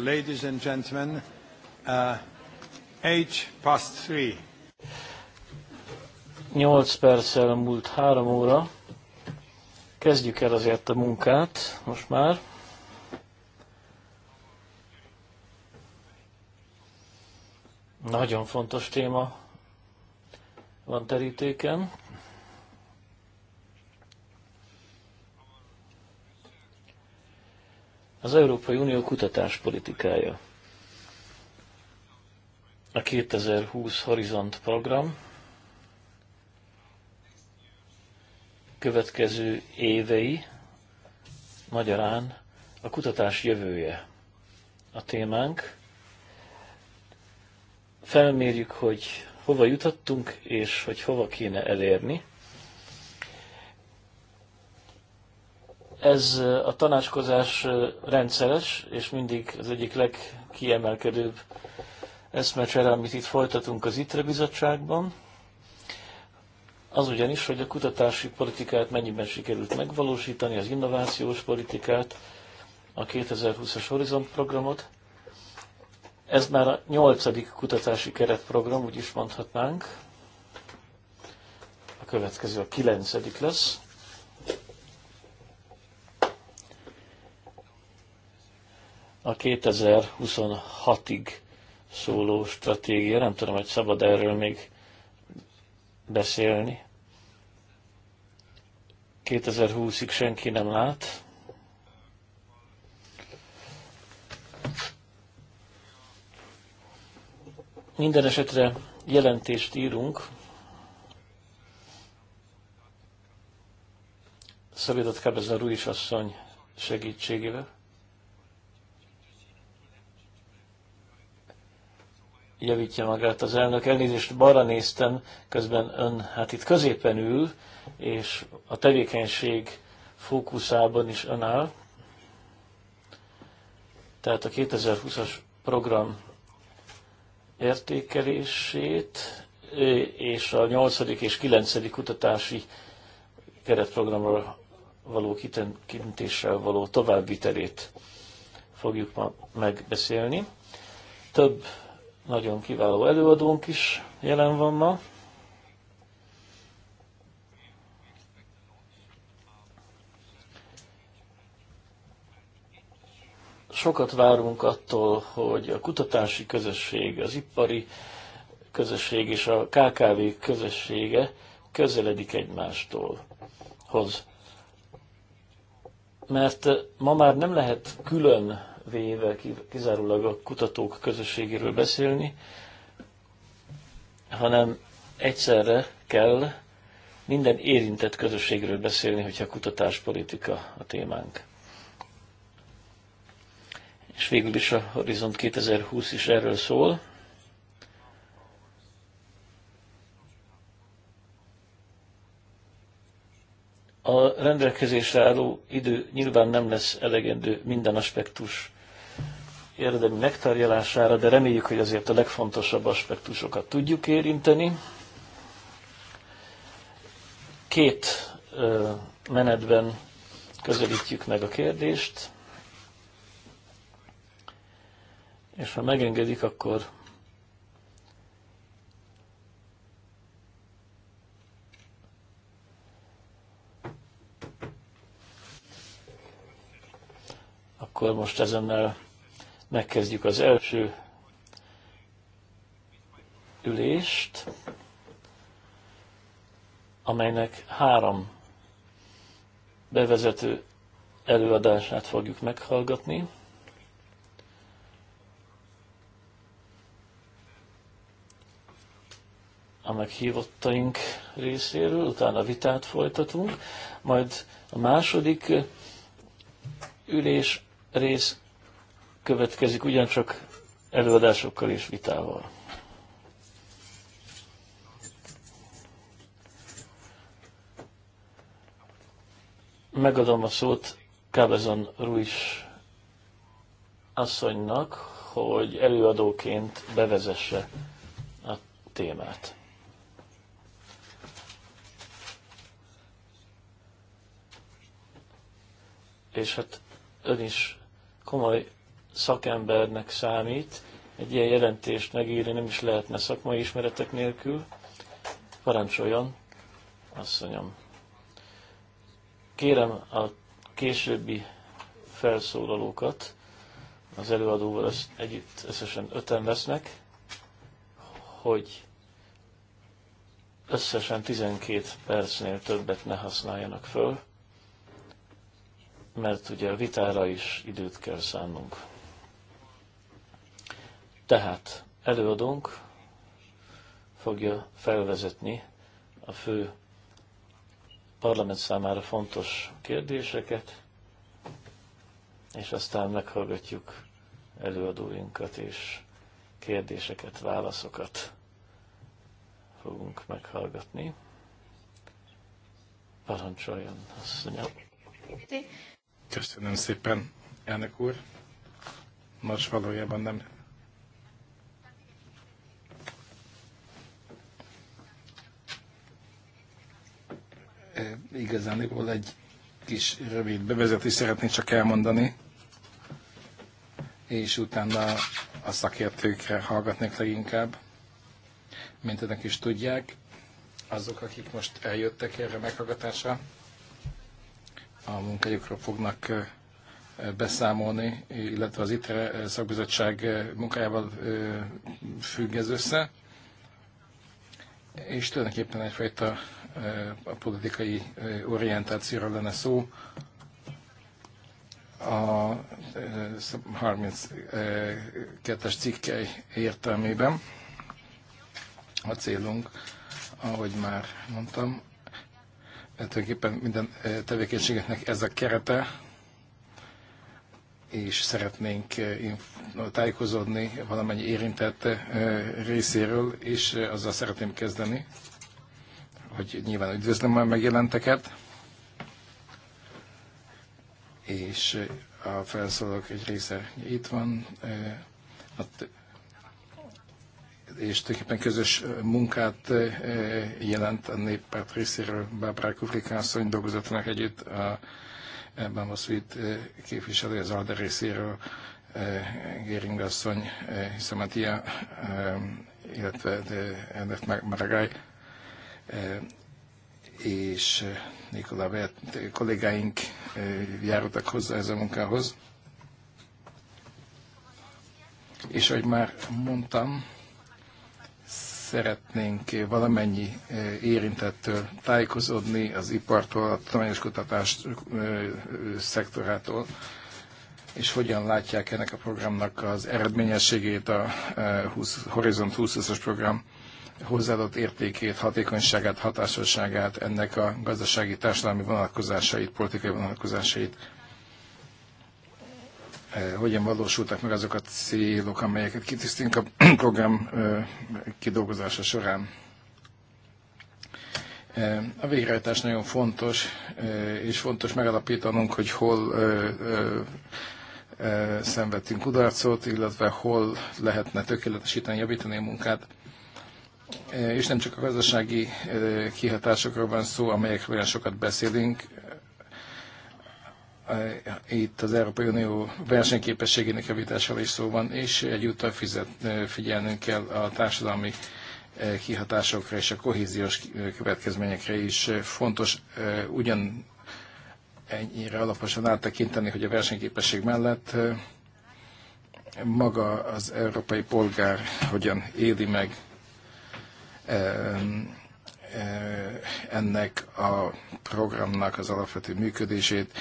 ladies and gentlemen, uh, eight past three. Nyolc perccel múlt három óra. Kezdjük el azért a munkát most már. Nagyon fontos téma van terítéken. Az Európai Unió kutatáspolitikája. A 2020 Horizont program következő évei magyarán a kutatás jövője a témánk. Felmérjük, hogy hova jutottunk, és hogy hova kéne elérni. Ez a tanácskozás rendszeres, és mindig az egyik legkiemelkedőbb eszmecsere, amit itt folytatunk az ITRE bizottságban. Az ugyanis, hogy a kutatási politikát mennyiben sikerült megvalósítani, az innovációs politikát, a 2020-as Horizont programot. Ez már a nyolcadik kutatási keretprogram, úgy is mondhatnánk. A következő a kilencedik lesz. a 2026-ig szóló stratégia, nem tudom, hogy szabad erről még beszélni. 2020-ig senki nem lát. Minden esetre jelentést írunk. Szabadat Kábezer Ruiz asszony segítségével. javítja magát az elnök. Elnézést, balra néztem, közben ön hát itt középen ül, és a tevékenység fókuszában is ön áll. Tehát a 2020-as program értékelését és a 8. és 9. kutatási keretprogramról való kitintéssel való továbbvitelét fogjuk ma megbeszélni. Több nagyon kiváló előadónk is jelen van ma. Sokat várunk attól, hogy a kutatási közösség, az ipari közösség és a KKV közössége közeledik egymástól. Hoz. Mert ma már nem lehet külön véve kizárólag a kutatók közösségéről beszélni, hanem egyszerre kell minden érintett közösségről beszélni, hogyha kutatáspolitika a témánk. És végül is a Horizont 2020 is erről szól. A rendelkezésre álló idő nyilván nem lesz elegendő minden aspektus érdemi megtárgyalására, de reméljük, hogy azért a legfontosabb aspektusokat tudjuk érinteni. Két menetben közelítjük meg a kérdést, és ha megengedik, akkor akkor most ezennel Megkezdjük az első ülést, amelynek három bevezető előadását fogjuk meghallgatni. a meghívottaink részéről, utána vitát folytatunk, majd a második ülés rész következik ugyancsak előadásokkal és vitával. Megadom a szót Kábezon Ruiz asszonynak, hogy előadóként bevezesse a témát. És hát ön is komoly szakembernek számít. Egy ilyen jelentést megírni nem is lehetne szakmai ismeretek nélkül. Parancsoljon, asszonyom. Kérem a későbbi felszólalókat, az előadóval az együtt összesen öten lesznek, hogy összesen 12 percnél többet ne használjanak föl, mert ugye a vitára is időt kell szánnunk. Tehát előadónk fogja felvezetni a fő parlament számára fontos kérdéseket, és aztán meghallgatjuk előadóinkat, és kérdéseket, válaszokat fogunk meghallgatni. Parancsoljon, asszonyom. Köszönöm szépen, elnök úr. Most valójában nem igazániból egy kis rövid bevezetés szeretnék csak elmondani, és utána a szakértőkre hallgatnék leginkább. Mint ennek is tudják, azok, akik most eljöttek erre meghallgatásra, a munkájukról fognak beszámolni, illetve az ITRE szakbizottság munkájával függ ez össze. És tulajdonképpen egyfajta a politikai orientációra lenne szó. A 32-es cikkei értelmében a célunk, ahogy már mondtam, tulajdonképpen minden tevékenységeknek ez a kerete, és szeretnénk tájékozódni valamennyi érintett részéről, és azzal szeretném kezdeni, hogy nyilván üdvözlöm a megjelenteket, és eh, a felszólók egy része itt van, eh, és tulajdonképpen közös eh, munkát jelent a néppárt részéről Bábrá Kufrika asszony együtt a ebben a szűt képviselő az Alde részéről Géring asszony, Hiszamatia, illetve Edith Maragály és Nikola Vert kollégáink járultak hozzá ez a munkához. És ahogy már mondtam, szeretnénk valamennyi érintettől tájékozódni, az ipartól, a tudományos kutatás szektorától, és hogyan látják ennek a programnak az eredményességét a 20, Horizont 2020-as program hozzáadott értékét, hatékonyságát, hatásosságát, ennek a gazdasági, társadalmi vonatkozásait, politikai vonatkozásait, eh, hogyan valósultak meg azok a célok, amelyeket kitisztünk a program eh, kidolgozása során. Eh, a végrehajtás nagyon fontos, és fontos megalapítanunk, hogy hol szenvedtünk kudarcot, illetve hol lehetne tökéletesíteni, javítani a munkát és nem csak a gazdasági kihatásokról van szó, amelyekről olyan sokat beszélünk. Itt az Európai Unió versenyképességének javításáról is szó van, és egyúttal fizet, figyelnünk kell a társadalmi kihatásokra és a kohéziós következményekre is. Fontos ugyan ennyire alaposan áttekinteni, hogy a versenyképesség mellett maga az európai polgár hogyan éli meg E, ennek a programnak az alapvető működését,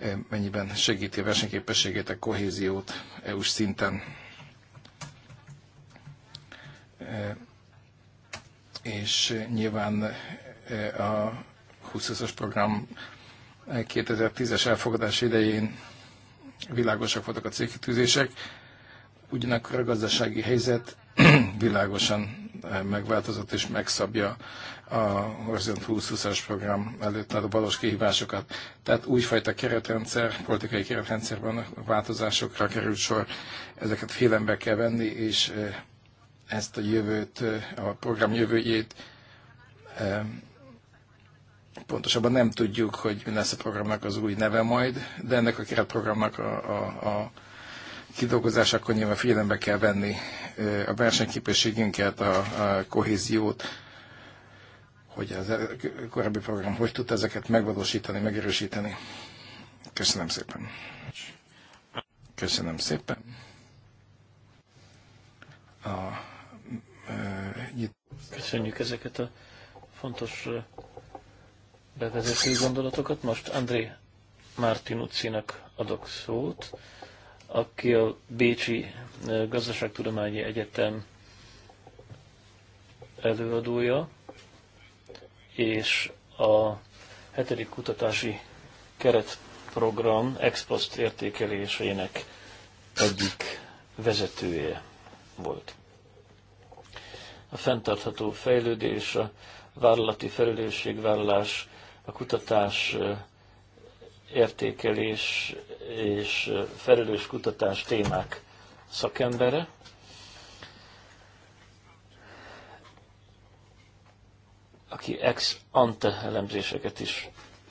e, mennyiben segíti a versenyképességét, a kohéziót EU-s szinten. E, és nyilván a 20-as program 2010-es elfogadás idején világosak voltak a célkitűzések, ugyanakkor a gazdasági helyzet világosan megváltozott és megszabja a Horizont 2020-as program előtt a valós kihívásokat. Tehát újfajta keretrendszer, politikai keretrendszerben változásokra került sor, ezeket félembe kell venni, és ezt a jövőt, a program jövőjét pontosabban nem tudjuk, hogy mi lesz a programnak az új neve majd, de ennek a keretprogramnak a, a, a akkor nyilván figyelembe kell venni a versenyképességünket, a, a kohéziót, hogy az korábbi program hogy tudta ezeket megvalósítani, megerősíteni. Köszönöm szépen. Köszönöm szépen. A, Köszönjük ezeket a fontos bevezető gondolatokat. Most André Martinucci-nak adok szót, aki a Bécsi Gazdaságtudományi Egyetem előadója, és a hetedik kutatási keretprogram expost értékelésének egyik vezetője volt. A fenntartható fejlődés, a vállalati felelősségvállalás, a kutatás értékelés és felelős kutatás témák szakembere. aki ex ante elemzéseket is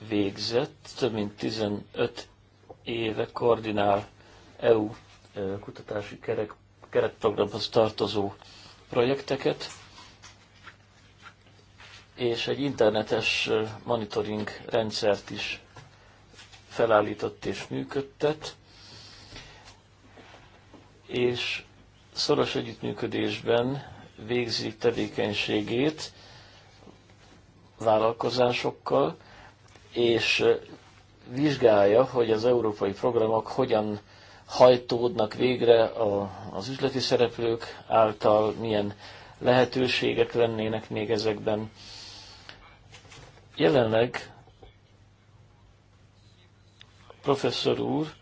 végzett, több mint 15 éve koordinál EU kutatási kerek, keretprogramhoz tartozó projekteket, és egy internetes monitoring rendszert is felállított és működtet, és szoros együttműködésben végzi tevékenységét vállalkozásokkal, és vizsgálja, hogy az európai programok hogyan hajtódnak végre az üzleti szereplők által, milyen lehetőségek lennének még ezekben. Jelenleg professzor úr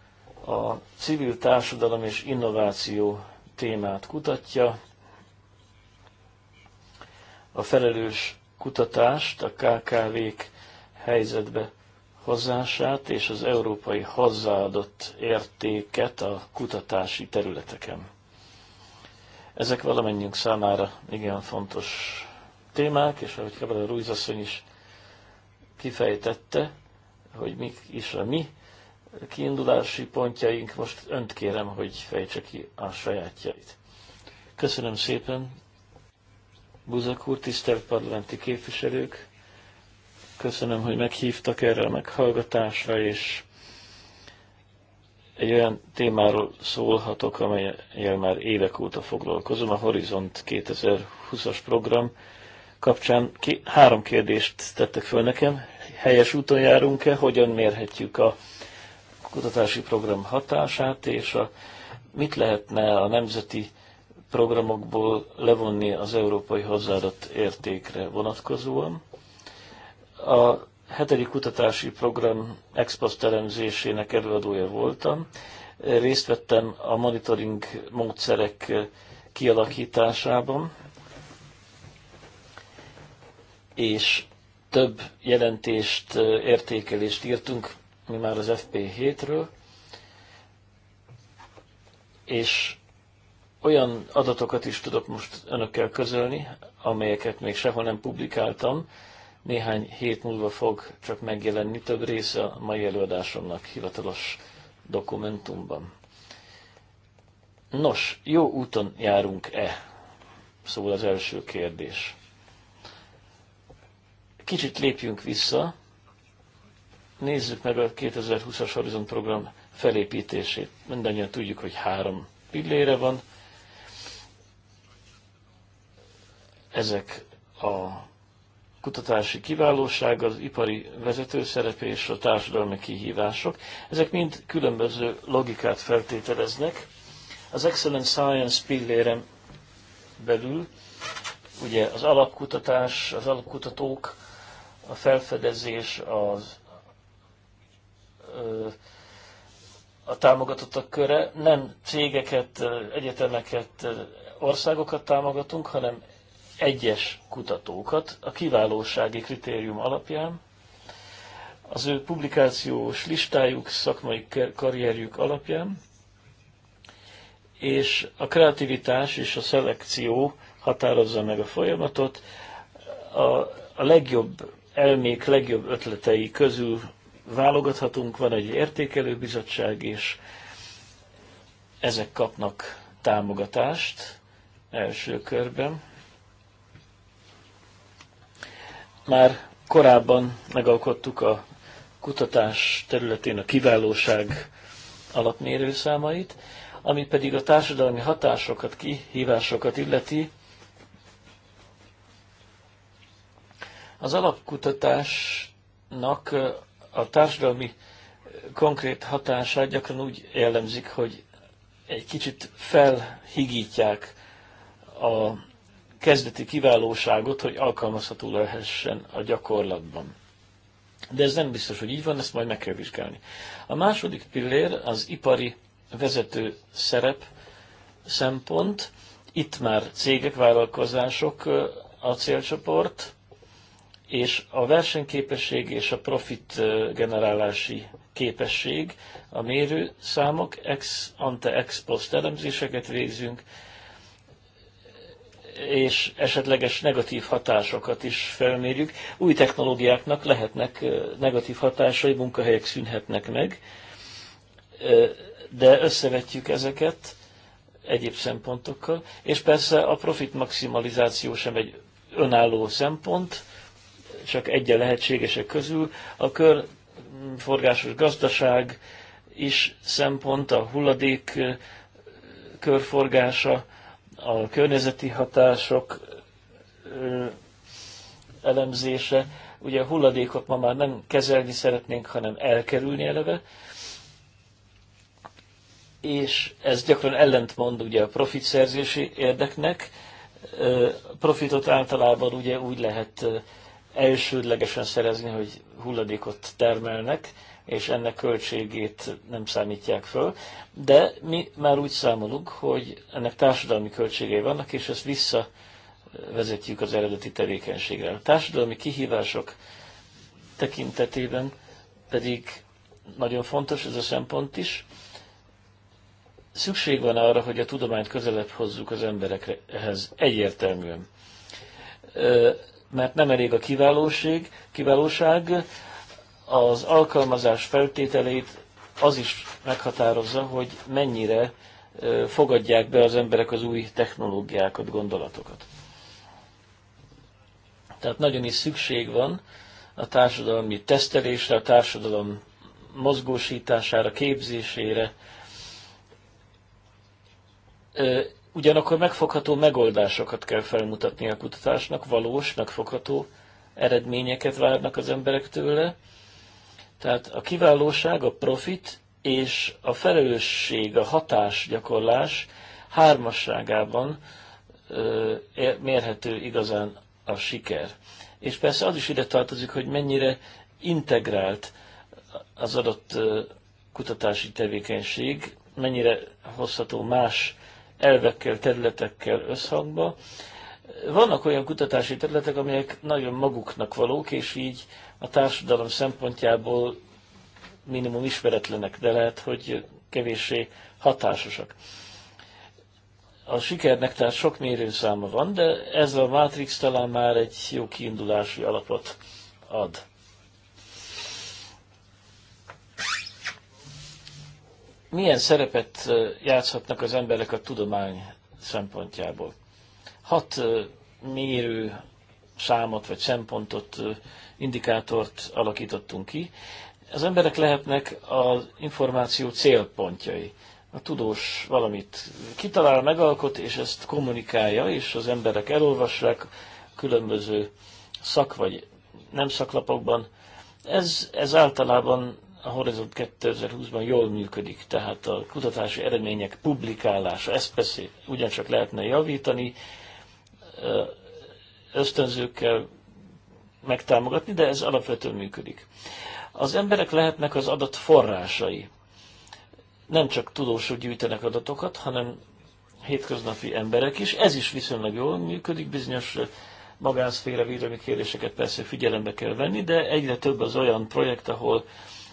a civil társadalom és innováció témát kutatja, a felelős kutatást, a KKV-k helyzetbe hozását és az európai hozzáadott értéket a kutatási területeken. Ezek valamennyiünk számára igen fontos témák, és ahogy Kabala Ruiz asszony is kifejtette, hogy mik is a mi kiindulási pontjaink. Most önt kérem, hogy fejtse ki a sajátjait. Köszönöm szépen, Buzak úr, tisztelt parlamenti képviselők! Köszönöm, hogy meghívtak erre a meghallgatásra, és egy olyan témáról szólhatok, amelyel már évek óta foglalkozom, a Horizont 2020-as program kapcsán három kérdést tettek föl nekem. Helyes úton járunk-e, hogyan mérhetjük a kutatási program hatását, és a, mit lehetne a nemzeti programokból levonni az európai hozzáadott értékre vonatkozóan. A hetedik kutatási program expost elemzésének előadója voltam. Részt vettem a monitoring módszerek kialakításában, és több jelentést, értékelést írtunk, mi már az FP7-ről, és olyan adatokat is tudok most önökkel közölni, amelyeket még sehol nem publikáltam. Néhány hét múlva fog csak megjelenni több része a mai előadásomnak hivatalos dokumentumban. Nos, jó úton járunk-e? Szól az első kérdés. Kicsit lépjünk vissza, Nézzük meg a 2020-as Horizon program felépítését. Mindannyian tudjuk, hogy három pillére van. Ezek a kutatási kiválóság, az ipari vezetőszerep és a társadalmi kihívások. Ezek mind különböző logikát feltételeznek. Az Excellent Science pillérem belül ugye az alapkutatás, az alapkutatók, a felfedezés, az a támogatottak köre. Nem cégeket, egyetemeket, országokat támogatunk, hanem egyes kutatókat a kiválósági kritérium alapján, az ő publikációs listájuk, szakmai karrierjük alapján, és a kreativitás és a szelekció határozza meg a folyamatot. A, a legjobb elmék, legjobb ötletei közül válogathatunk, van egy értékelő bizottság és ezek kapnak támogatást első körben. Már korábban megalkottuk a kutatás területén a kiválóság alapmérőszámait, ami pedig a társadalmi hatásokat, kihívásokat illeti. Az alapkutatásnak a társadalmi eh, konkrét hatását gyakran úgy jellemzik, hogy egy kicsit felhigítják a kezdeti kiválóságot, hogy alkalmazható lehessen a gyakorlatban. De ez nem biztos, hogy így van, ezt majd meg kell vizsgálni. A második pillér az ipari vezető szerep szempont. Itt már cégek, vállalkozások eh, a célcsoport, és a versenyképesség és a profit generálási képesség, a mérőszámok, ex ante ex post elemzéseket végzünk, és esetleges negatív hatásokat is felmérjük. Új technológiáknak lehetnek negatív hatásai, munkahelyek szűnhetnek meg, de összevetjük ezeket egyéb szempontokkal, és persze a profit maximalizáció sem egy önálló szempont, csak a lehetségesek közül. A körforgásos gazdaság is szempont, a hulladék körforgása, a környezeti hatások elemzése. Ugye a hulladékot ma már nem kezelni szeretnénk, hanem elkerülni eleve. És ez gyakran ellentmond ugye a profit szerzési érdeknek. Profitot általában ugye úgy lehet elsődlegesen szerezni, hogy hulladékot termelnek, és ennek költségét nem számítják föl, de mi már úgy számolunk, hogy ennek társadalmi költségei vannak, és ezt visszavezetjük az eredeti tevékenységre. A társadalmi kihívások tekintetében pedig nagyon fontos ez a szempont is. Szükség van arra, hogy a tudományt közelebb hozzuk az emberekhez egyértelműen mert nem elég a kiválóség, kiválóság, az alkalmazás feltételeit az is meghatározza, hogy mennyire fogadják be az emberek az új technológiákat, gondolatokat. Tehát nagyon is szükség van a társadalmi tesztelésre, a társadalom mozgósítására, képzésére. Ugyanakkor megfogható megoldásokat kell felmutatni a kutatásnak, valós, megfogható eredményeket várnak az emberek tőle. Tehát a kiválóság, a profit és a felelősség, a hatás gyakorlás hármasságában mérhető igazán a siker. És persze az is ide tartozik, hogy mennyire integrált az adott kutatási tevékenység, mennyire hozható más elvekkel, területekkel összhangba. Vannak olyan kutatási területek, amelyek nagyon maguknak valók, és így a társadalom szempontjából minimum ismeretlenek, de lehet, hogy kevéssé hatásosak. A sikernek tehát sok mérőszáma van, de ez a Matrix talán már egy jó kiindulási alapot ad. milyen szerepet játszhatnak az emberek a tudomány szempontjából. Hat mérő számot vagy szempontot, indikátort alakítottunk ki. Az emberek lehetnek az információ célpontjai. A tudós valamit kitalál, megalkot, és ezt kommunikálja, és az emberek elolvassák különböző szak vagy nem szaklapokban. Ez, ez általában a Horizon 2020-ban jól működik, tehát a kutatási eredmények publikálása, ezt persze ugyancsak lehetne javítani, ösztönzőkkel megtámogatni, de ez alapvetően működik. Az emberek lehetnek az adat forrásai. Nem csak tudósok gyűjtenek adatokat, hanem hétköznapi emberek is. Ez is viszonylag jól működik, bizonyos magánszféra védelmi kérdéseket persze figyelembe kell venni, de egyre több az olyan projekt, ahol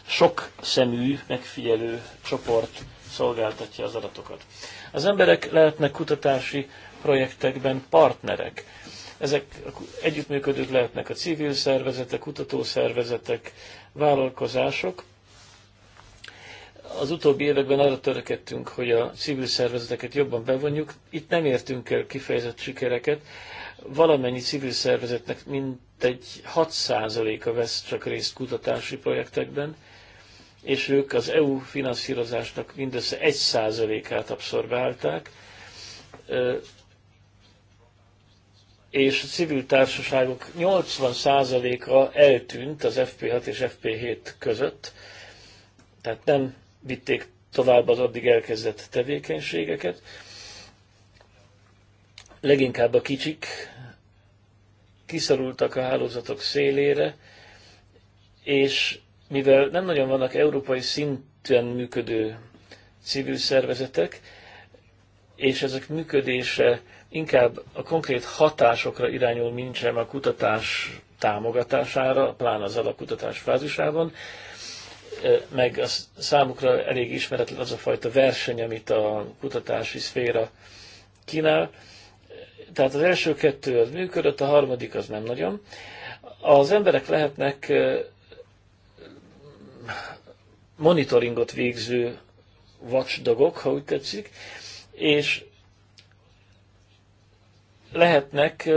sok szemű, megfigyelő csoport szolgáltatja az adatokat. Az emberek lehetnek kutatási projektekben partnerek. Ezek együttműködők lehetnek a civil szervezetek, kutatószervezetek, vállalkozások. Az utóbbi években arra törekedtünk, hogy a civil szervezeteket jobban bevonjuk. Itt nem értünk el kifejezett sikereket. Valamennyi civil szervezetnek mintegy 6%-a vesz csak részt kutatási projektekben és ők az EU finanszírozásnak mindössze 1%-át abszorbálták, és a civil társaságok 80%-a eltűnt az FP6 és FP7 között, tehát nem vitték tovább az addig elkezdett tevékenységeket. Leginkább a kicsik kiszorultak a hálózatok szélére, és mivel nem nagyon vannak európai szinten működő civil szervezetek, és ezek működése inkább a konkrét hatásokra irányul, mint sem a kutatás támogatására, pláne az alapkutatás fázisában, meg a számukra elég ismeretlen az a fajta verseny, amit a kutatási szféra kínál. Tehát az első kettő az működött, a harmadik az nem nagyon. Az emberek lehetnek monitoringot végző watchdogok, ha úgy tetszik, és lehetnek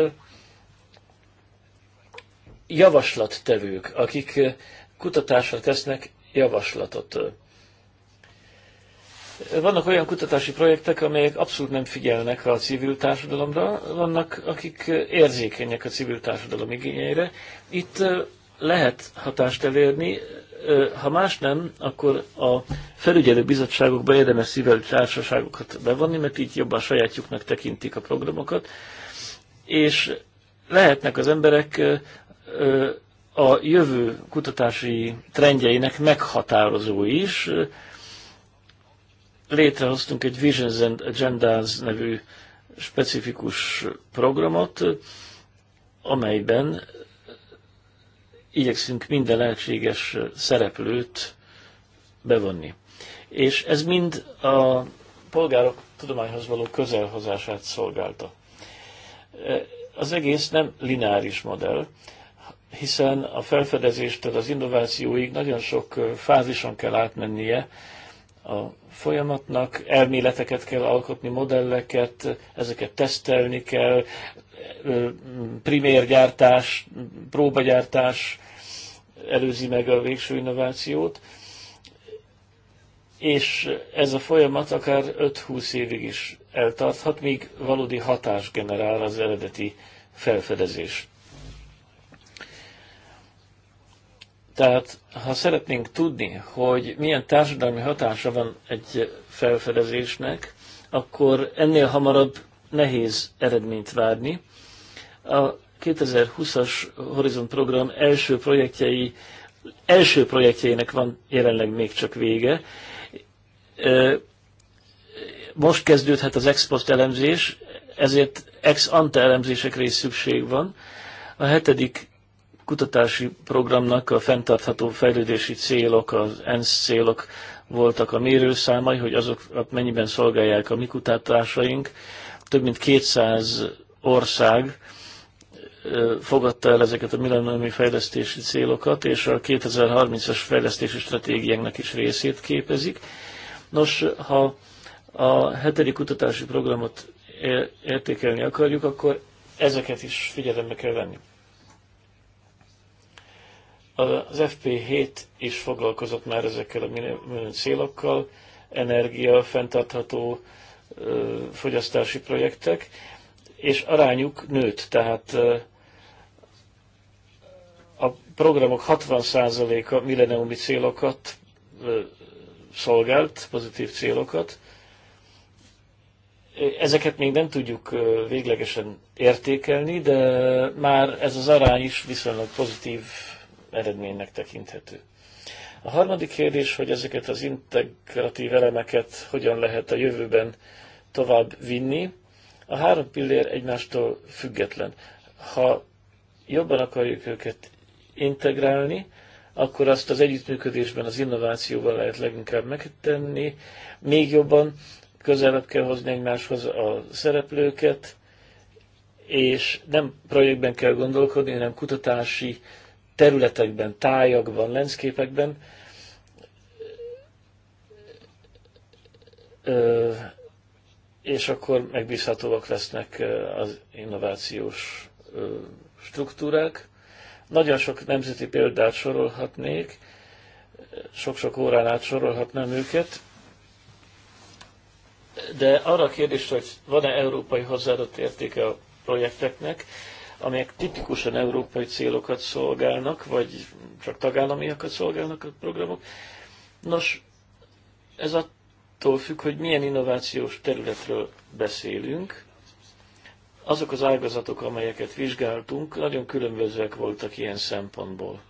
javaslattevők, akik kutatásra tesznek javaslatot. Vannak olyan kutatási projektek, amelyek abszolút nem figyelnek a civil társadalomra, vannak, akik érzékenyek a civil társadalom igényeire. Itt lehet hatást elérni, ha más nem, akkor a felügyelő bizottságokba érdemes szívelő társaságokat bevonni, mert így jobban sajátjuknak tekintik a programokat, és lehetnek az emberek a jövő kutatási trendjeinek meghatározó is. Létrehoztunk egy Visions and Agendas nevű specifikus programot, amelyben igyekszünk minden lehetséges szereplőt bevonni. És ez mind a polgárok tudományhoz való közelhozását szolgálta. Az egész nem lineáris modell, hiszen a felfedezéstől az innovációig nagyon sok fázison kell átmennie a folyamatnak, elméleteket kell alkotni, modelleket, ezeket tesztelni kell, primérgyártás, próbagyártás, előzi meg a végső innovációt, és ez a folyamat akár 5-20 évig is eltarthat, míg valódi hatás generál az eredeti felfedezés. Tehát, ha szeretnénk tudni, hogy milyen társadalmi hatása van egy felfedezésnek, akkor ennél hamarabb nehéz eredményt várni. A 2020-as Horizon program első projektjei, első projektjeinek van jelenleg még csak vége. Most kezdődhet az export elemzés, ezért ex ante elemzésekre is szükség van. A hetedik kutatási programnak a fenntartható fejlődési célok, az ENSZ célok voltak a mérőszámai, hogy azok mennyiben szolgálják a mi kutatásaink. Több mint 200 ország fogadta el ezeket a millenniumi fejlesztési célokat, és a 2030-as fejlesztési stratégiánknak is részét képezik. Nos, ha a hetedik kutatási programot értékelni akarjuk, akkor ezeket is figyelembe kell venni. Az FP7 is foglalkozott már ezekkel a célokkal, energia, fenntartható fogyasztási projektek, és arányuk nőtt, tehát programok 60%-a milleniumi célokat szolgált, pozitív célokat. Ezeket még nem tudjuk véglegesen értékelni, de már ez az arány is viszonylag pozitív eredménynek tekinthető. A harmadik kérdés, hogy ezeket az integratív elemeket hogyan lehet a jövőben tovább vinni. A három pillér egymástól független. Ha jobban akarjuk őket integrálni, akkor azt az együttműködésben az innovációval lehet leginkább megtenni. Még jobban közelebb kell hozni egymáshoz a szereplőket, és nem projektben kell gondolkodni, hanem kutatási területekben, tájakban, lenszképekben. és akkor megbízhatóak lesznek az innovációs struktúrák. Nagyon sok nemzeti példát sorolhatnék, sok-sok órán át sorolhatnám őket, de arra a kérdésre, hogy van-e európai hozzáadott értéke a projekteknek, amelyek tipikusan európai célokat szolgálnak, vagy csak tagállamiakat szolgálnak a programok. Nos, ez attól függ, hogy milyen innovációs területről beszélünk, azok az ágazatok, amelyeket vizsgáltunk, nagyon különbözőek voltak ilyen szempontból.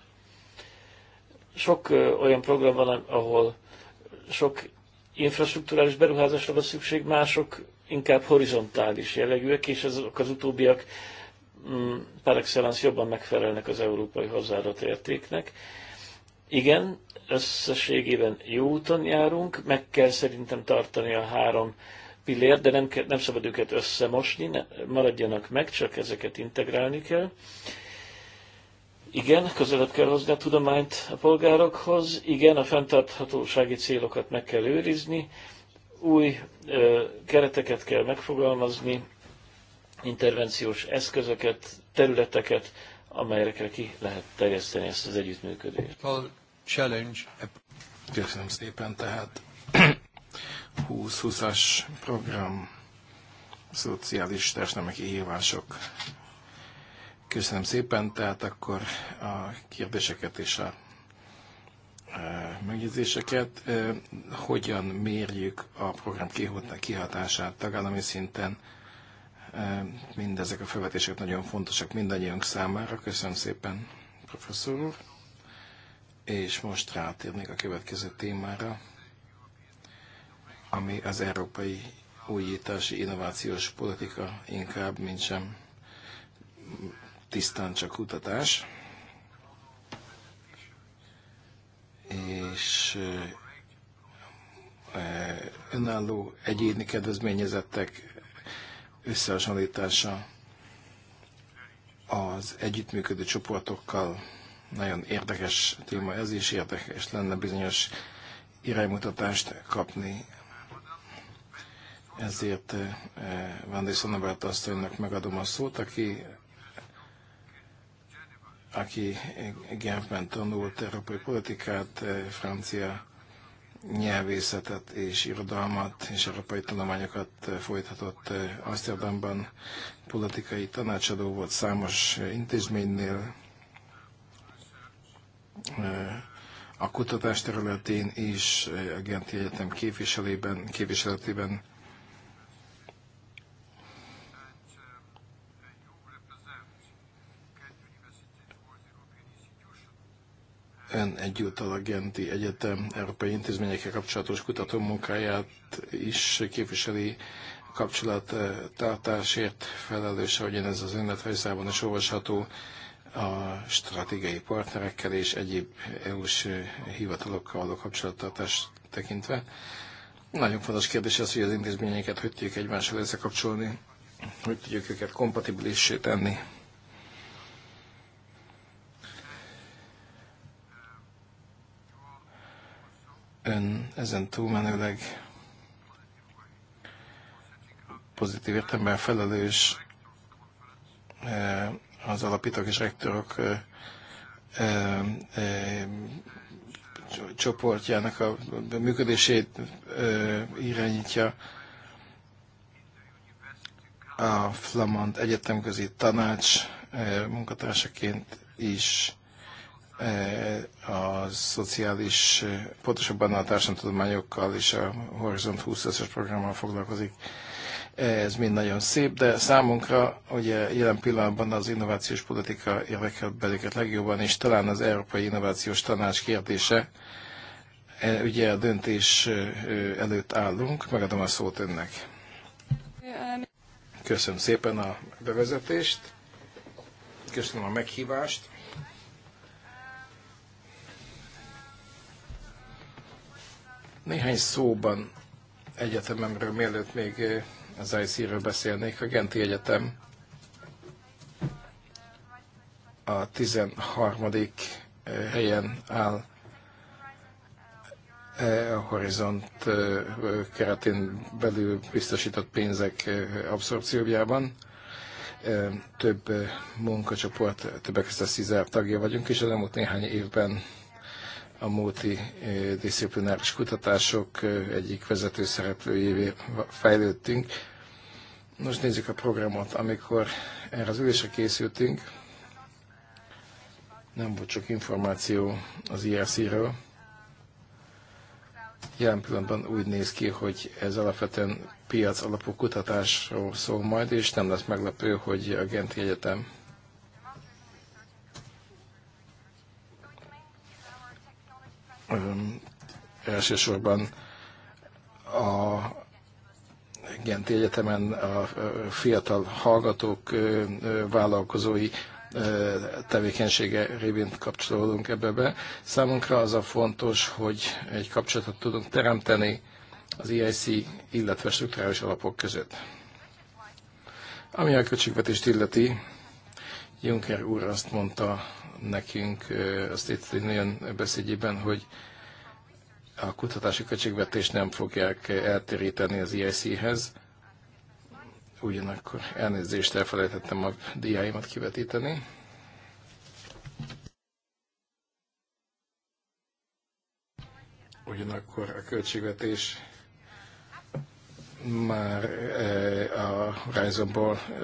Sok olyan program van, ahol sok infrastruktúrális beruházásra van szükség, mások inkább horizontális jellegűek, és azok az utóbbiak mm, par excellence jobban megfelelnek az európai hozzáadott értéknek. Igen, összességében jó úton járunk, meg kell szerintem tartani a három pillér, de nem, nem szabad őket összemosni, ne, maradjanak meg, csak ezeket integrálni kell. Igen, közelebb kell hozni a tudományt a polgárokhoz, igen, a fenntarthatósági célokat meg kell őrizni, új ö, kereteket kell megfogalmazni, intervenciós eszközöket, területeket, amelyekre ki lehet terjeszteni ezt az együttműködést. Challenge. Köszönöm szépen, tehát 2020-as program, szociális társadalmi kihívások. Köszönöm szépen, tehát akkor a kérdéseket és a e, megjegyzéseket. E, hogyan mérjük a program kihatását tagállami szinten? E, mindezek a felvetések nagyon fontosak mindannyiunk számára. Köszönöm szépen, professzor úr. És most rátérnék a következő témára ami az európai újítási innovációs politika inkább, mint sem tisztán csak kutatás. És önálló egyéni kedvezményezettek összehasonlítása az együttműködő csoportokkal nagyon érdekes téma ez, és érdekes lenne bizonyos iránymutatást kapni ezért eh, eh, Vendé Szonabert asszonynak megadom a szót, aki, aki Genfben tanult európai politikát, eh, francia nyelvészetet és irodalmat és európai tanulmányokat folytatott Amsterdamban. Politikai tanácsadó volt számos intézménynél, a kutatás területén is, a Genti Egyetem képviselében, képviseletében ön egyúttal a Genti Egyetem Európai Intézményekkel kapcsolatos kutató munkáját is képviseli kapcsolattartásért felelőse, hogy ez az önéletrajzában is olvasható a stratégiai partnerekkel és egyéb EU-s hivatalokkal való kapcsolattartást tekintve. Nagyon fontos kérdés az, hogy az intézményeket hogy tudjuk egymással összekapcsolni, hogy tudjuk őket kompatibilissé tenni. ön ezen túlmenőleg pozitív értelemben felelős eh, az alapítók és rektorok eh, eh, csoportjának a működését irányítja a Flamand Egyetemközi Tanács munkatársaként is E, a szociális, pontosabban a társadalomtudományokkal és a Horizont 20 es programmal foglalkozik. E, ez mind nagyon szép, de számunkra ugye jelen pillanatban az innovációs politika érdekel belőket legjobban, és talán az Európai Innovációs Tanács kérdése, e, ugye a döntés előtt állunk, megadom a szót önnek. Köszönöm szépen a bevezetést, köszönöm a meghívást Néhány szóban egyetememről, mielőtt még eh, az IC-ről beszélnék, a Genti Egyetem a 13. Eh, helyen áll eh, a Horizont keretén belül biztosított pénzek abszorpciójában. Több munkacsoport, többek között a CISAR tagja vagyunk, és az elmúlt néhány évben a multidisziplináris kutatások egyik vezető szereplőjévé fejlődtünk. Most nézzük a programot. Amikor erre az ülésre készültünk, nem volt sok információ az IRC-ről. Jelen pillanatban úgy néz ki, hogy ez alapvetően piac alapú kutatásról szól majd, és nem lesz meglepő, hogy a Genti Egyetem elsősorban a Genti Egyetemen a fiatal hallgatók, vállalkozói tevékenysége révén kapcsolódunk ebbe be. Számunkra az a fontos, hogy egy kapcsolatot tudunk teremteni az EIC, illetve struktúrális alapok között. Ami a költségvetést illeti, Juncker úr azt mondta nekünk itt egy nagyon beszédjében, hogy a kutatási költségvetést nem fogják eltéríteni az EIC-hez. Ugyanakkor elnézést elfelejtettem a diáimat kivetíteni. Ugyanakkor a költségvetés már eh, a Horizonból eh,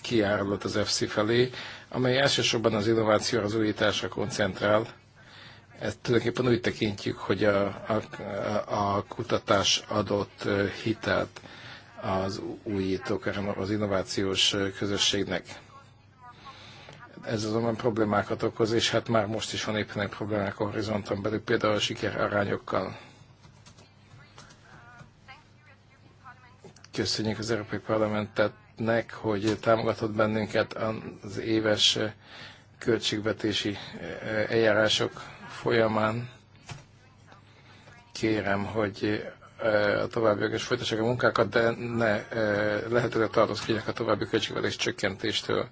kiáradott az FC felé, amely elsősorban az innováció, az újításra koncentrál. Ezt tulajdonképpen úgy tekintjük, hogy a, a, a kutatás adott eh, hitelt az újítók, az innovációs közösségnek. Ez azonban problémákat okoz, és hát már most is van éppen egy problémák a horizonton belül, például a sikerarányokkal Köszönjük az Európai Parlamentetnek, hogy támogatott bennünket az éves költségvetési eh, eljárások folyamán. Kérem, hogy eh, a továbbiak is folytassák a munkákat, de ne eh, lehetőleg tartózkodják a további költségvetés csökkentéstől.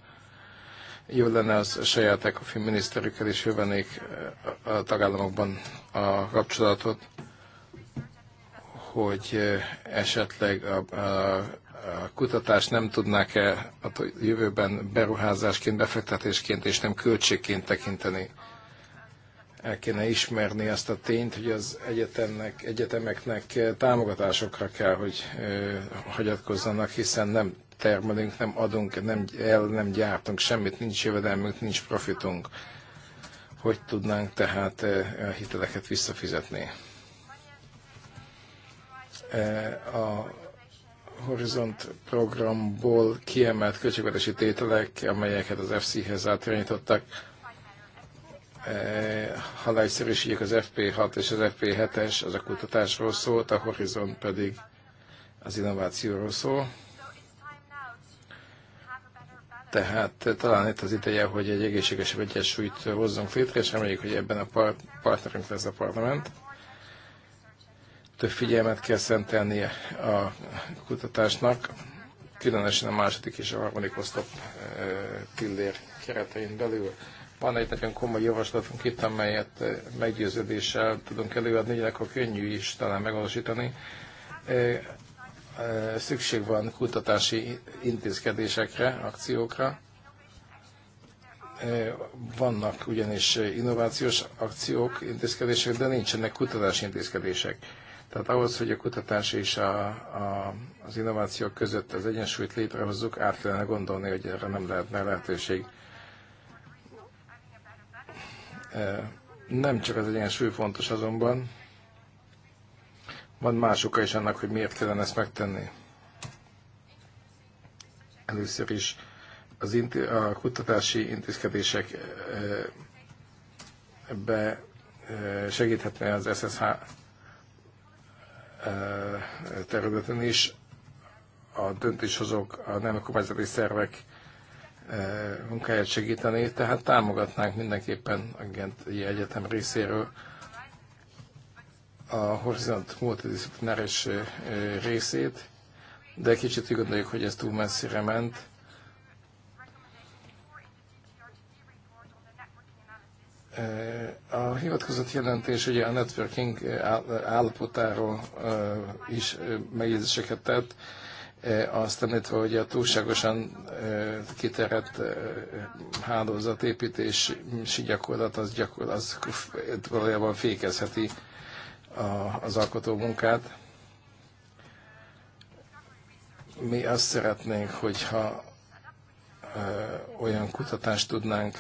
Jó lenne az saját a miniszterükkel is jövenék a tagállamokban a kapcsolatot hogy esetleg a, a, a kutatást nem tudnák-e a jövőben beruházásként, befektetésként és nem költségként tekinteni. El kéne ismerni azt a tényt, hogy az egyetemnek, egyetemeknek támogatásokra kell, hogy ö, hagyatkozzanak, hiszen nem termelünk, nem adunk, nem, el nem gyártunk semmit, nincs jövedelmünk, nincs profitunk. Hogy tudnánk tehát a hiteleket visszafizetni? Eh, a Horizont programból kiemelt költségvetési tételek, amelyeket az FC-hez átirányítottak, eh, ha leegyszerűsítjük az FP6 és az FP7-es, az a kutatásról szólt, a Horizont pedig az innovációról szól. Tehát eh, talán itt az ideje, hogy egy egészségesebb egyensúlyt hozzunk létre, és reméljük, hogy ebben a par- partnerünk lesz a parlament több figyelmet kell szentelnie a kutatásnak, különösen a második és a harmadik osztop pillér keretein belül. Van egy nagyon komoly javaslatunk itt, amelyet meggyőződéssel tudunk előadni, hogy akkor könnyű is talán megvalósítani. Szükség van kutatási intézkedésekre, akciókra. Vannak ugyanis innovációs akciók, intézkedések, de nincsenek kutatási intézkedések tehát ahhoz, hogy a kutatás és a, a, az innováció között az egyensúlyt létrehozzuk, át kellene gondolni, hogy erre nem lehetne lehetőség. E, nem csak az egyensúly fontos azonban, van más oka is annak, hogy miért kellene ezt megtenni. Először is az inti- a kutatási intézkedések ebbe e, segíthetne az SSH Eh, területen is. A döntéshozók, a nem kormányzati szervek eh, munkáját segíteni, tehát támogatnánk mindenképpen a Genti Egyetem részéről a horizont multidisziplináris eh, részét, de kicsit úgy gondoljuk, hogy ez túl messzire ment, Eh, a hivatkozott jelentés ugye a networking eh, állapotáról eh, is megjegyzéseket tett, azt említve, hogy a túlságosan kiterett hálózatépítési gyakorlat az, gyakorlat, az valójában fékezheti az alkotó munkát. Mi azt szeretnénk, hogyha olyan kutatást tudnánk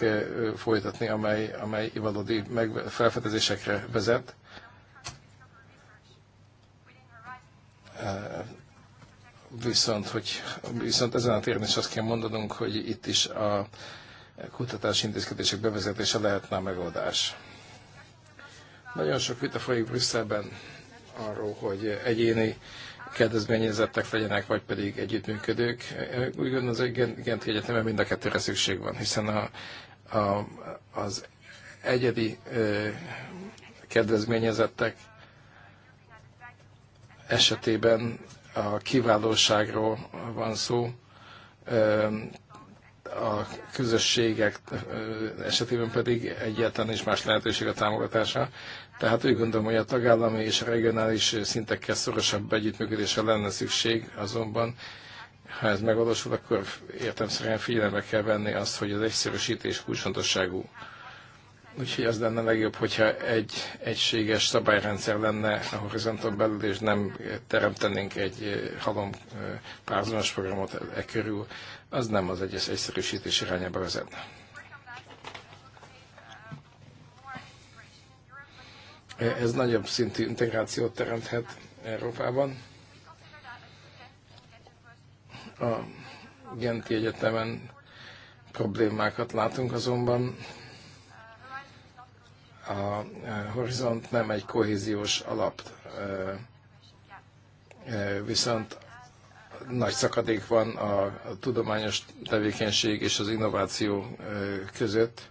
folytatni, amely, amely ivalodi felfedezésekre vezet. Viszont, hogy, viszont ezen a téren is azt kell mondanunk, hogy itt is a kutatási intézkedések bevezetése lehetne a megoldás. Nagyon sok vita folyik Brüsszelben arról, hogy egyéni kedvezményezettek legyenek, vagy pedig együttműködők. Úgy gondolom, az Genti Egyetemen mind a kettőre szükség van, hiszen a, a, az egyedi ö, kedvezményezettek esetében a kiválóságról van szó, ö, a közösségek esetében pedig egyáltalán is más lehetőség a támogatásra. Tehát úgy gondolom, hogy a tagállami és a regionális szintekkel szorosabb együttműködésre lenne szükség, azonban ha ez megvalósul, akkor értemszerűen figyelembe kell venni azt, hogy az egyszerűsítés kulcsfontosságú. Úgyhogy az lenne legjobb, hogyha egy egységes szabályrendszer lenne a horizonton belül, és nem teremtenénk egy eh, halom eh, párzonos programot e körül, az nem az egyes egyszerűsítés irányába vezetne. Ez nagyobb szintű integrációt teremthet Európában. A Genti Egyetemen problémákat látunk azonban. A Horizont nem egy kohéziós alap, viszont nagy szakadék van a tudományos tevékenység és az innováció között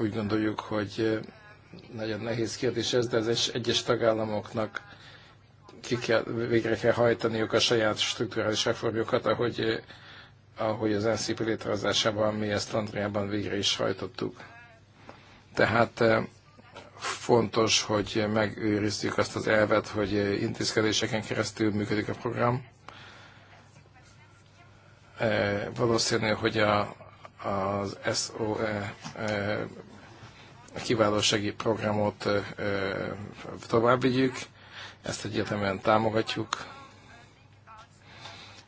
úgy gondoljuk, hogy nagyon nehéz kérdés ez, de az egyes tagállamoknak ki kell, végre kell hajtaniuk a saját strukturális reformjukat, ahogy, ahogy az NCP létrehozásában mi ezt Andriában végre is hajtottuk. Tehát fontos, hogy megőrizzük azt az elvet, hogy intézkedéseken keresztül működik a program. Valószínű, hogy a az SOE e, kiválósági programot e, e, tovább vigyük, ezt egyértelműen támogatjuk.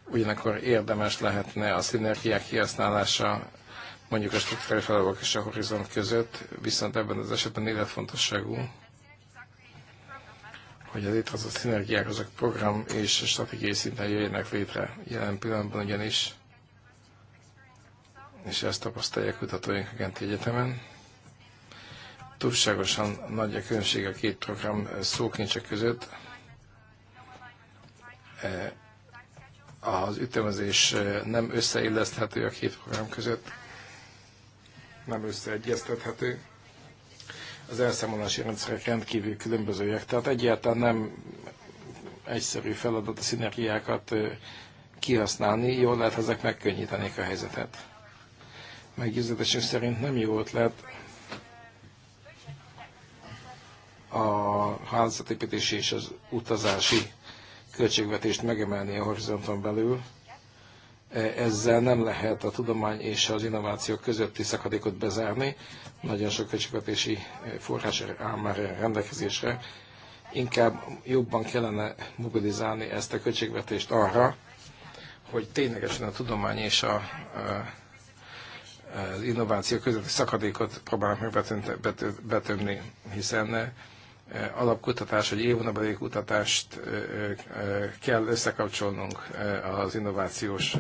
Ugyanakkor érdemes lehetne a szinergiák kihasználása mondjuk a struktúrális alapok és a horizont között, viszont ebben az esetben életfontosságú, hogy az a szinergiák azok program és stratégiai szinten jöjjenek létre. Jelen pillanatban ugyanis és ezt tapasztalják kutatóink a Genti Egyetemen. Túlságosan nagy a különbség a két program szókincsek között. E, az ütemezés e, nem összeilleszthető a két program között, nem összeegyeztethető. Az elszámolási rendszerek rendkívül különbözőek, tehát egyáltalán nem egyszerű feladat a szinergiákat e, kihasználni, jól lehet, ezek megkönnyítenék a helyzetet meggyőződésünk szerint nem jó ötlet a házatépítési és az utazási költségvetést megemelni a horizonton belül. E, ezzel nem lehet a tudomány és az innováció közötti szakadékot bezárni. Nagyon sok költségvetési e, forrás áll már rendelkezésre. Inkább jobban kellene mobilizálni ezt a költségvetést arra, hogy ténylegesen a tudomány és a, az innováció közötti szakadékot próbálnak meg betömni, hiszen eh, alapkutatás vagy évvonabeli kutatást eh, eh, kell összekapcsolnunk az innovációs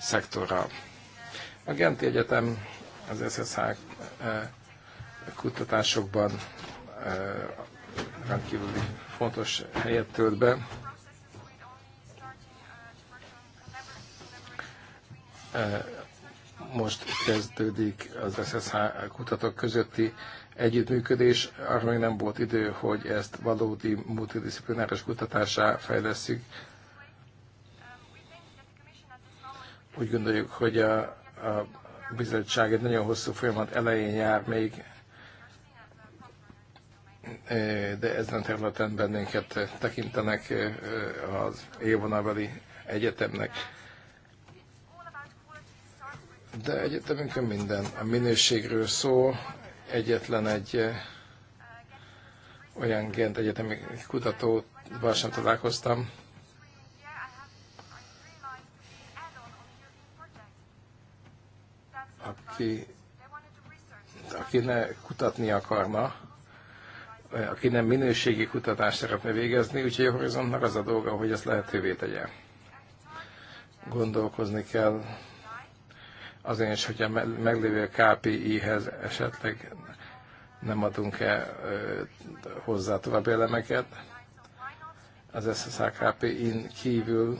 szektorral. A Genti Egyetem az SSH kutatásokban rendkívüli fontos helyet tölt be. Uh, most kezdődik az SSH kutatók közötti együttműködés. Arra még nem volt idő, hogy ezt valódi multidisziplináris kutatásá fejlesszük. Úgy gondoljuk, hogy a, a bizottság egy nagyon hosszú folyamat elején jár még, de ezen a területen bennünket tekintenek az élvonalbeli egyetemnek de egyetemünkön minden a minőségről szól, egyetlen egy eh, olyan gent egyetemi kutatóval sem találkoztam, aki, aki ne kutatni akarna, eh, aki nem minőségi kutatást szeretne végezni, úgyhogy a horizontnak az a dolga, hogy ezt lehetővé tegye. Gondolkozni kell Azért is, hogyha meglévő KPI-hez esetleg nem adunk-e hozzá további elemeket az kpi in kívül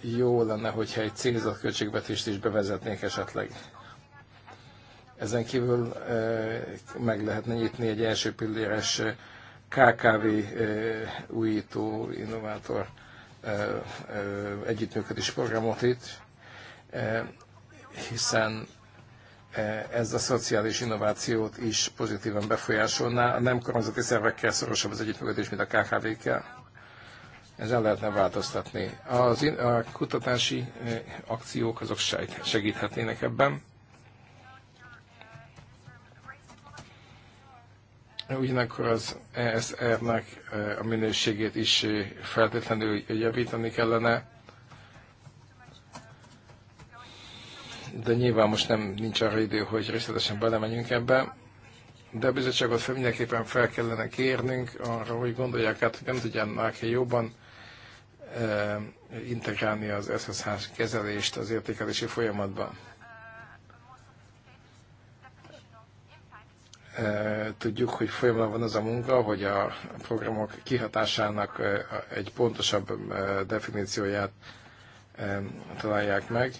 jó lenne, hogyha egy célzott költségvetést is bevezetnék esetleg. Ezen kívül meg lehetne nyitni egy első pilléres KKV újító, innovátor együttműködés programot itt, Eh, hiszen eh, ez a szociális innovációt is pozitívan befolyásolná. A nem kormányzati szervekkel szorosabb az együttműködés, mint a KKV-kkel. Ezzel lehetne változtatni. Az, a kutatási eh, akciók azok segíthetnének ebben. Ugyanakkor az ESR-nek a minőségét is feltétlenül javítani kellene de nyilván most nem nincs arra idő, hogy részletesen belemenjünk ebbe, de a bizottságot fel, mindenképpen fel kellene kérnünk arra, hogy gondolják át, hogy nem tudják jobban e, integrálni az SSH kezelést az értékelési folyamatban. E, tudjuk, hogy folyamatban van az a munka, hogy a programok kihatásának e, egy pontosabb e, definícióját találják meg.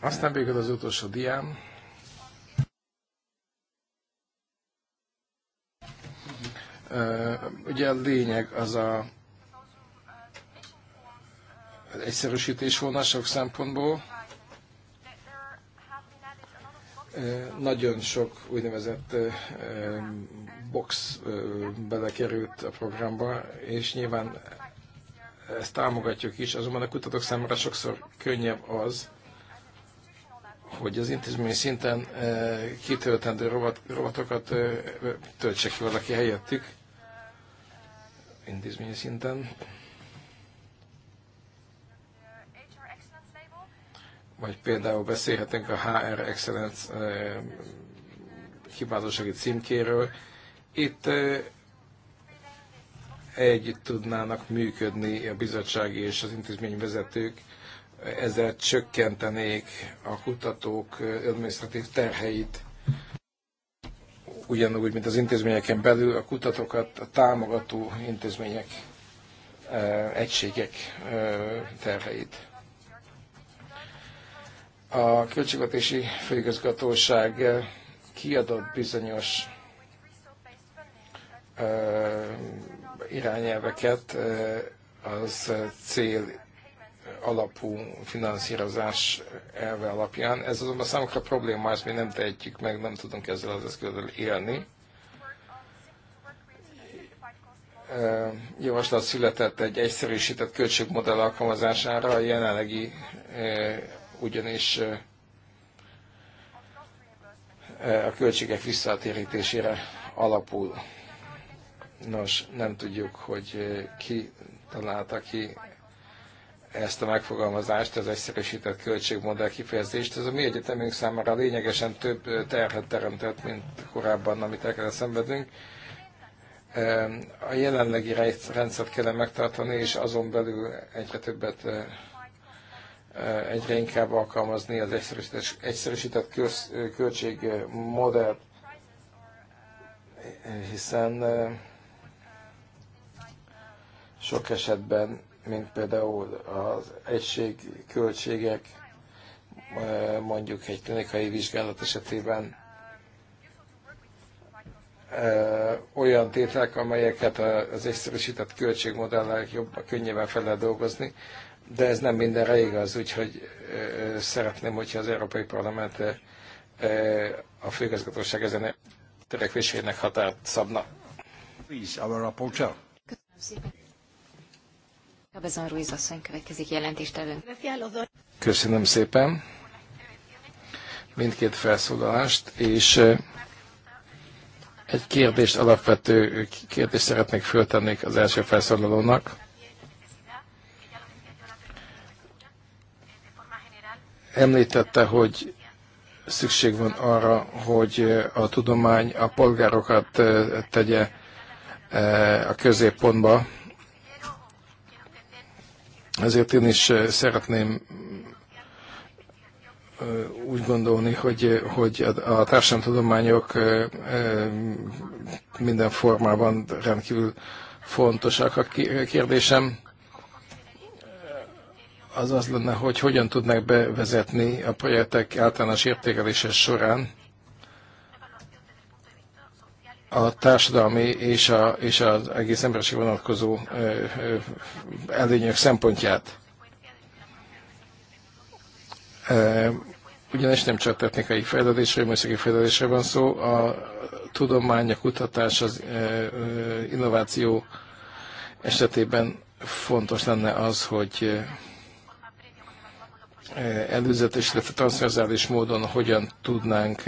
Aztán végül az utolsó diám. Ugye a lényeg az a az egyszerűsítés volna sok szempontból. Nagyon sok úgynevezett box belekerült a programba, és nyilván ezt támogatjuk is, azonban a kutatók számára sokszor könnyebb az, hogy az intézmény szinten eh, kitöltendő rovat, rovatokat eh, töltse ki valaki helyettük intézmény szinten. Vagy például beszélhetünk a HR Excellence eh, hibázósági címkéről. Itt együtt tudnának működni a bizottsági és az intézmény vezetők, ezzel csökkentenék a kutatók administratív terheit, ugyanúgy, mint az intézményeken belül a kutatókat a támogató intézmények, egységek terheit. A Költségvetési Főigazgatóság kiadott bizonyos irányelveket az cél alapú finanszírozás elve alapján. Ez azonban számokra probléma, ezt mi nem tehetjük meg, nem tudunk ezzel az eszközzel élni. Javaslat született egy egyszerűsített költségmodell alkalmazására, a jelenlegi ugyanis a költségek visszatérítésére alapul. Nos, nem tudjuk, hogy eh, ki találta ki ezt a megfogalmazást, az egyszerűsített költségmodell kifejezést, ez a mi egyetemünk számára lényegesen több eh, terhet teremtett, mint korábban, amit el kellett szenvednünk. Eh, a jelenlegi rendszert kellene megtartani, és azon belül egyre többet, egyre inkább alkalmazni az egyszerűsített, egyszerűsített költségmodellt, hiszen sok esetben, mint például az egység költségek, mondjuk egy klinikai vizsgálat esetében olyan tételek, amelyeket az egyszerűsített költségmodellel jobban könnyebben fel lehet dolgozni, de ez nem mindenre igaz, úgyhogy szeretném, hogyha az Európai Parlament a főgazgatóság ezen törekvésének határt szabna. Please, our rapporteur. Köszönöm szépen. Cabezon Ruiz asszony következik Köszönöm szépen mindkét felszólalást, és egy kérdést, alapvető kérdést szeretnék föltenni az első felszólalónak. Említette, hogy szükség van arra, hogy a tudomány a polgárokat tegye a középpontba, ezért én is eh, szeretném eh, úgy gondolni, hogy, eh, hogy a társadalomtudományok minden formában rendkívül fontosak. A kérdésem az az lenne, hogy hogyan tudnak bevezetni a projektek általános értékelése során a társadalmi és, a, és az egész emberiség vonatkozó előnyök szempontját. Ugyanis nem csak technikai fejlődésre, műszaki fejlődésre van szó, a tudomány, a kutatás, az innováció esetében fontos lenne az, hogy előzetes, illetve transzverzális módon hogyan tudnánk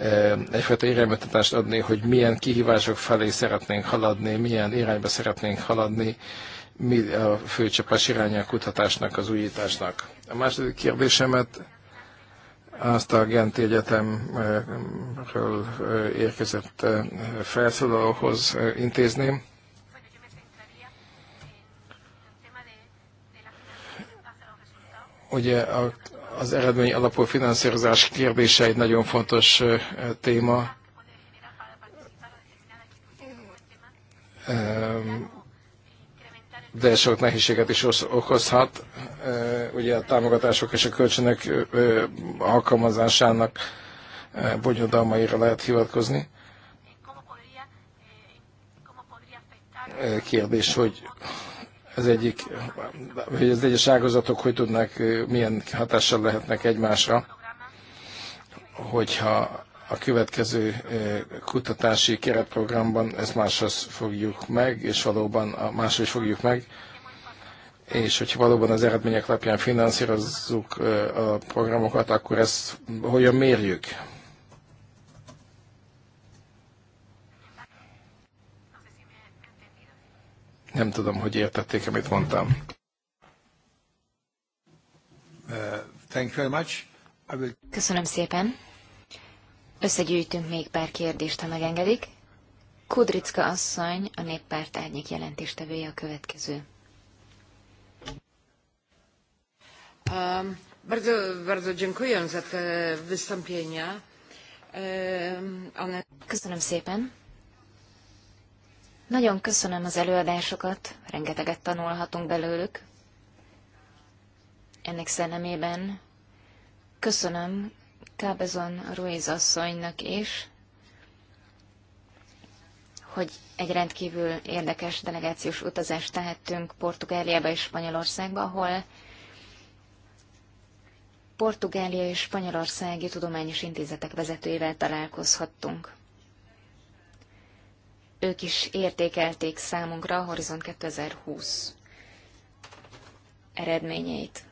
Eh, egyfajta iránymutatást adni, hogy milyen kihívások felé szeretnénk haladni, milyen irányba szeretnénk haladni, mi a főcsapás irány a kutatásnak, az újításnak. A második kérdésemet azt a Genti Egyetemről eh, érkezett eh, felszólalóhoz intézném. Ugye a az eredmény alapú finanszírozás kérdése egy nagyon fontos téma. de sok nehézséget is okozhat. Ugye a támogatások és a kölcsönök alkalmazásának bonyodalmaira lehet hivatkozni. Kérdés, hogy az egyik, hogy az egyes ágazatok hogy tudnak, milyen hatással lehetnek egymásra, hogyha a következő kutatási keretprogramban ezt máshoz fogjuk meg, és valóban is fogjuk meg, és hogyha valóban az eredmények alapján finanszírozzuk a programokat, akkor ezt hogyan mérjük? Nem tudom, hogy értették, amit mondtam. Uh, thank you very much. Will... Köszönöm szépen. Összegyűjtünk még pár kérdést, ha megengedik. Kudricka asszony, a néppárt árnyék jelentéstevője a következő. Um, bardzo, bardzo dziękuję za te wystąpienia. Um, one... Köszönöm szépen. Nagyon köszönöm az előadásokat, rengeteget tanulhatunk belőlük. Ennek szellemében köszönöm Kábezon Ruiz asszonynak is, hogy egy rendkívül érdekes delegációs utazást tehettünk Portugáliába és Spanyolországba, ahol Portugália és Spanyolországi Tudományos Intézetek vezetőivel találkozhattunk ők is értékelték számunkra a horizont 2020 eredményeit.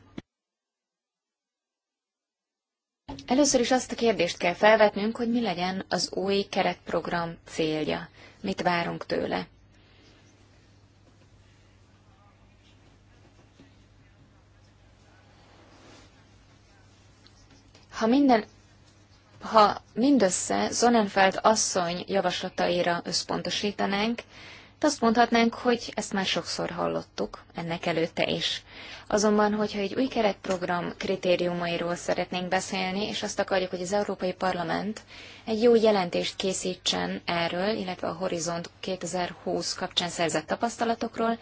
Először is azt a kérdést kell felvetnünk, hogy mi legyen az új keretprogram célja. Mit várunk tőle? Ha minden ha mindössze Zonenfeld asszony javaslataira összpontosítanánk, de azt mondhatnánk, hogy ezt már sokszor hallottuk, ennek előtte is. Azonban, hogyha egy új keretprogram kritériumairól szeretnénk beszélni, és azt akarjuk, hogy az Európai Parlament egy jó jelentést készítsen erről, illetve a Horizont 2020 kapcsán szerzett tapasztalatokról,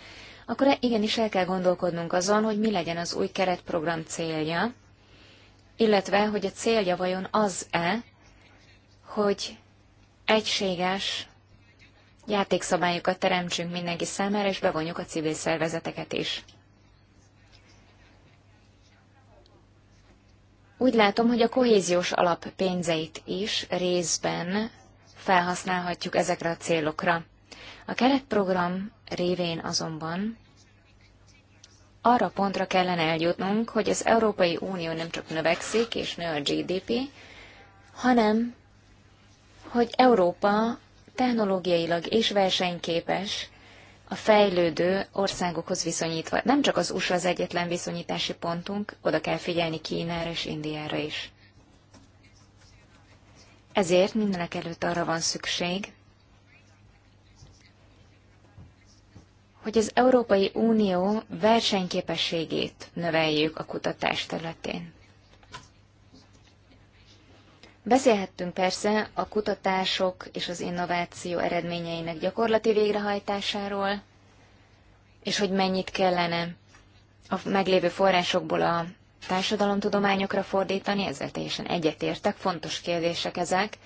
akkor igenis el kell gondolkodnunk azon, hogy mi legyen az új keretprogram célja, illetve hogy a célja vajon az-e, hogy egységes játékszabályokat teremtsünk mindenki számára, és bevonjuk a civil szervezeteket is. Úgy látom, hogy a kohéziós alap pénzeit is részben felhasználhatjuk ezekre a célokra. A keretprogram révén azonban arra pontra kellene eljutnunk, hogy az Európai Unió nem csak növekszik és nő a GDP, hanem hogy Európa technológiailag és versenyképes a fejlődő országokhoz viszonyítva. Nem csak az USA az egyetlen viszonyítási pontunk, oda kell figyelni Kínára és Indiára is. Ezért mindenek előtt arra van szükség, hogy az Európai Unió versenyképességét növeljük a kutatás területén. Beszélhettünk persze a kutatások és az innováció eredményeinek gyakorlati végrehajtásáról, és hogy mennyit kellene a meglévő forrásokból a társadalomtudományokra fordítani, ezzel teljesen egyetértek, fontos kérdések ezek,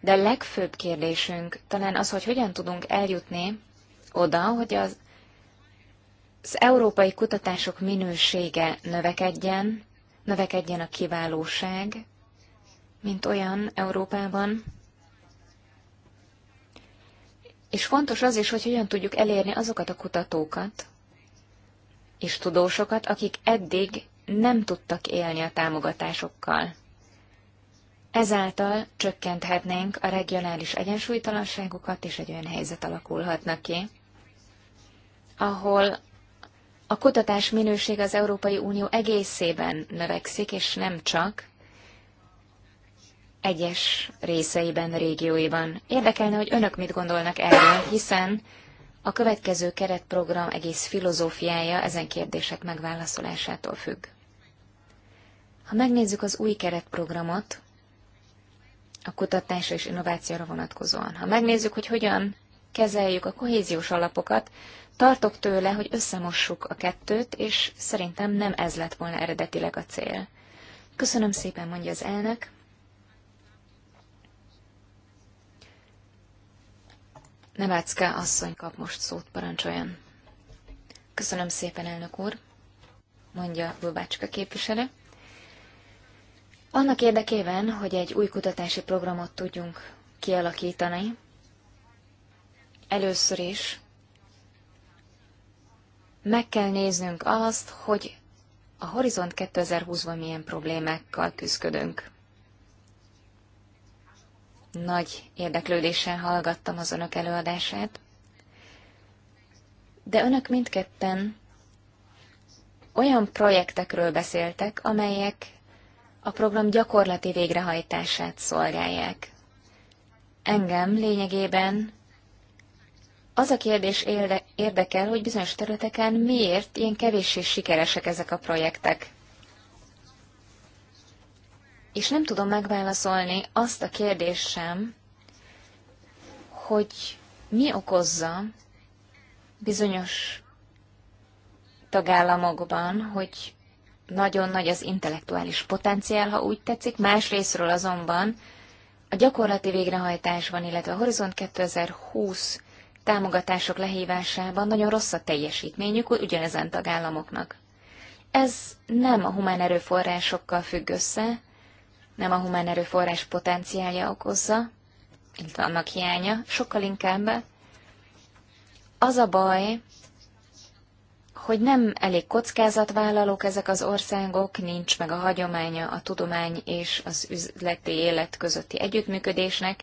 de a legfőbb kérdésünk talán az, hogy hogyan tudunk eljutni oda, hogy az az európai kutatások minősége növekedjen, növekedjen a kiválóság, mint olyan Európában, és fontos az is, hogy hogyan tudjuk elérni azokat a kutatókat és tudósokat, akik eddig nem tudtak élni a támogatásokkal. Ezáltal csökkenthetnénk a regionális egyensúlytalanságokat, és egy olyan helyzet alakulhatna ki, ahol a kutatás minősége az Európai Unió egészében növekszik, és nem csak egyes részeiben, régióiban. Érdekelne, hogy önök mit gondolnak erről, hiszen a következő keretprogram egész filozófiája ezen kérdések megválaszolásától függ. Ha megnézzük az új keretprogramot, a kutatásra és innovációra vonatkozóan, ha megnézzük, hogy hogyan kezeljük a kohéziós alapokat, Tartok tőle, hogy összemossuk a kettőt, és szerintem nem ez lett volna eredetileg a cél. Köszönöm szépen, mondja az elnök. Nevácká asszony kap most szót, parancsoljon. Köszönöm szépen, elnök úr, mondja Bulbácska képviselő. Annak érdekében, hogy egy új kutatási programot tudjunk kialakítani, először is meg kell néznünk azt, hogy a Horizont 2020-ban milyen problémákkal küzdködünk. Nagy érdeklődéssel hallgattam az önök előadását, de önök mindketten olyan projektekről beszéltek, amelyek a program gyakorlati végrehajtását szolgálják. Engem lényegében az a kérdés érdekel, hogy bizonyos területeken miért ilyen kevéssé sikeresek ezek a projektek. És nem tudom megválaszolni azt a kérdést sem, hogy mi okozza bizonyos tagállamokban, hogy nagyon nagy az intellektuális potenciál, ha úgy tetszik, más részről azonban a gyakorlati végrehajtásban, illetve a Horizont 2020 támogatások lehívásában nagyon rossz a teljesítményük ugyanezen tagállamoknak. Ez nem a humán erőforrásokkal függ össze, nem a humán erőforrás potenciálja okozza, illetve annak hiánya, sokkal inkább az a baj, hogy nem elég kockázatvállalók ezek az országok, nincs meg a hagyománya a tudomány és az üzleti élet közötti együttműködésnek.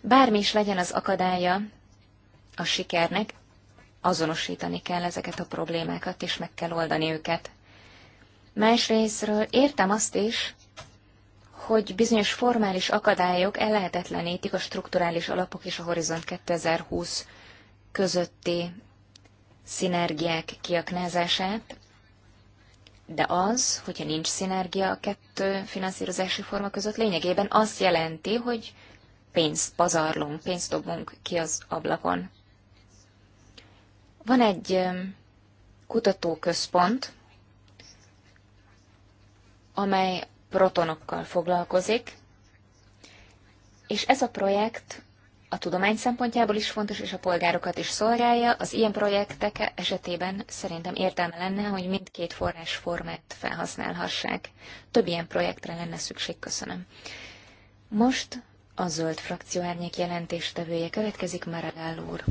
Bármi is legyen az akadálya a sikernek, azonosítani kell ezeket a problémákat, és meg kell oldani őket. Másrésztről értem azt is, hogy bizonyos formális akadályok ellehetetlenítik a strukturális alapok és a Horizont 2020 közötti szinergiák kiaknázását, de az, hogyha nincs szinergia a kettő finanszírozási forma között, lényegében azt jelenti, hogy pénzt pazarlunk, pénzt dobunk ki az ablakon. Van egy kutatóközpont, amely protonokkal foglalkozik, és ez a projekt a tudomány szempontjából is fontos, és a polgárokat is szolgálja. Az ilyen projektek esetében szerintem értelme lenne, hogy mindkét forrásformát felhasználhassák. Több ilyen projektre lenne szükség, köszönöm. Most a zöld frakció árnyék jelentéstevője következik, Maragall úr.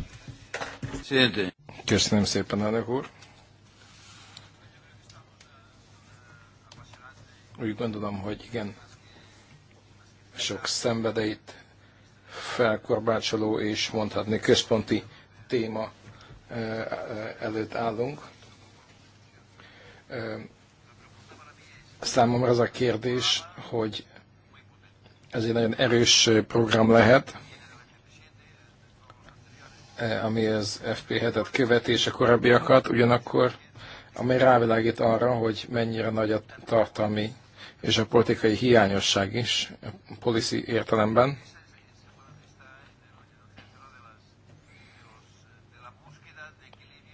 Köszönöm szépen, elnök úr. Úgy gondolom, hogy igen, sok szenvedeit felkorbácsoló és mondhatni központi téma eh, eh, előtt állunk. Eh, számomra az a kérdés, hogy ez egy nagyon erős program lehet, E, ami az FP7-et követi és a korábbiakat, ugyanakkor amely rávilágít arra, hogy mennyire nagy a tartalmi és a politikai hiányosság is a policy értelemben.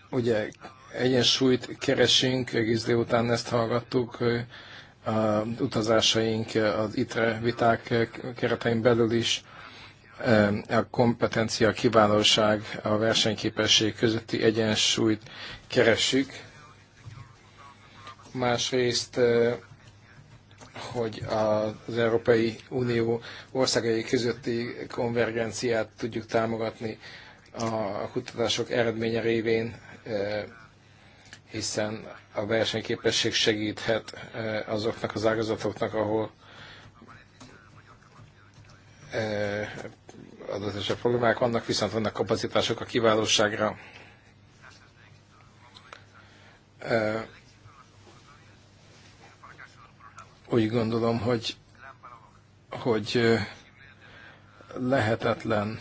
Ugye egyensúlyt keresünk, egész délután ezt hallgattuk, a utazásaink az ITRE viták keretein belül is a kompetencia, a kiválóság, a versenyképesség közötti egyensúlyt keressük. Másrészt, hogy az Európai Unió országai közötti konvergenciát tudjuk támogatni a kutatások eredménye révén, hiszen a versenyképesség segíthet azoknak az ágazatoknak, ahol adatosabb problémák vannak, viszont vannak kapacitások a kiválóságra. Úgy gondolom, hogy, hogy lehetetlen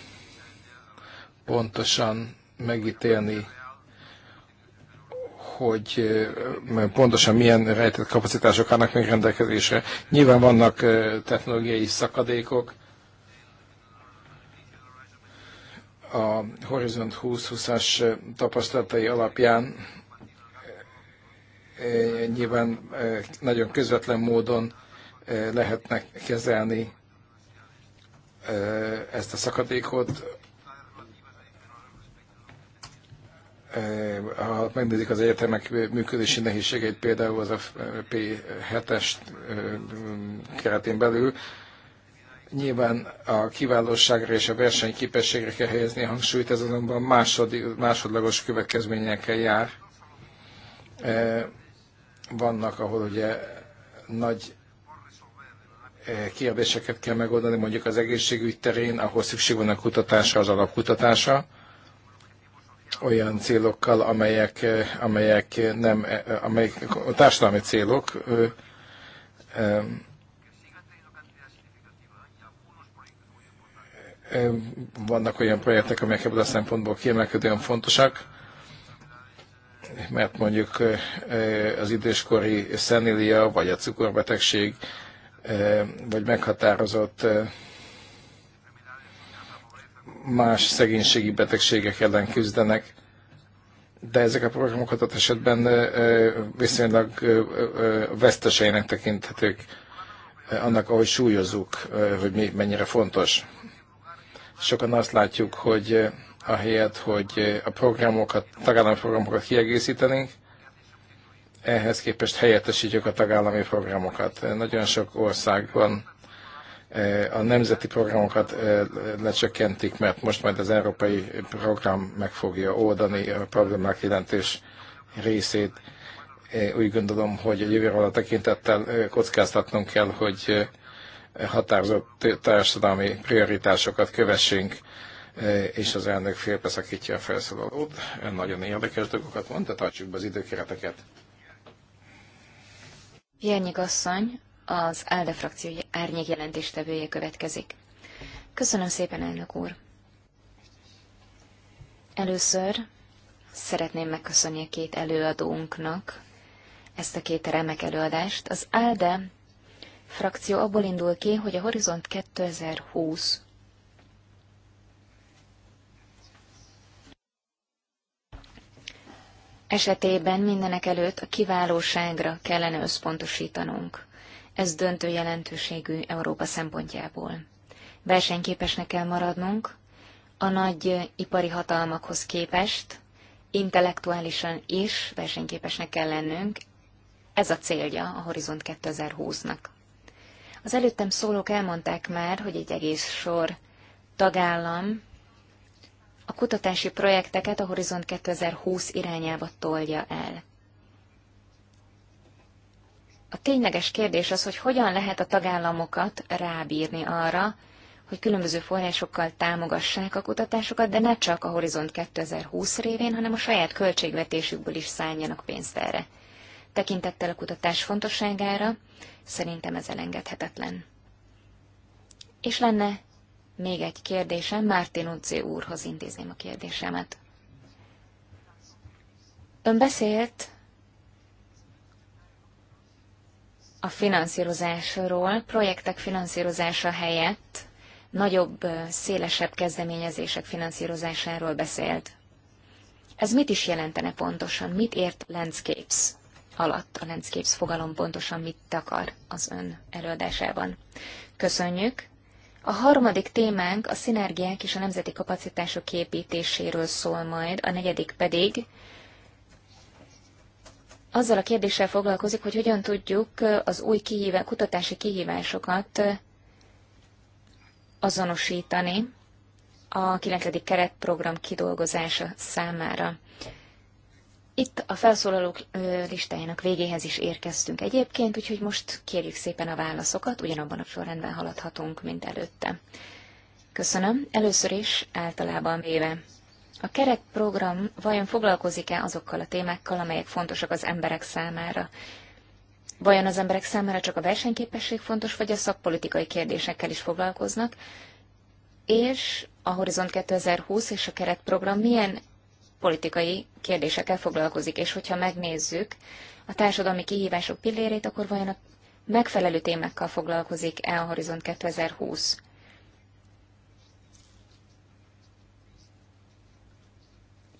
pontosan megítélni, hogy pontosan milyen rejtett kapacitások állnak még rendelkezésre. Nyilván vannak technológiai szakadékok, a Horizont 2020-as tapasztalatai alapján nyilván nagyon közvetlen módon lehetnek kezelni ezt a szakadékot. Ha megnézik az egyetemek működési nehézségeit, például az a P7-es keretén belül, Nyilván a kiválóságra és a versenyképességre kell helyezni a hangsúlyt, ez azonban másod, másodlagos következményekkel jár. E, vannak, ahol ugye nagy e, kérdéseket kell megoldani, mondjuk az egészségügy terén, ahol szükség van a kutatásra, az alapkutatásra, olyan célokkal, amelyek, e, amelyek, nem, amelyek a társadalmi célok, Vannak olyan projektek, amelyek ebből a szempontból kiemelkedően fontosak, mert mondjuk az időskori szenília, vagy a cukorbetegség, vagy meghatározott más szegénységi betegségek ellen küzdenek, de ezek a programok adott esetben viszonylag veszteseinek tekinthetők annak, ahogy súlyozzuk, hogy mi mennyire fontos. Sokan azt látjuk, hogy eh, ahelyett, hogy eh, a programokat, tagállami programokat kiegészítenénk, ehhez képest helyettesítjük a tagállami programokat. Eh, nagyon sok országban a nemzeti programokat lecsökkentik, mert most majd az európai program meg fogja oldani a problémák jelentős részét. Úgy gondolom, hogy a a tekintettel kockáztatnunk kell, hogy határozott társadalmi prioritásokat kövessünk, eh, és az elnök félbeszakítja a felszólalót. Ön nagyon érdekes dolgokat mondta, tartsuk be az időkereteket. Vérnyik asszony, az ALDE frakció árnyék jelentéstevője következik. Köszönöm szépen, elnök úr! Először szeretném megköszönni a két előadónknak ezt a két remek előadást. Az ALDE frakció abból indul ki, hogy a Horizont 2020 esetében mindenek előtt a kiválóságra kellene összpontosítanunk. Ez döntő jelentőségű Európa szempontjából. Versenyképesnek kell maradnunk, a nagy ipari hatalmakhoz képest, intellektuálisan is versenyképesnek kell lennünk, ez a célja a Horizont 2020-nak. Az előttem szólók elmondták már, hogy egy egész sor tagállam a kutatási projekteket a Horizont 2020 irányába tolja el. A tényleges kérdés az, hogy hogyan lehet a tagállamokat rábírni arra, hogy különböző forrásokkal támogassák a kutatásokat, de ne csak a Horizont 2020 révén, hanem a saját költségvetésükből is szálljanak pénzt erre. Tekintettel a kutatás fontosságára, Szerintem ez elengedhetetlen. És lenne még egy kérdésem, Mártin Ucci úrhoz intézném a kérdésemet. Ön beszélt a finanszírozásról, projektek finanszírozása helyett nagyobb, szélesebb kezdeményezések finanszírozásáról beszélt. Ez mit is jelentene pontosan? Mit ért Landscapes alatt a Landscapes fogalom pontosan mit takar az ön előadásában. Köszönjük! A harmadik témánk a szinergiák és a nemzeti kapacitások képítéséről szól majd, a negyedik pedig azzal a kérdéssel foglalkozik, hogy hogyan tudjuk az új kihívá, kutatási kihívásokat azonosítani a 9. keretprogram kidolgozása számára. Itt a felszólalók listájának végéhez is érkeztünk egyébként, úgyhogy most kérjük szépen a válaszokat, ugyanabban a sorrendben haladhatunk, mint előtte. Köszönöm. Először is általában véve. A program vajon foglalkozik-e azokkal a témákkal, amelyek fontosak az emberek számára? Vajon az emberek számára csak a versenyképesség fontos, vagy a szakpolitikai kérdésekkel is foglalkoznak? És a Horizont 2020 és a keretprogram milyen politikai kérdésekkel foglalkozik, és hogyha megnézzük a társadalmi kihívások pillérét, akkor vajon a megfelelő témákkal foglalkozik-e a Horizont 2020?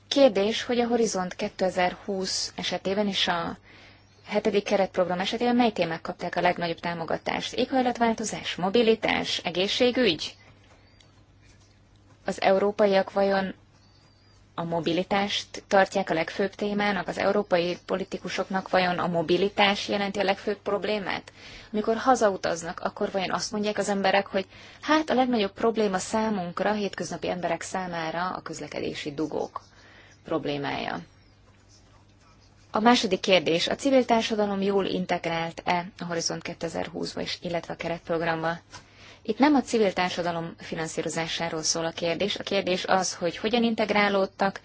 Kérdés, hogy a Horizont 2020 esetében és a hetedik keretprogram esetében mely témák kapták a legnagyobb támogatást? Éghajlatváltozás, mobilitás, egészségügy? Az európaiak vajon a mobilitást tartják a legfőbb témának, az európai politikusoknak vajon a mobilitás jelenti a legfőbb problémát? Amikor hazautaznak, akkor vajon azt mondják az emberek, hogy hát a legnagyobb probléma számunkra, hétköznapi emberek számára a közlekedési dugók problémája. A második kérdés, a civil társadalom jól integrált-e a Horizont 2020-ba, illetve a keretprogramba? Itt nem a civil társadalom finanszírozásáról szól a kérdés. A kérdés az, hogy hogyan integrálódtak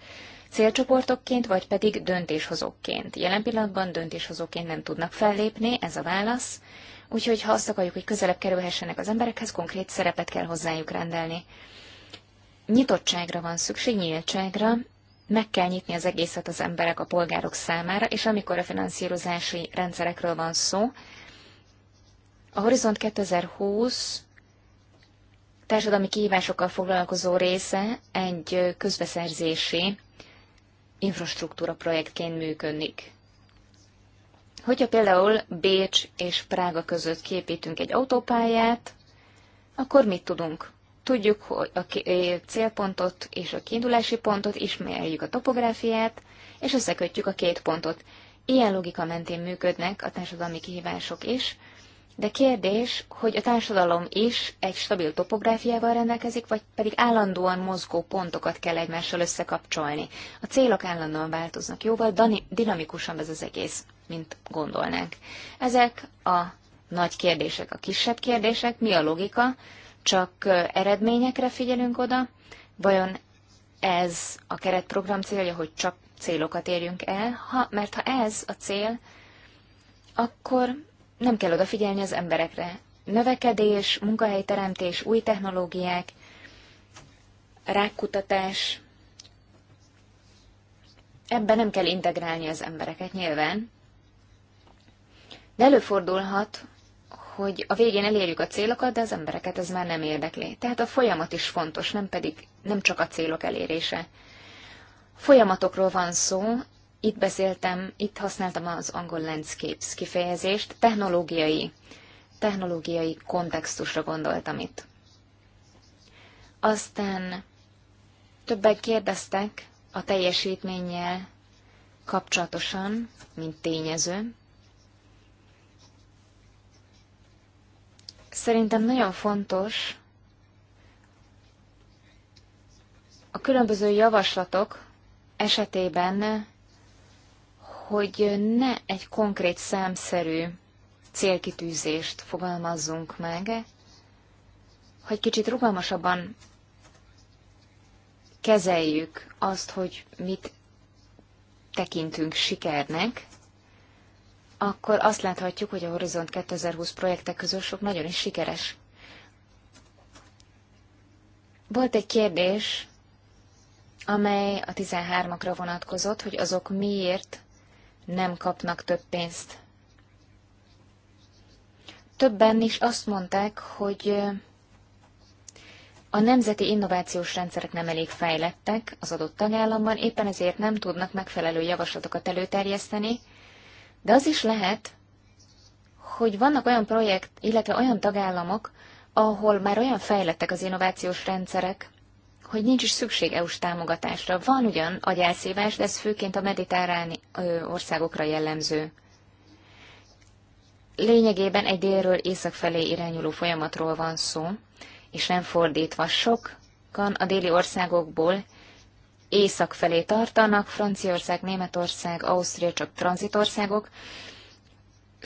célcsoportokként, vagy pedig döntéshozókként. Jelen pillanatban döntéshozóként nem tudnak fellépni, ez a válasz. Úgyhogy ha azt akarjuk, hogy közelebb kerülhessenek az emberekhez, konkrét szerepet kell hozzájuk rendelni. Nyitottságra van szükség, nyíltságra, meg kell nyitni az egészet az emberek, a polgárok számára, és amikor a finanszírozási rendszerekről van szó, a Horizont 2020 társadalmi kihívásokkal foglalkozó része egy közbeszerzési infrastruktúra projektként működik. Hogyha például Bécs és Prága között képítünk egy autópályát, akkor mit tudunk? Tudjuk hogy a célpontot és a kiindulási pontot, ismerjük a topográfiát, és összekötjük a két pontot. Ilyen logika mentén működnek a társadalmi kihívások is, de kérdés, hogy a társadalom is egy stabil topográfiával rendelkezik, vagy pedig állandóan mozgó pontokat kell egymással összekapcsolni. A célok állandóan változnak, jóval dani- ez az egész, mint gondolnánk. Ezek a nagy kérdések, a kisebb kérdések, mi a logika, csak eredményekre figyelünk oda, vajon ez a keretprogram célja, hogy csak célokat érjünk el, ha, mert ha ez a cél, akkor nem kell odafigyelni az emberekre. Növekedés, munkahelyteremtés, új technológiák, rákkutatás, ebben nem kell integrálni az embereket nyilván. De előfordulhat, hogy a végén elérjük a célokat, de az embereket ez már nem érdekli. Tehát a folyamat is fontos, nem pedig nem csak a célok elérése. Folyamatokról van szó, itt beszéltem, itt használtam az angol landscapes kifejezést, technológiai, technológiai kontextusra gondoltam itt. Aztán többek kérdeztek a teljesítménnyel kapcsolatosan, mint tényező. Szerintem nagyon fontos a különböző javaslatok esetében hogy ne egy konkrét számszerű célkitűzést fogalmazzunk meg, hogy kicsit rugalmasabban kezeljük azt, hogy mit tekintünk sikernek, akkor azt láthatjuk, hogy a Horizont 2020 projektek közül sok nagyon is sikeres. Volt egy kérdés, amely a 13-akra vonatkozott, hogy azok miért nem kapnak több pénzt. Többen is azt mondták, hogy a nemzeti innovációs rendszerek nem elég fejlettek az adott tagállamban, éppen ezért nem tudnak megfelelő javaslatokat előterjeszteni, de az is lehet, hogy vannak olyan projekt, illetve olyan tagállamok, ahol már olyan fejlettek az innovációs rendszerek, hogy nincs is szükség EU-s támogatásra. Van ugyan agyelszívás, de ez főként a mediterrán országokra jellemző. Lényegében egy délről észak felé irányuló folyamatról van szó, és nem fordítva sokan a déli országokból észak felé tartanak, Franciaország, Németország, Ausztria csak tranzitországok,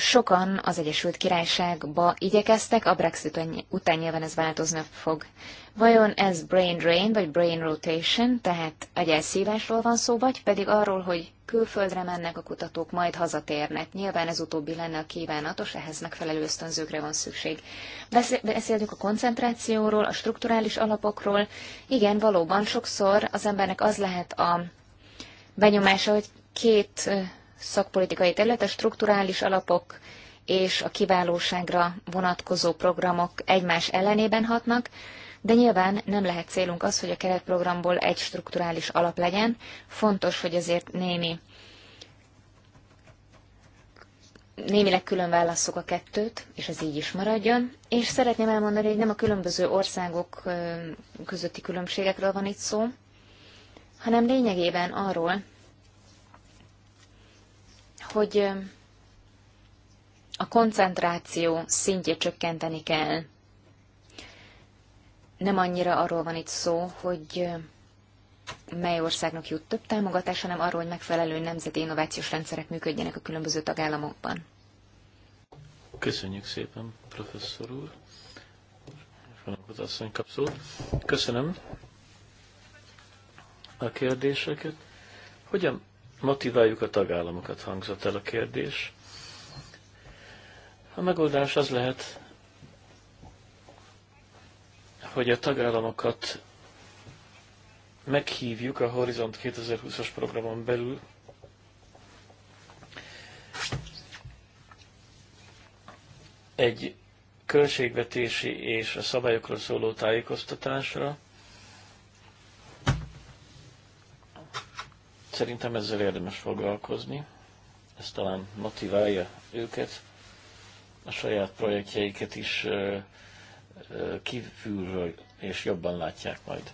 Sokan az Egyesült Királyságba igyekeztek, a Brexit után nyilván ez változni fog. Vajon ez brain drain, vagy brain rotation, tehát agyelszívásról van szó, vagy pedig arról, hogy külföldre mennek a kutatók, majd hazatérnek. Nyilván ez utóbbi lenne a kívánatos, ehhez megfelelő ösztönzőkre van szükség. Beszéltünk a koncentrációról, a strukturális alapokról. Igen, valóban sokszor az embernek az lehet a benyomása, hogy két szakpolitikai terület, a strukturális alapok és a kiválóságra vonatkozó programok egymás ellenében hatnak, de nyilván nem lehet célunk az, hogy a keretprogramból egy strukturális alap legyen. Fontos, hogy azért némi némileg külön válasszuk a kettőt, és ez így is maradjon. És szeretném elmondani, hogy nem a különböző országok közötti különbségekről van itt szó, hanem lényegében arról, hogy a koncentráció szintje csökkenteni kell. Nem annyira arról van itt szó, hogy mely országnak jut több támogatás, hanem arról, hogy megfelelő nemzeti innovációs rendszerek működjenek a különböző tagállamokban. Köszönjük szépen, professzor úr. Köszönöm a kérdéseket. Hogyan motiváljuk a tagállamokat, hangzott el a kérdés. A megoldás az lehet, hogy a tagállamokat meghívjuk a Horizont 2020-as programon belül, egy költségvetési és a szabályokról szóló tájékoztatásra, Szerintem ezzel érdemes foglalkozni. Ez talán motiválja őket, a saját projektjeiket is kívülről és jobban látják majd.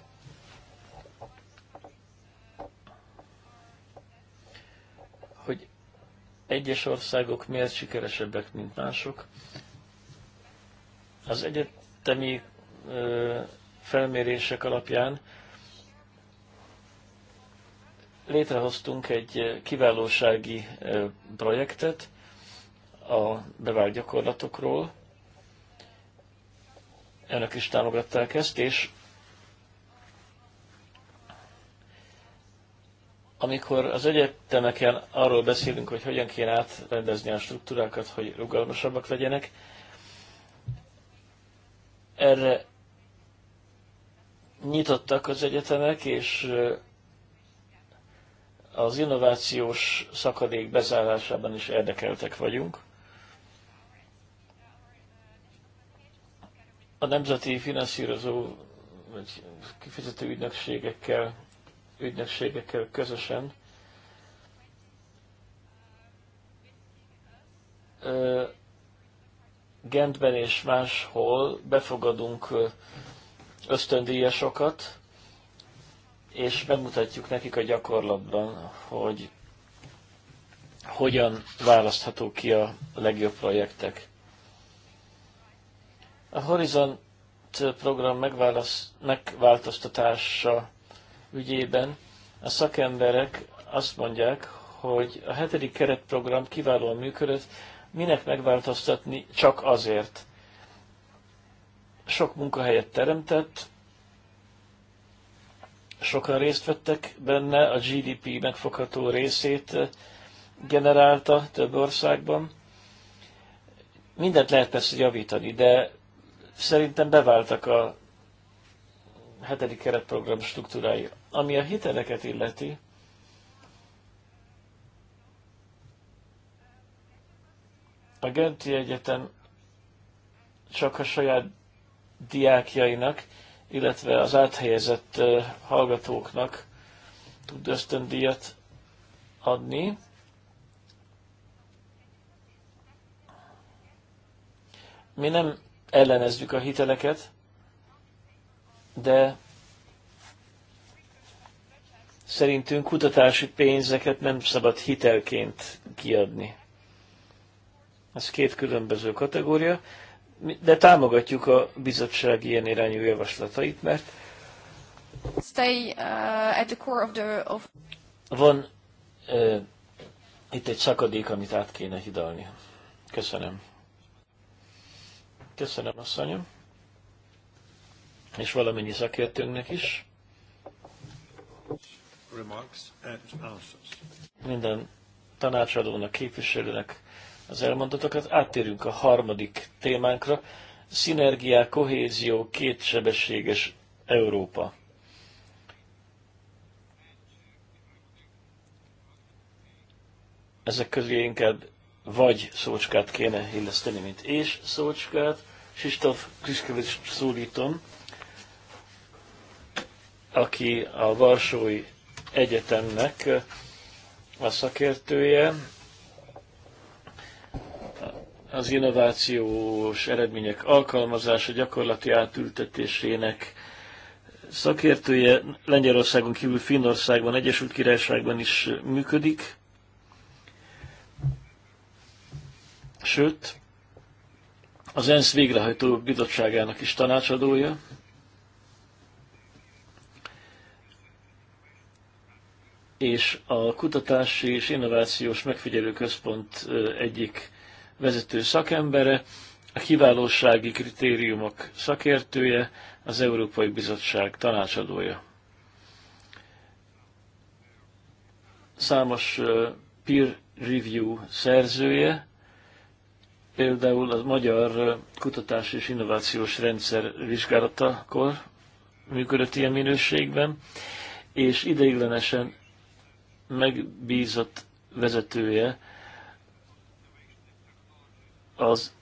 Hogy egyes országok miért sikeresebbek, mint mások, az egyetemi felmérések alapján létrehoztunk egy kiválósági projektet a bevált gyakorlatokról. Önök is támogatták ezt, és amikor az egyetemeken arról beszélünk, hogy hogyan kéne átrendezni a struktúrákat, hogy rugalmasabbak legyenek, erre nyitottak az egyetemek, és az innovációs szakadék bezárásában is érdekeltek vagyunk. A nemzeti finanszírozó vagy kifizető ügynökségekkel, ügynökségekkel közösen Gentben és máshol befogadunk ösztöndíjasokat, és bemutatjuk nekik a gyakorlatban, hogy hogyan választható ki a legjobb projektek. A Horizont program megválasz, megváltoztatása ügyében a szakemberek azt mondják, hogy a hetedik keretprogram kiválóan működött, minek megváltoztatni csak azért. Sok munkahelyet teremtett, sokan részt vettek benne, a GDP megfogható részét eh, generálta több országban. Mindent lehet persze javítani, de szerintem beváltak a hetedik keretprogram struktúrái. Ami a hiteleket illeti, a Genti Egyetem csak a saját diákjainak illetve az áthelyezett hallgatóknak tud ösztöndíjat adni. Mi nem ellenezzük a hiteleket, de szerintünk kutatási pénzeket nem szabad hitelként kiadni. Ez két különböző kategória de támogatjuk a bizottság ilyen irányú javaslatait, mert Stay, uh, at the core of the, of... van uh, itt egy szakadék, amit át kéne hidalni. Köszönöm. Köszönöm, asszonyom. És valamennyi szakértőnknek is. Remarks and answers. Minden tanácsadónak, képviselőnek, az elmondottakat. Áttérünk a harmadik témánkra. Szinergiák, kohézió, kétsebességes Európa. Ezek közé inkább vagy szócskát kéne illeszteni, mint és szócskát. Sistov Kriszkevics szólítom, aki a Varsói Egyetemnek a szakértője, az innovációs eredmények alkalmazása, gyakorlati átültetésének szakértője. Lengyelországon kívül Finnországban, Egyesült Királyságban is működik. Sőt, az ENSZ végrehajtó bizottságának is tanácsadója. és a Kutatási és Innovációs Megfigyelő Központ egyik vezető szakembere, a kiválósági kritériumok szakértője, az Európai Bizottság tanácsadója. Számos peer review szerzője, például a Magyar Kutatás és Innovációs Rendszer vizsgálatakor működött ilyen minőségben, és ideiglenesen megbízott vezetője az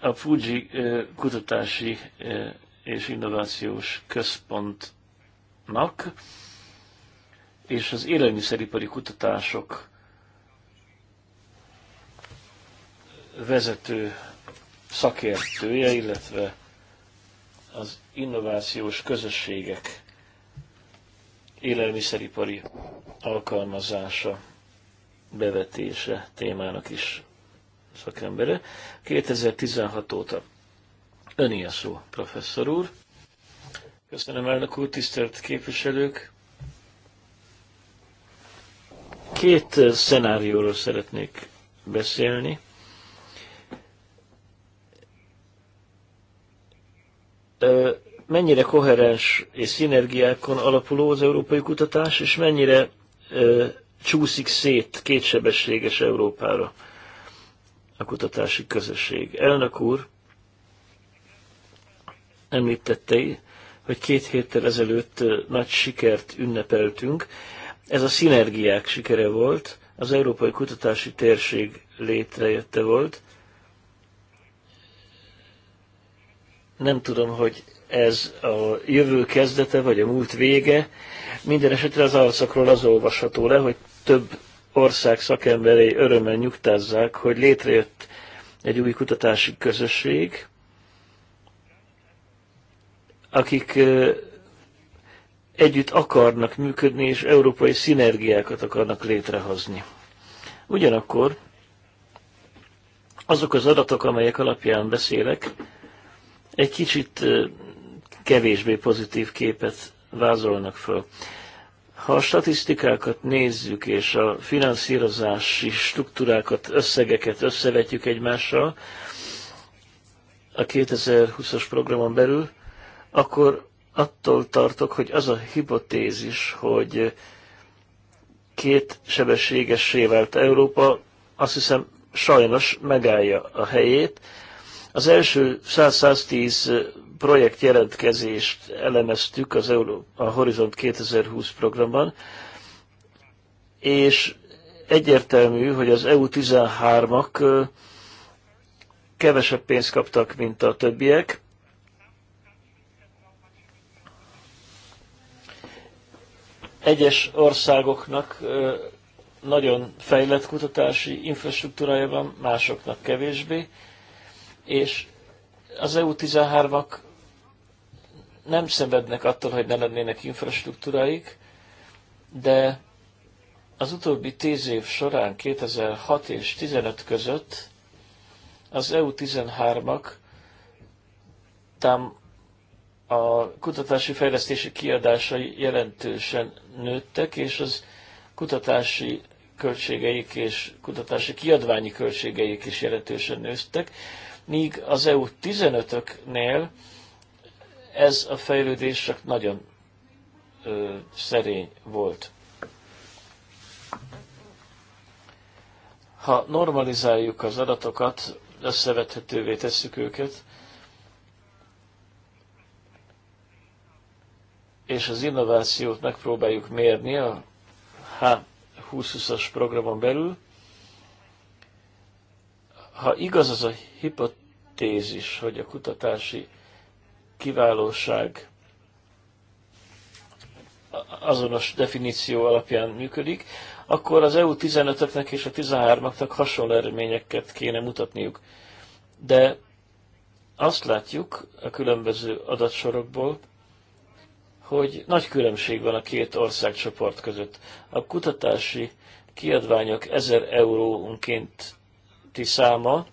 a Fuji kutatási és innovációs központnak és az élelmiszeripari kutatások vezető szakértője, illetve az innovációs közösségek élelmiszeripari alkalmazása, bevetése témának is szakembere, 2016 óta. Öni a szó, professzor úr. Köszönöm, elnök úr, tisztelt képviselők. Két szenárióról szeretnék beszélni. Mennyire koherens és szinergiákon alapuló az európai kutatás, és mennyire csúszik szét kétsebességes Európára a kutatási közösség. Elnök úr említette, hogy két héttel ezelőtt nagy sikert ünnepeltünk. Ez a szinergiák sikere volt, az Európai Kutatási Térség létrejötte volt. Nem tudom, hogy ez a jövő kezdete, vagy a múlt vége. Minden esetre az alszakról az olvasható le, hogy több ország szakemberei örömmel nyugtázzák, hogy létrejött egy új kutatási közösség, akik együtt akarnak működni, és európai szinergiákat akarnak létrehozni. Ugyanakkor azok az adatok, amelyek alapján beszélek, egy kicsit kevésbé pozitív képet vázolnak föl. Ha a statisztikákat nézzük, és a finanszírozási struktúrákat, összegeket összevetjük egymással a 2020-as programon belül, akkor attól tartok, hogy az a hipotézis, hogy két sebességessé vált Európa, azt hiszem sajnos megállja a helyét. Az első 100-110 projektjelentkezést elemeztük az Euró, a Horizont 2020 programban, és egyértelmű, hogy az EU13-ak kevesebb pénzt kaptak, mint a többiek. Egyes országoknak nagyon fejlett kutatási infrastruktúrája van, másoknak kevésbé, és az EU13-ak nem szenvednek attól, hogy ne lennének infrastruktúráik, de az utóbbi tíz év során, 2006 és 2015 között az EU13-ak tám a kutatási fejlesztési kiadásai jelentősen nőttek, és az kutatási költségeik és kutatási kiadványi költségeik is jelentősen nőttek, míg az EU 15-öknél ez a fejlődés csak nagyon ö, szerény volt. Ha normalizáljuk az adatokat, összevethetővé tesszük őket, és az innovációt megpróbáljuk mérni a H2020-as programon belül, ha igaz az a hipotézis, hogy a kutatási kiválóság azonos definíció alapján működik, akkor az EU 15-öknek és a 13-aknak hasonló eredményeket kéne mutatniuk. De azt látjuk a különböző adatsorokból, hogy nagy különbség van a két országcsoport között. A kutatási kiadványok 1000 eurónkénti száma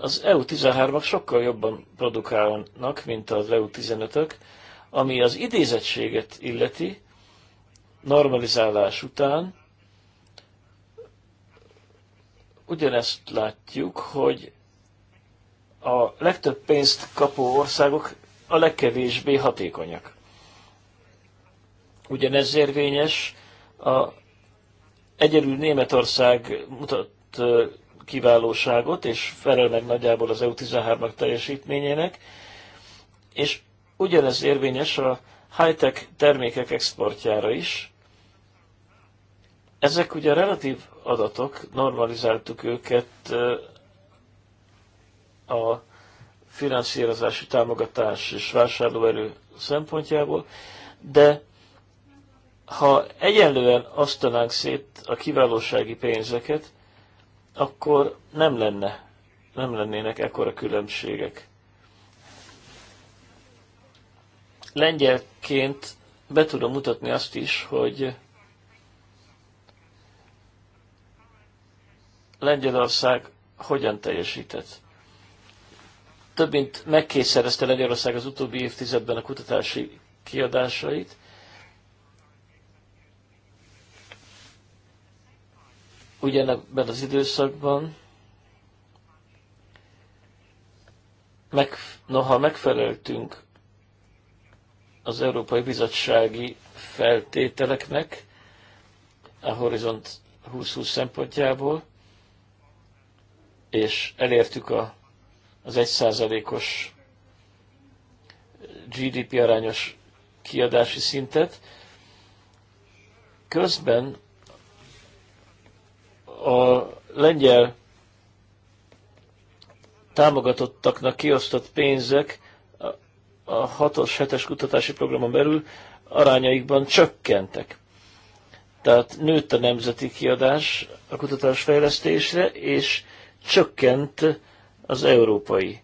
az EU13-ak sokkal jobban produkálnak, mint az EU15-ök, ami az idézettséget illeti, normalizálás után, ugyanezt látjuk, hogy a legtöbb pénzt kapó országok a legkevésbé hatékonyak. Ugyanez érvényes a egyelül Németország mutat kiválóságot, és felel meg nagyjából az eu 13 nak teljesítményének, és ugyanez érvényes a high-tech termékek exportjára is. Ezek ugye relatív adatok, normalizáltuk őket a finanszírozási támogatás és vásárlóerő szempontjából, de ha egyenlően osztanánk szét a kiválósági pénzeket, akkor nem lenne, nem lennének ekkora különbségek. Lengyelként be tudom mutatni azt is, hogy Lengyelország hogyan teljesített. Több mint megkétszerezte Lengyelország az utóbbi évtizedben a kutatási kiadásait, ugyanebben az időszakban, meg, noha megfeleltünk az Európai Bizottsági feltételeknek a Horizont 2020 szempontjából, és elértük a, az 1%-os GDP arányos kiadási szintet, közben a lengyel támogatottaknak kiosztott pénzek a 6-os, 7-es kutatási programon belül arányaikban csökkentek. Tehát nőtt a nemzeti kiadás a fejlesztésre és csökkent az európai.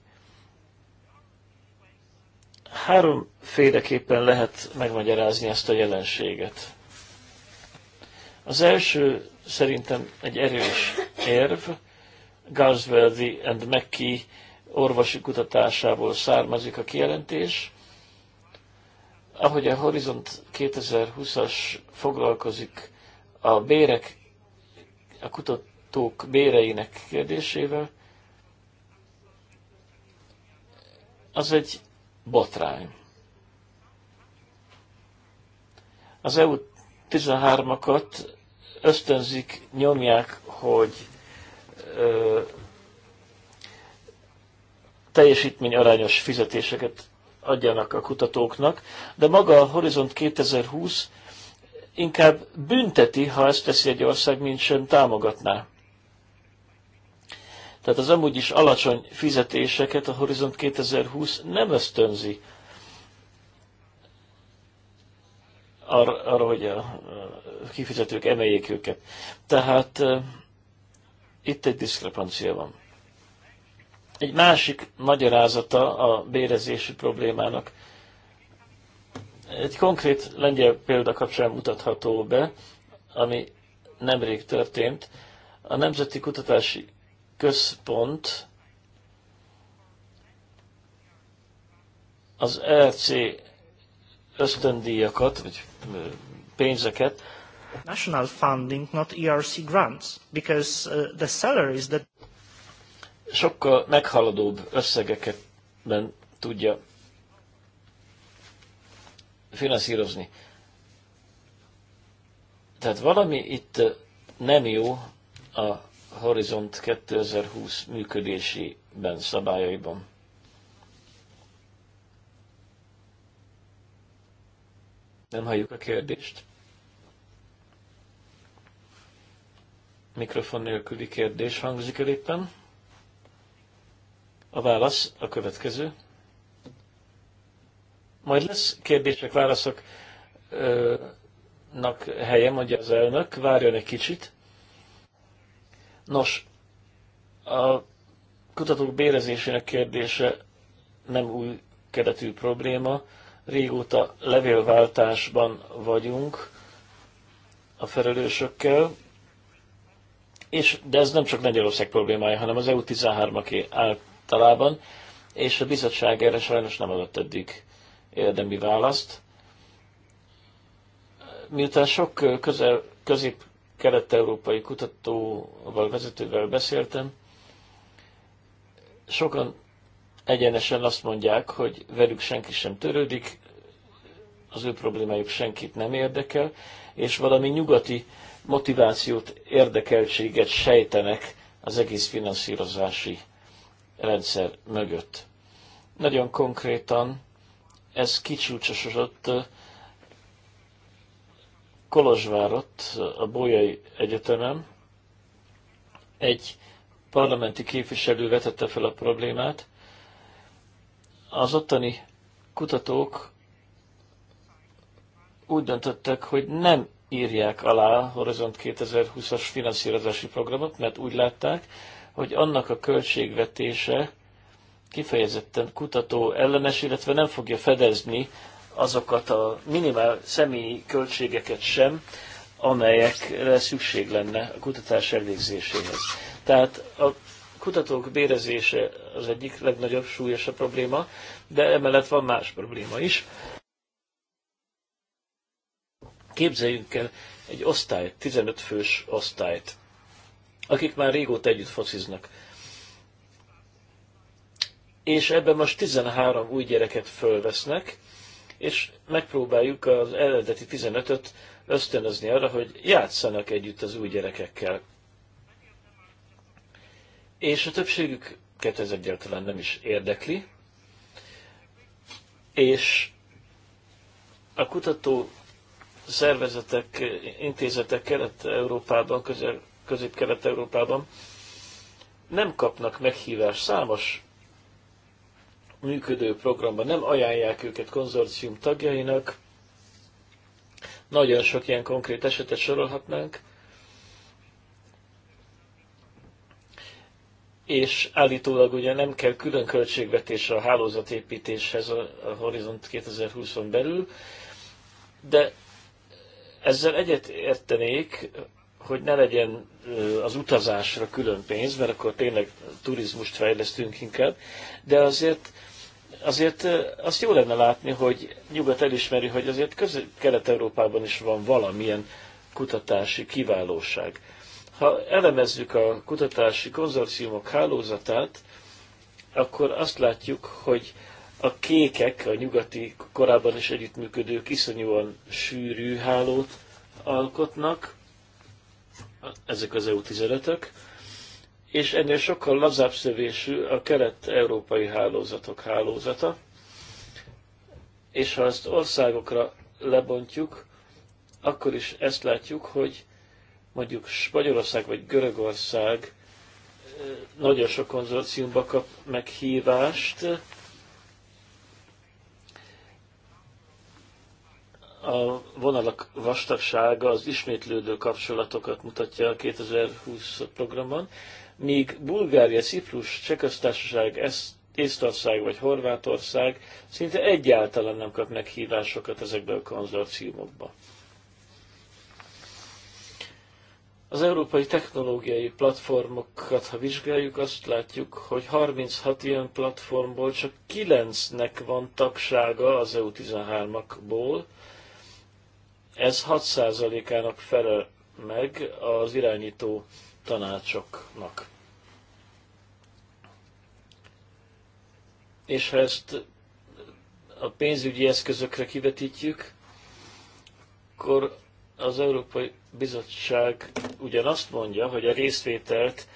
Háromféleképpen lehet megmagyarázni ezt a jelenséget. Az első szerintem egy erős érv. Gansveldi and Mackey orvosi kutatásából származik a kijelentés. Ahogy a Horizont 2020-as foglalkozik a bérek, a kutatók béreinek kérdésével, az egy botrány. Az EU 13-akat ösztönzik, nyomják, hogy ö, teljesítmény arányos fizetéseket adjanak a kutatóknak, de maga a Horizont 2020 inkább bünteti, ha ezt teszi egy ország, mint sem támogatná. Tehát az amúgy is alacsony fizetéseket a Horizont 2020 nem ösztönzi arra, arra hogy a kifizetők emeljék őket. Tehát itt egy diszkrepancia van. Egy másik magyarázata a bérezési problémának egy konkrét lengyel példa kapcsán mutatható be, ami nemrég történt. A Nemzeti Kutatási Központ az RC ösztöndíjakat, vagy pénzeket. National funding, not ERC grants, because uh, the salaries that... Sokkal meghaladóbb összegekben tudja finanszírozni. Tehát valami itt nem jó a Horizont 2020 működésében, szabályaiban. Nem halljuk a kérdést. Mikrofon nélküli kérdés hangzik el éppen. A válasz a következő. Majd lesz kérdések, válaszok helye, mondja az elnök, várjon egy kicsit. Nos, a kutatók bérezésének kérdése nem új keletű probléma régóta levélváltásban vagyunk a felelősökkel, és, de ez nem csak Magyarország problémája, hanem az EU13-aké általában, és a bizottság erre sajnos nem adott eddig érdemi választ. Miután sok közel, közép-kelet-európai kutatóval, vezetővel beszéltem, sokan egyenesen azt mondják, hogy velük senki sem törődik, az ő problémájuk senkit nem érdekel, és valami nyugati motivációt, érdekeltséget sejtenek az egész finanszírozási rendszer mögött. Nagyon konkrétan ez kicsúcsosodott Kolozsvárot, a Bolyai Egyetemen. Egy parlamenti képviselő vetette fel a problémát, az ottani kutatók úgy döntöttek, hogy nem írják alá a Horizont 2020-as finanszírozási programot, mert úgy látták, hogy annak a költségvetése kifejezetten kutató ellenes, illetve nem fogja fedezni azokat a minimál személyi költségeket sem, amelyekre szükség lenne a kutatás elvégzéséhez. Tehát a kutatók bérezése az egyik legnagyobb súlyosabb probléma, de emellett van más probléma is. Képzeljünk el egy osztályt, 15 fős osztályt, akik már régóta együtt fociznak. És ebben most 13 új gyereket fölvesznek, és megpróbáljuk az eredeti 15-öt ösztönözni arra, hogy játszanak együtt az új gyerekekkel és a többségüket ez egyáltalán nem is érdekli, és a kutató szervezetek, intézetek Kelet-Európában, Közép-Kelet-Európában nem kapnak meghívást számos működő programban, nem ajánlják őket konzorcium tagjainak. Nagyon sok ilyen konkrét esetet sorolhatnánk, és állítólag ugye nem kell külön költségvetésre a hálózatépítéshez a Horizont 2020-on belül, de ezzel egyet értenék, hogy ne legyen az utazásra külön pénz, mert akkor tényleg turizmust fejlesztünk inkább, de azért azért azt jó lenne látni, hogy nyugat elismeri, hogy azért kelet-európában is van valamilyen kutatási kiválóság ha elemezzük a kutatási konzorciumok hálózatát, akkor azt látjuk, hogy a kékek, a nyugati korábban is együttműködők iszonyúan sűrű hálót alkotnak, ezek az EU 15 és ennél sokkal lazább szövésű a kelet-európai hálózatok hálózata, és ha ezt országokra lebontjuk, akkor is ezt látjuk, hogy mondjuk Spanyolország vagy Görögország eh, nagyon sok konzorciumba kap meghívást, a vonalak vastagsága az ismétlődő kapcsolatokat mutatja a 2020 programban, míg Bulgária, Ciprus, Csekköztársaság, Észtország vagy Horvátország szinte egyáltalán nem kap meghívásokat ezekből a konzorciumokba. Az európai technológiai platformokat, ha vizsgáljuk, azt látjuk, hogy 36 ilyen platformból csak 9-nek van tagsága az EU13-akból. Ez 6%-ának felel meg az irányító tanácsoknak. És ha ezt a pénzügyi eszközökre kivetítjük, akkor az európai bizottság ugyan azt mondja, hogy a részvételt,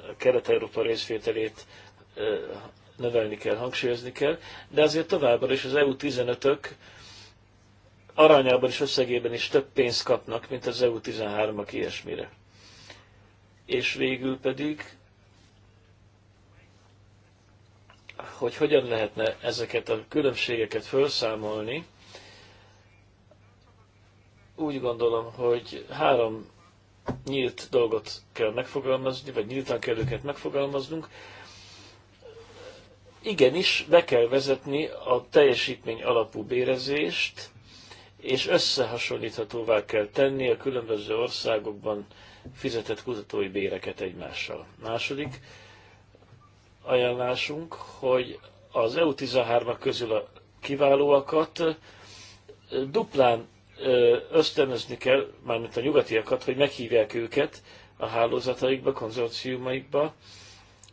a Kelet-Európa részvételét növelni kell, hangsúlyozni kell, de azért továbbra is az EU-15-ök arányában és összegében is több pénzt kapnak, mint az EU-13-ak ilyesmire. És végül pedig, hogy hogyan lehetne ezeket a különbségeket felszámolni, úgy gondolom, hogy három nyílt dolgot kell megfogalmazni, vagy nyíltan kell őket megfogalmaznunk. Igenis, be kell vezetni a teljesítmény alapú bérezést, és összehasonlíthatóvá kell tenni a különböző országokban fizetett kutatói béreket egymással. Második ajánlásunk, hogy az EU13-ak közül a kiválóakat duplán ösztönözni kell, mármint a nyugatiakat, hogy meghívják őket a hálózataikba, konzorciumaikba,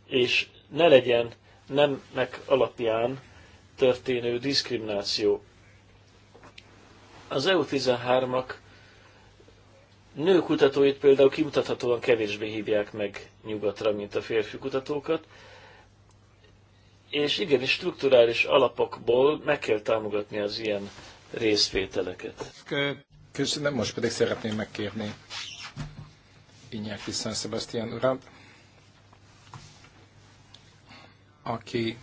és ne legyen nemnek alapján történő diszkrimináció. Az EU13-ak nőkutatóit kutatóit például kimutathatóan kevésbé hívják meg nyugatra, mint a férfi kutatókat, és igenis strukturális alapokból meg kell támogatni az ilyen részvételeket. Köszönöm, most pedig szeretném megkérni Inyáki San Sebastian urat, aki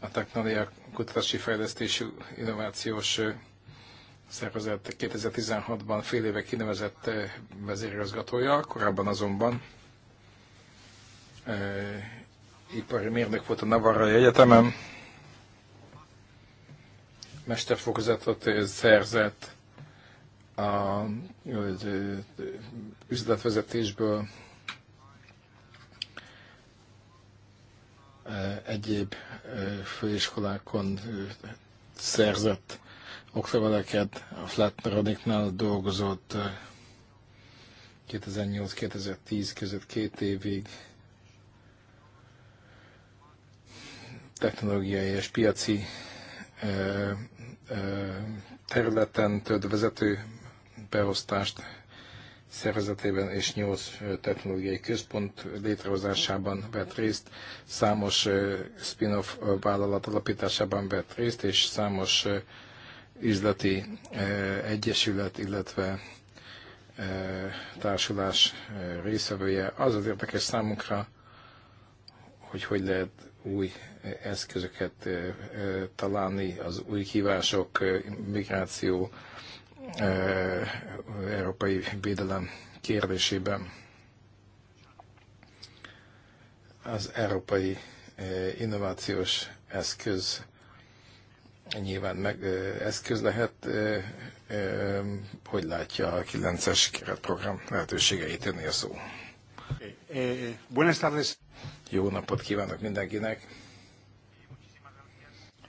a Technológia Kutatási Fejlesztési Innovációs Szervezet 2016-ban fél éve kinevezett vezérigazgatója, korábban azonban e, ipari mérnök volt a Navarra Egyetemen, mesterfokozatot szerzett a üzletvezetésből, egyéb főiskolákon szerzett okleveleket, a Flatnerodiknál dolgozott 2008-2010 között két évig technológiai és piaci területen több vezető beosztást szervezetében és nyolc technológiai központ létrehozásában vett részt, számos spin-off vállalat alapításában vett részt, és számos üzleti egyesület, illetve társulás részvevője. Az az érdekes számunkra, hogy hogy lehet új eszközöket találni, az új kívások, migráció, európai védelem kérdésében. Az európai innovációs eszköz nyilván meg, eszköz lehet, hogy látja a 9-es keretprogram lehetőségeit tenni a szó. Eh, eh, buenas tardes. Jó napot kívánok mindenkinek.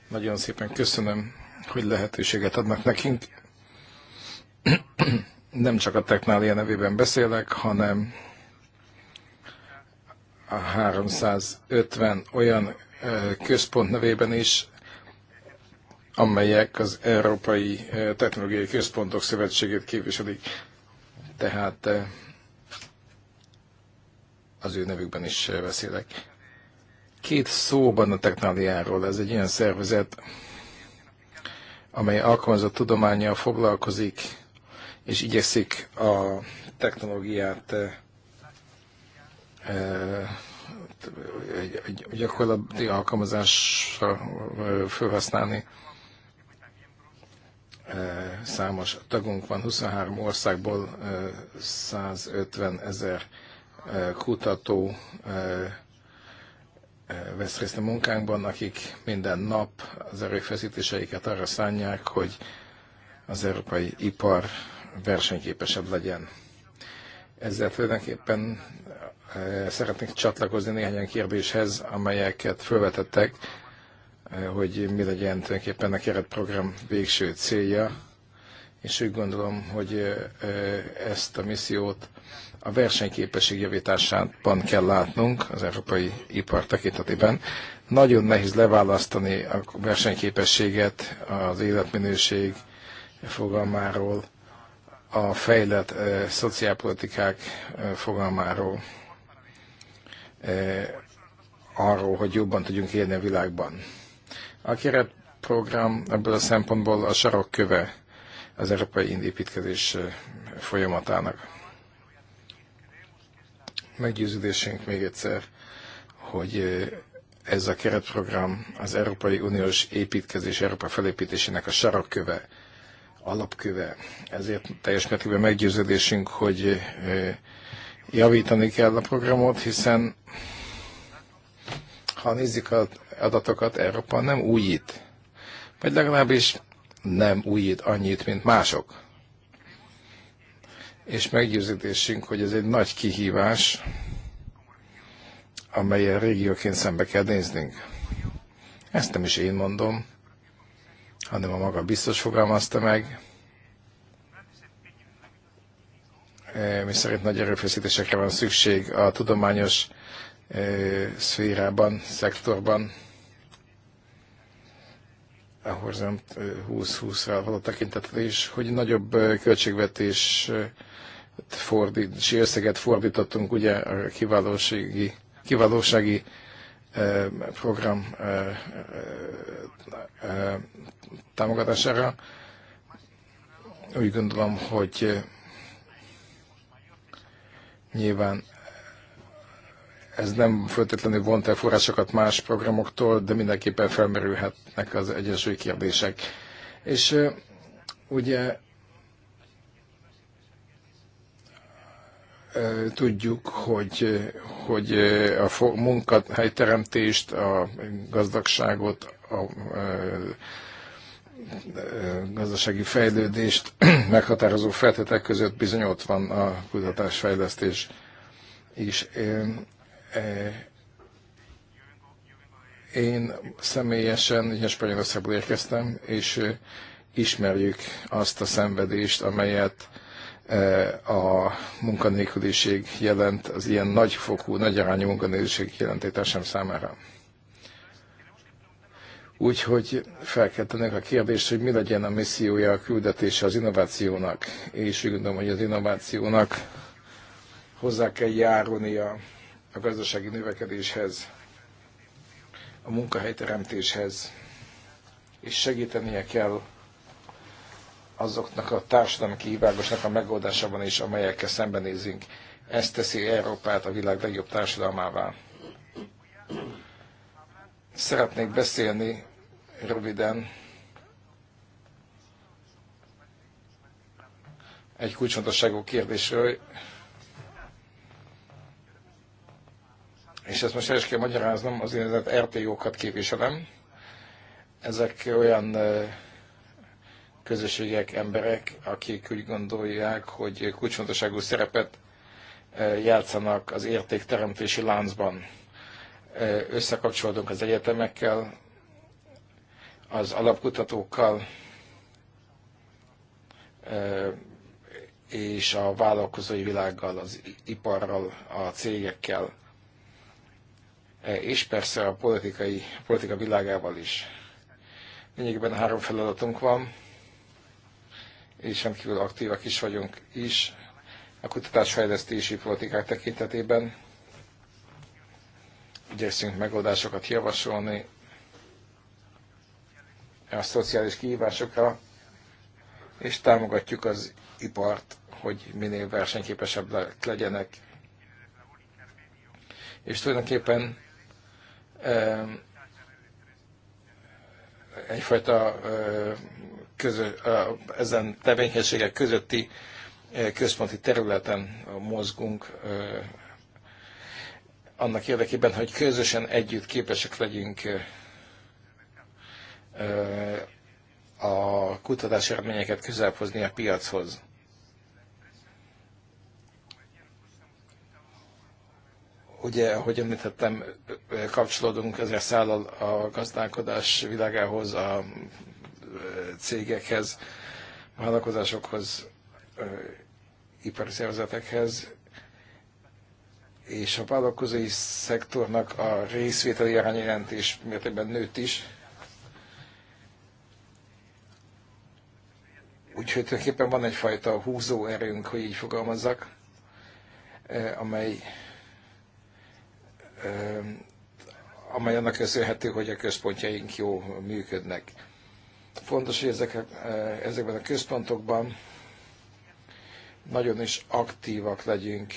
Nagyon szépen köszönöm, hogy lehetőséget adnak nekünk. Nem csak a Technália nevében beszélek, hanem a 350 olyan központ nevében is, amelyek az Európai Technológiai Központok Szövetségét képviselik. Tehát az ő nevükben is beszélek. Két szóban a technáliáról. Ez egy olyan szervezet, amely alkalmazott tudományjal foglalkozik, és igyekszik a technológiát eh, gyakorlati alkalmazásra eh, felhasználni. Eh, számos tagunk van, 23 országból 150 ezer kutató eh, eh, vesz részt a munkánkban, akik minden nap az erőfeszítéseiket arra szánják, hogy az európai ipar versenyképesebb legyen. Ezzel tulajdonképpen eh, szeretnék csatlakozni néhány kérdéshez, amelyeket felvetettek, hogy mi legyen tulajdonképpen a keretprogram végső célja, és úgy gondolom, hogy ezt a missziót a versenyképesség javításában kell látnunk az európai ipar tekintetében. Nagyon nehéz leválasztani a versenyképességet az életminőség fogalmáról, a fejlett e, szociálpolitikák e, fogalmáról, e, arról, hogy jobban tudjunk élni a világban. A keretprogram ebből a szempontból a sarokköve az európai indépítkezés folyamatának meggyőződésünk még egyszer, hogy ez a keretprogram az Európai Uniós építkezés, Európa felépítésének a sarokköve, alapköve. Ezért teljes mértékben meggyőződésünk, hogy javítani kell a programot, hiszen ha nézzük az adatokat, Európa nem újít. Vagy legalábbis nem újít annyit, mint mások és meggyőződésünk, hogy ez egy nagy kihívás, amelyen régióként szembe kell néznünk. Ezt nem is én mondom, hanem a maga biztos fogalmazta meg, e, mi szerint nagy erőfeszítésekre van szükség a tudományos e, szférában, szektorban, a Horizont 2020-ra e, való tekintetre is, hogy nagyobb költségvetés fordítási összeget fordítottunk ugye a kiválósági, kiválósági e, program e, e, támogatására. Úgy gondolom, hogy nyilván ez nem feltétlenül vont el forrásokat más programoktól, de mindenképpen felmerülhetnek az egyensúly kérdések. És ugye tudjuk, hogy, hogy a munkahelyteremtést, a gazdagságot, a, a, gazdasági fejlődést meghatározó feltétek között bizony ott van a kutatásfejlesztés is. Én, én személyesen ugye Spanyolországból érkeztem, és ismerjük azt a szenvedést, amelyet a munkanélküliség jelent, az ilyen nagyfokú, nagyarányú munkanélküliség jelentéte sem számára. Úgyhogy fel kell tennünk a kérdést, hogy mi legyen a missziója, a küldetése az innovációnak, és úgy gondolom, hogy az innovációnak hozzá kell járulnia a gazdasági növekedéshez, a munkahelyteremtéshez, és segítenie kell azoknak a társadalmi kihívásoknak a megoldásában is, amelyekkel szembenézünk. Ez teszi Európát a világ legjobb társadalmává. Szeretnék beszélni röviden egy kulcsfontosságú kérdésről, és ezt most el is kell magyaráznom, az én RTO-kat képviselem. Ezek olyan uh, közösségek, emberek, akik úgy gondolják, hogy kulcsfontosságú szerepet e, játszanak az értékteremtési láncban. E, összekapcsolódunk az egyetemekkel, az alapkutatókkal, e, és a vállalkozói világgal, az iparral, a cégekkel, és persze a politikai, politika világával is. Lényegében három feladatunk van és kívül aktívak is vagyunk is a kutatásfejlesztési politikák tekintetében. Igyekszünk megoldásokat javasolni a szociális kihívásokra, és támogatjuk az ipart, hogy minél versenyképesebb legyenek. És tulajdonképpen egyfajta közö, ezen tevékenységek közötti központi területen mozgunk annak érdekében, hogy közösen együtt képesek legyünk a kutatási eredményeket közelebb hozni a piachoz. Ugye, ahogy említettem, kapcsolódunk ezer szállal a gazdálkodás világához, a cégekhez, vállalkozásokhoz, ipari szervezetekhez, és a vállalkozói szektornak a részvételi arányjelentés mértékben nőtt is. Úgyhogy tulajdonképpen van egyfajta húzó erőnk, hogy így fogalmazzak, amely, amely annak köszönhető, hogy a központjaink jó működnek. Fontos, hogy ezek, eh, ezekben a központokban nagyon is aktívak legyünk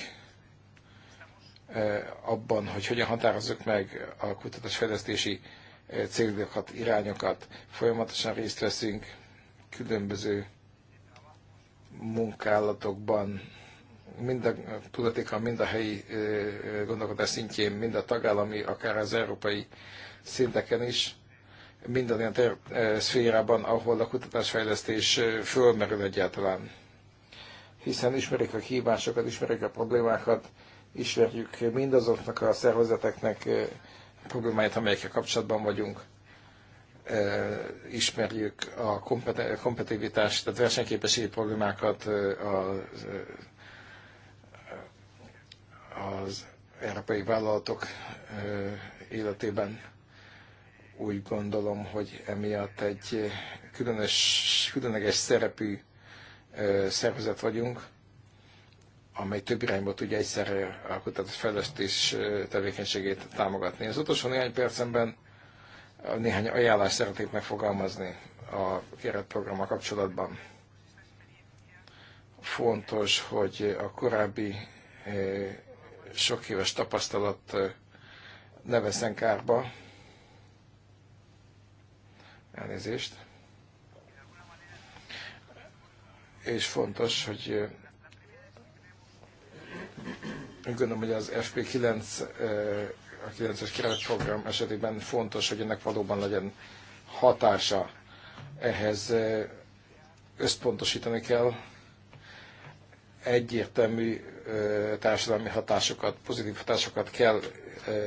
eh, abban, hogy hogyan határozzuk meg a kutatásfejlesztési eh, célokat, irányokat. Folyamatosan részt veszünk különböző munkálatokban, mind a tudatéka, mind a helyi gondolkodás szintjén, mind a tagállami, akár az európai szinteken is minden olyan ter- szférában, ahol a kutatásfejlesztés fölmerül egyáltalán. Hiszen ismerik a kihívásokat, ismerik a problémákat, ismerjük mindazoknak a szervezeteknek problémáit, amelyekkel kapcsolatban vagyunk, ismerjük a kompetitivitás, tehát versenyképességi problémákat az, az európai vállalatok életében úgy gondolom, hogy emiatt egy eh, különös, különleges szerepű eh, szervezet vagyunk, amely több irányba tudja egyszerre a kutatásfejlesztés eh, tevékenységét támogatni. Az utolsó néhány percemben néhány ajánlást szeretnék megfogalmazni a keretprogrammal kapcsolatban. Fontos, hogy a korábbi sok éves tapasztalat ne veszen kárba, Elnézést. És fontos, hogy gondolom, hogy az FP9 a 9-es program esetében fontos, hogy ennek valóban legyen hatása. Ehhez összpontosítani kell egyértelmű társadalmi hatásokat, pozitív hatásokat kell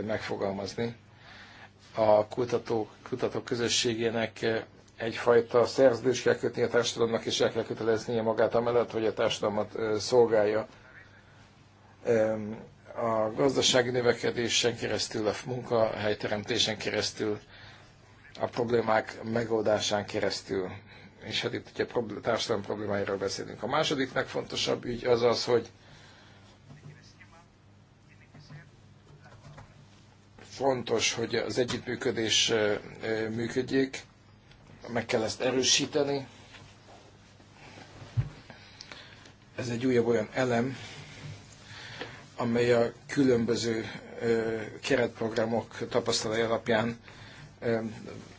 megfogalmazni a kutatók, kutatók közösségének eh, egyfajta szerződést kell kötni a társadalomnak, és el kell köteleznie magát amellett, hogy a társadalmat eh, szolgálja. A gazdasági növekedésen keresztül, a munkahelyteremtésen keresztül, a problémák megoldásán keresztül. És hát itt ugye társadalom problémáiról beszélünk. A második legfontosabb ügy az az, hogy fontos, hogy az együttműködés működjék, meg kell ezt erősíteni. Ez egy újabb olyan elem, amely a különböző keretprogramok tapasztalai alapján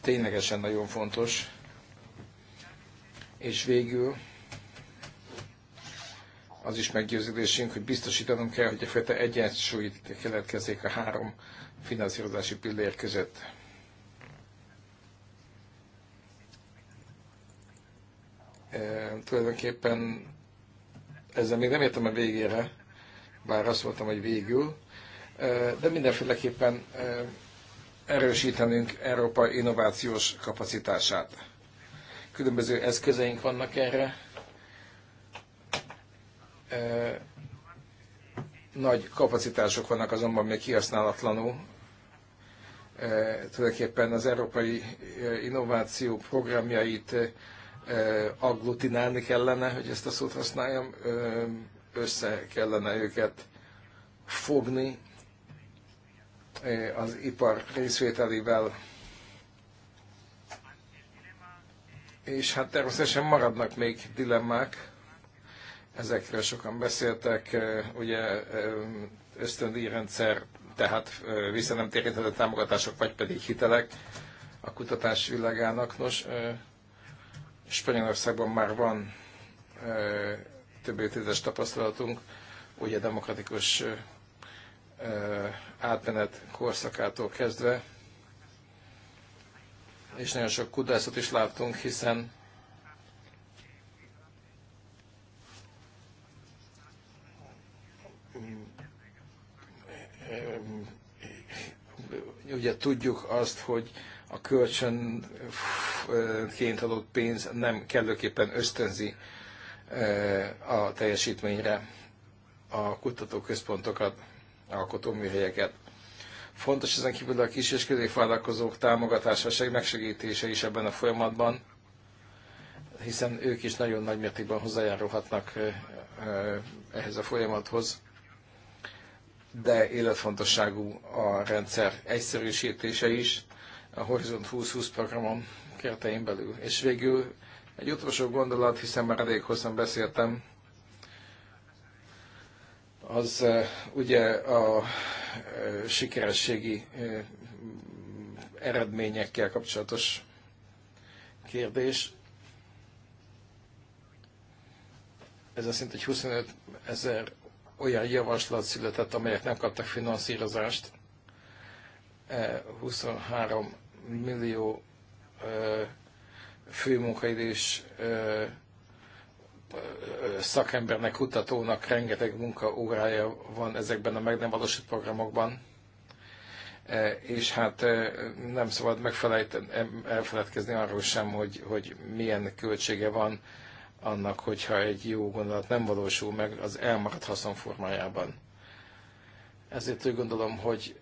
ténylegesen nagyon fontos. És végül az is meggyőződésünk, hogy biztosítanunk kell, hogy egyfajta egyensúlyt keletkezzék a három finanszírozási pillér között. E, tulajdonképpen ezzel még nem értem a végére, bár azt mondtam, hogy végül, e, de mindenféleképpen e, erősítenünk Európa innovációs kapacitását. Különböző eszközeink vannak erre. E, nagy kapacitások vannak azonban még kihasználatlanul. E, tulajdonképpen az európai e, innováció programjait e, agglutinálni kellene, hogy ezt a szót használjam, össze kellene őket fogni az ipar részvételével. És hát természetesen maradnak még dilemmák. Ezekről sokan beszéltek, ugye ösztöndíjrendszer, tehát vissza nem támogatások, vagy pedig hitelek a kutatás világának. Nos, Spanyolországban már van több évtizedes tapasztalatunk, ugye demokratikus átmenet korszakától kezdve, és nagyon sok kudászot is láttunk, hiszen Ugye tudjuk azt, hogy a kölcsönként adott pénz nem kellőképpen ösztönzi e, a teljesítményre a kutatóközpontokat, alkotóműhelyeket. Fontos ezen kívül a kis és középvállalkozók támogatása, megsegítése is ebben a folyamatban, hiszen ők is nagyon nagy mértékben hozzájárulhatnak e, e, ehhez a folyamathoz de életfontosságú a rendszer egyszerűsítése is a Horizont 2020 programon keretein belül. És végül egy utolsó gondolat, hiszen már elég hosszan beszéltem, az ugye a sikerességi eredményekkel kapcsolatos kérdés. Ez a szint, hogy 25 ezer olyan javaslat született, amelyek nem kaptak finanszírozást. 23 e, millió e, főmunkaidős e, szakembernek, kutatónak rengeteg munkaórája van ezekben a meg nem valósult programokban, és hát nem szabad megfelejteni, elfeledkezni arról sem, hogy, hogy milyen költsége van annak, hogyha egy jó gondolat nem valósul meg az elmaradt haszon formájában. Ezért úgy gondolom, hogy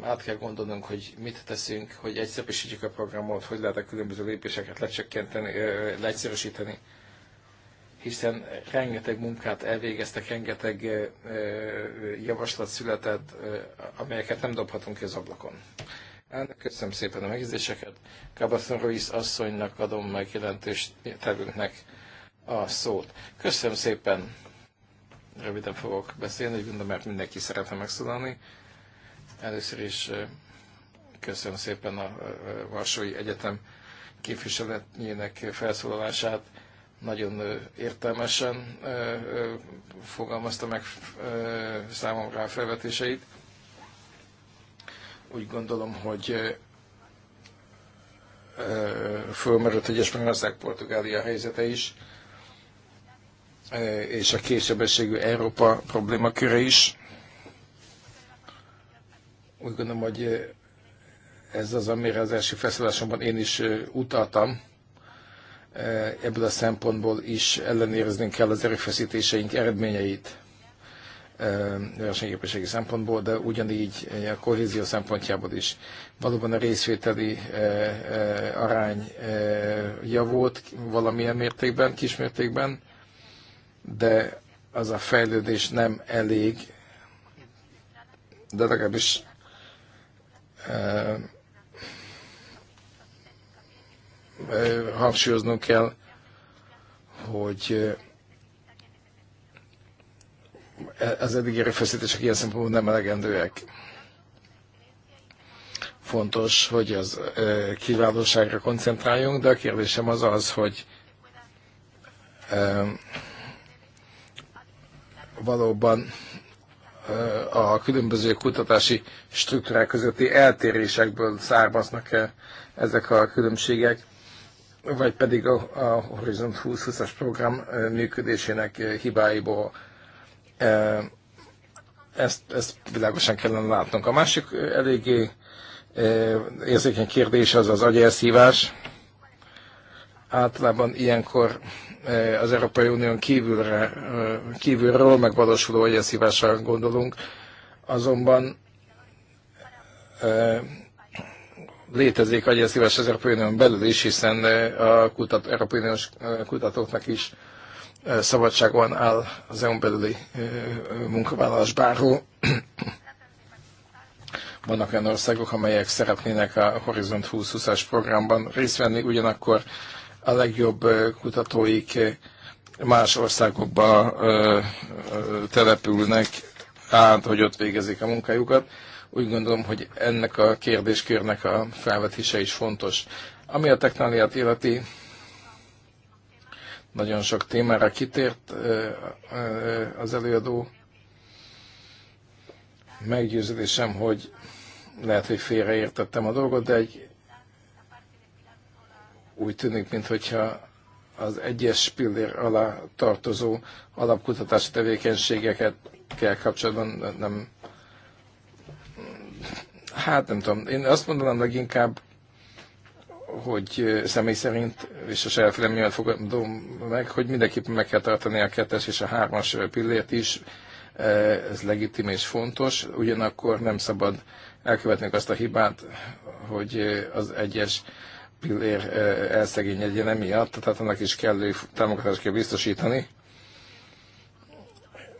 át kell gondolnunk, hogy mit teszünk, hogy egyszerűsítjük a programot, hogy lehet a különböző lépéseket lecsökkenteni, leegyszerűsíteni. Hiszen rengeteg munkát elvégeztek, rengeteg javaslat született, amelyeket nem dobhatunk ki az ablakon. Elnök, köszönöm szépen a megjegyzéseket. Kabaszon Ruiz asszonynak adom meg jelentős tervünknek a szót. Köszönöm szépen! Röviden fogok beszélni, gondolom, mert mindenki szeretne megszólalni. Először is köszönöm szépen a Varsói Egyetem képviseletjének felszólalását. Nagyon értelmesen fogalmazta meg számomra a felvetéseit. Úgy gondolom, hogy fölmerült egyes Spanyolország Portugália helyzete is. Eh, és a kétsebességű Európa problémaköre is. Úgy gondolom, hogy eh, ez az, amire az első felszállásomban én is eh, utaltam. Ebből a szempontból is ellenérezni kell az erőfeszítéseink eredményeit versenyképességi szempontból, de ugyanígy a kohézió szempontjából is. Valóban a részvételi arány javult valamilyen mértékben, kismértékben, de az a fejlődés nem elég, de legalábbis uh, uh, hangsúlyoznunk kell, hogy eh, az eddigi erőfeszítések ilyen szempontból nem elegendőek. Fontos, hogy az kiválóságra koncentráljunk, de a kérdésem az az, hogy valóban a különböző kutatási struktúrák közötti eltérésekből származnak-e ezek a különbségek, vagy pedig a, Horizon 2020-as program működésének hibáiból. Ezt, ezt világosan kellene látnunk. A másik eléggé érzékeny kérdés az az agyelszívás. Általában ilyenkor Eh, az Európai Unión kívülre, eh, kívülről megvalósuló agyaszívásra gondolunk, azonban eh, létezik agyaszívás az Európai Unión belül is, hiszen a kutat, Európai Uniós kutatóknak is szabadság van áll az EU-n belüli munkavállalás bárhol. Vannak olyan országok, amelyek szeretnének a Horizont 2020-as programban részt venni, ugyanakkor a legjobb kutatóik más országokba települnek, át, hogy ott végezik a munkájukat. Úgy gondolom, hogy ennek a kérdéskörnek a felvetése is fontos. Ami a technáliát illeti, nagyon sok témára kitért az előadó. Meggyőződésem, hogy lehet, hogy félreértettem a dolgot, de egy úgy tűnik, mintha az egyes pillér alá tartozó alapkutatási tevékenységeket kell kapcsolatban nem... Hát nem tudom, én azt mondanám leginkább, hogy személy szerint, és a saját miatt fogadom meg, hogy mindenképpen meg kell tartani a kettes és a hármas pillért is, ez legitim és fontos, ugyanakkor nem szabad elkövetni azt a hibát, hogy az egyes pillér eh, elszegényedjen emiatt, tehát annak is kellő támogatást kell biztosítani.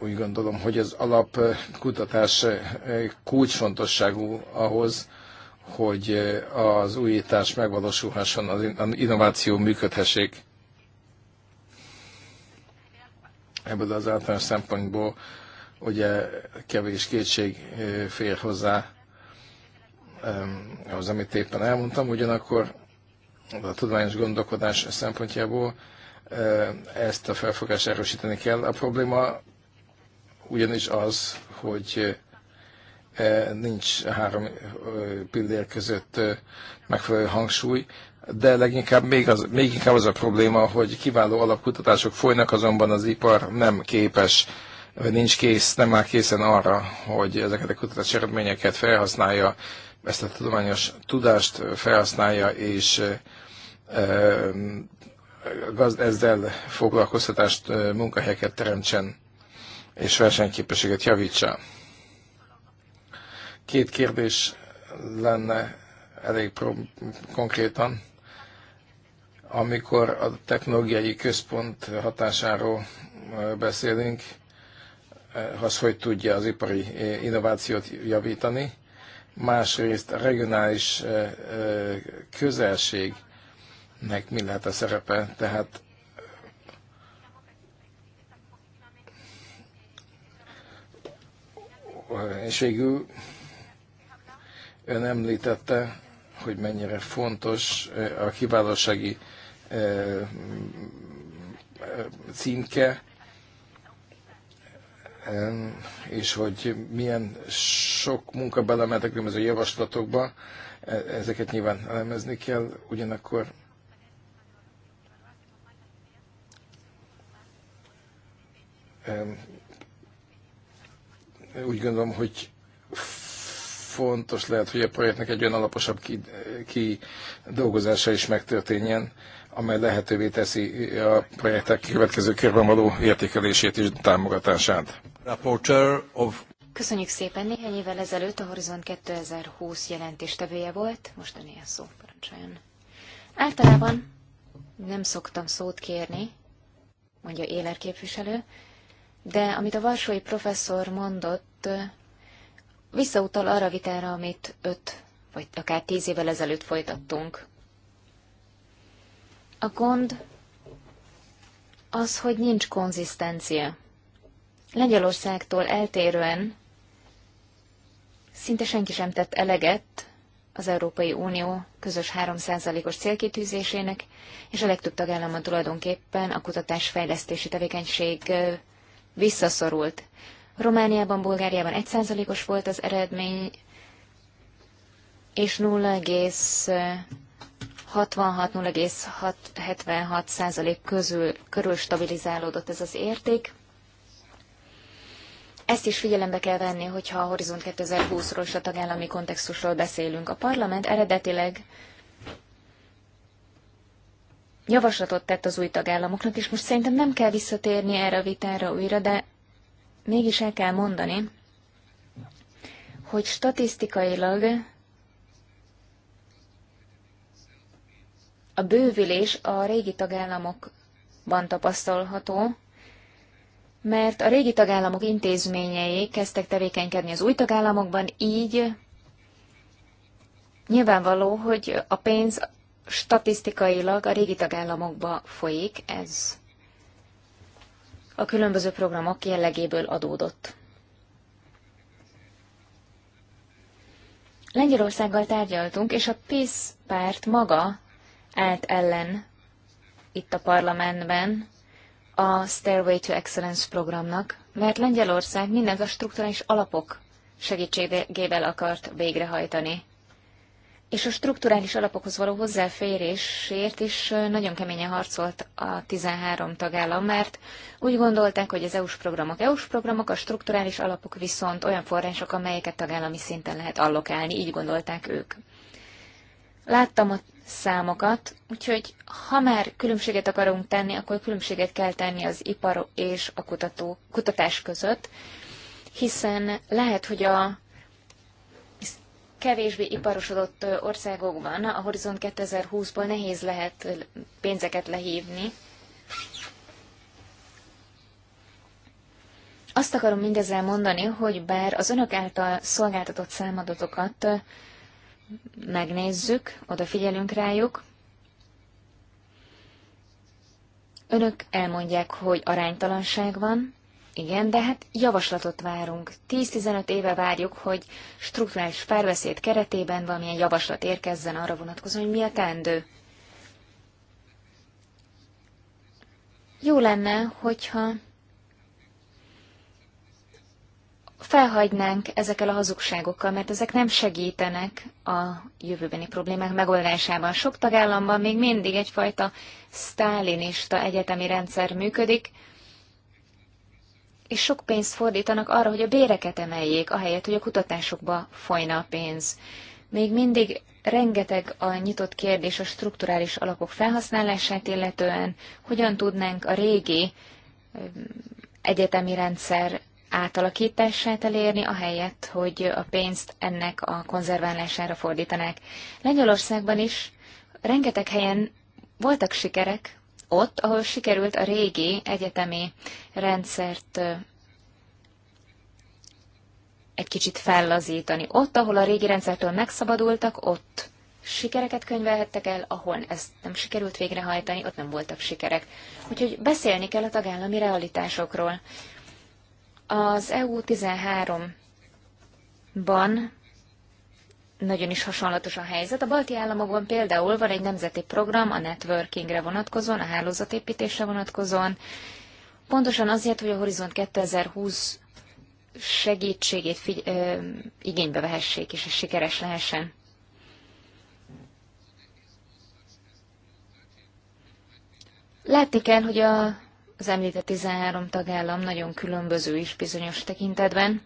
Úgy gondolom, hogy az alapkutatás eh, eh, kulcsfontosságú ahhoz, hogy az újítás megvalósulhasson, az innováció működhessék. Ebből az általános szempontból ugye kevés kétség fér hozzá ehm, az, amit éppen elmondtam, ugyanakkor a tudományos gondolkodás szempontjából e, ezt a felfogást erősíteni kell. A probléma ugyanis az, hogy e, nincs három e, pillér között megfelelő hangsúly, de leginkább még, az, még inkább az a probléma, hogy kiváló alapkutatások folynak, azonban az ipar nem képes, vagy nincs kész, nem áll készen arra, hogy ezeket a kutatási eredményeket felhasználja, ezt a tudományos tudást felhasználja, és ezzel foglalkoztatást, munkahelyeket teremtsen és versenyképességet javítsa. Két kérdés lenne elég konkrétan. Amikor a technológiai központ hatásáról beszélünk, az hogy tudja az ipari innovációt javítani. Másrészt a regionális közelség nek mi lehet a szerepe. Tehát és végül ön említette, hogy mennyire fontos a kiválósági címke, és hogy milyen sok munka belemelt a különböző javaslatokba, e, ezeket nyilván elemezni kell, ugyanakkor Úgy gondolom, hogy fontos lehet, hogy a projektnek egy olyan alaposabb kidolgozása is megtörténjen, amely lehetővé teszi a projektek következő körben való értékelését és támogatását. Köszönjük szépen! Néhány évvel ezelőtt a Horizont 2020 jelentéstevője volt, most a szó parancsoljon. Általában nem szoktam szót kérni, mondja Éler képviselő, de amit a varsói professzor mondott, visszautal arra a vitára, amit öt vagy akár tíz évvel ezelőtt folytattunk. A gond az, hogy nincs konzisztencia. Lengyelországtól eltérően szinte senki sem tett eleget az Európai Unió közös 3%-os célkitűzésének, és a legtöbb tagállama tulajdonképpen a kutatás fejlesztési tevékenység visszaszorult. Romániában, Bulgáriában 1%-os volt az eredmény, és 0,66-0,76 százalék közül körül stabilizálódott ez az érték. Ezt is figyelembe kell venni, hogyha a Horizont 2020-ról és a tagállami kontextusról beszélünk. A parlament eredetileg javaslatot tett az új tagállamoknak, és most szerintem nem kell visszatérni erre a vitára újra, de mégis el kell mondani, hogy statisztikailag a bővülés a régi tagállamokban tapasztalható, mert a régi tagállamok intézményei kezdtek tevékenykedni az új tagállamokban, így nyilvánvaló, hogy a pénz statisztikailag a régi tagállamokba folyik, ez a különböző programok jellegéből adódott. Lengyelországgal tárgyaltunk, és a PISZ párt maga állt ellen itt a parlamentben a Stairway to Excellence programnak, mert Lengyelország mindent a strukturális alapok segítségével akart végrehajtani és a strukturális alapokhoz való hozzáférésért is nagyon keményen harcolt a 13 tagállam, mert úgy gondolták, hogy az EU-s programok EU-s programok, a strukturális alapok viszont olyan források, amelyeket tagállami szinten lehet allokálni, így gondolták ők. Láttam a számokat, úgyhogy ha már különbséget akarunk tenni, akkor különbséget kell tenni az ipar és a kutató, kutatás között, hiszen lehet, hogy a kevésbé iparosodott országokban a Horizont 2020-ból nehéz lehet pénzeket lehívni. Azt akarom mindezzel mondani, hogy bár az önök által szolgáltatott számadatokat megnézzük, odafigyelünk rájuk, önök elmondják, hogy aránytalanság van, igen, de hát javaslatot várunk. 10-15 éve várjuk, hogy struktúrális párbeszéd keretében valamilyen javaslat érkezzen arra vonatkozóan, hogy mi a teendő. Jó lenne, hogyha felhagynánk ezekkel a hazugságokkal, mert ezek nem segítenek a jövőbeni problémák megoldásában. Sok tagállamban még mindig egyfajta sztálinista egyetemi rendszer működik, és sok pénzt fordítanak arra, hogy a béreket emeljék, ahelyett, hogy a kutatásokba folyna a pénz. Még mindig rengeteg a nyitott kérdés a strukturális alapok felhasználását illetően, hogyan tudnánk a régi egyetemi rendszer átalakítását elérni, ahelyett, hogy a pénzt ennek a konzerválására fordítanák. Lengyelországban is rengeteg helyen voltak sikerek, ott, ahol sikerült a régi egyetemi rendszert egy kicsit fellazítani. Ott, ahol a régi rendszertől megszabadultak, ott sikereket könyvelhettek el, ahol ezt nem sikerült végrehajtani, ott nem voltak sikerek. Úgyhogy beszélni kell a tagállami realitásokról. Az EU 13-ban nagyon is hasonlatos a helyzet. A balti államokban például van egy nemzeti program a networkingre vonatkozóan, a hálózatépítésre vonatkozóan, pontosan azért, hogy a Horizont 2020 segítségét figy- ö, igénybe vehessék, és ez sikeres lehessen. Látni kell, hogy a, az említett 13 tagállam nagyon különböző is bizonyos tekintetben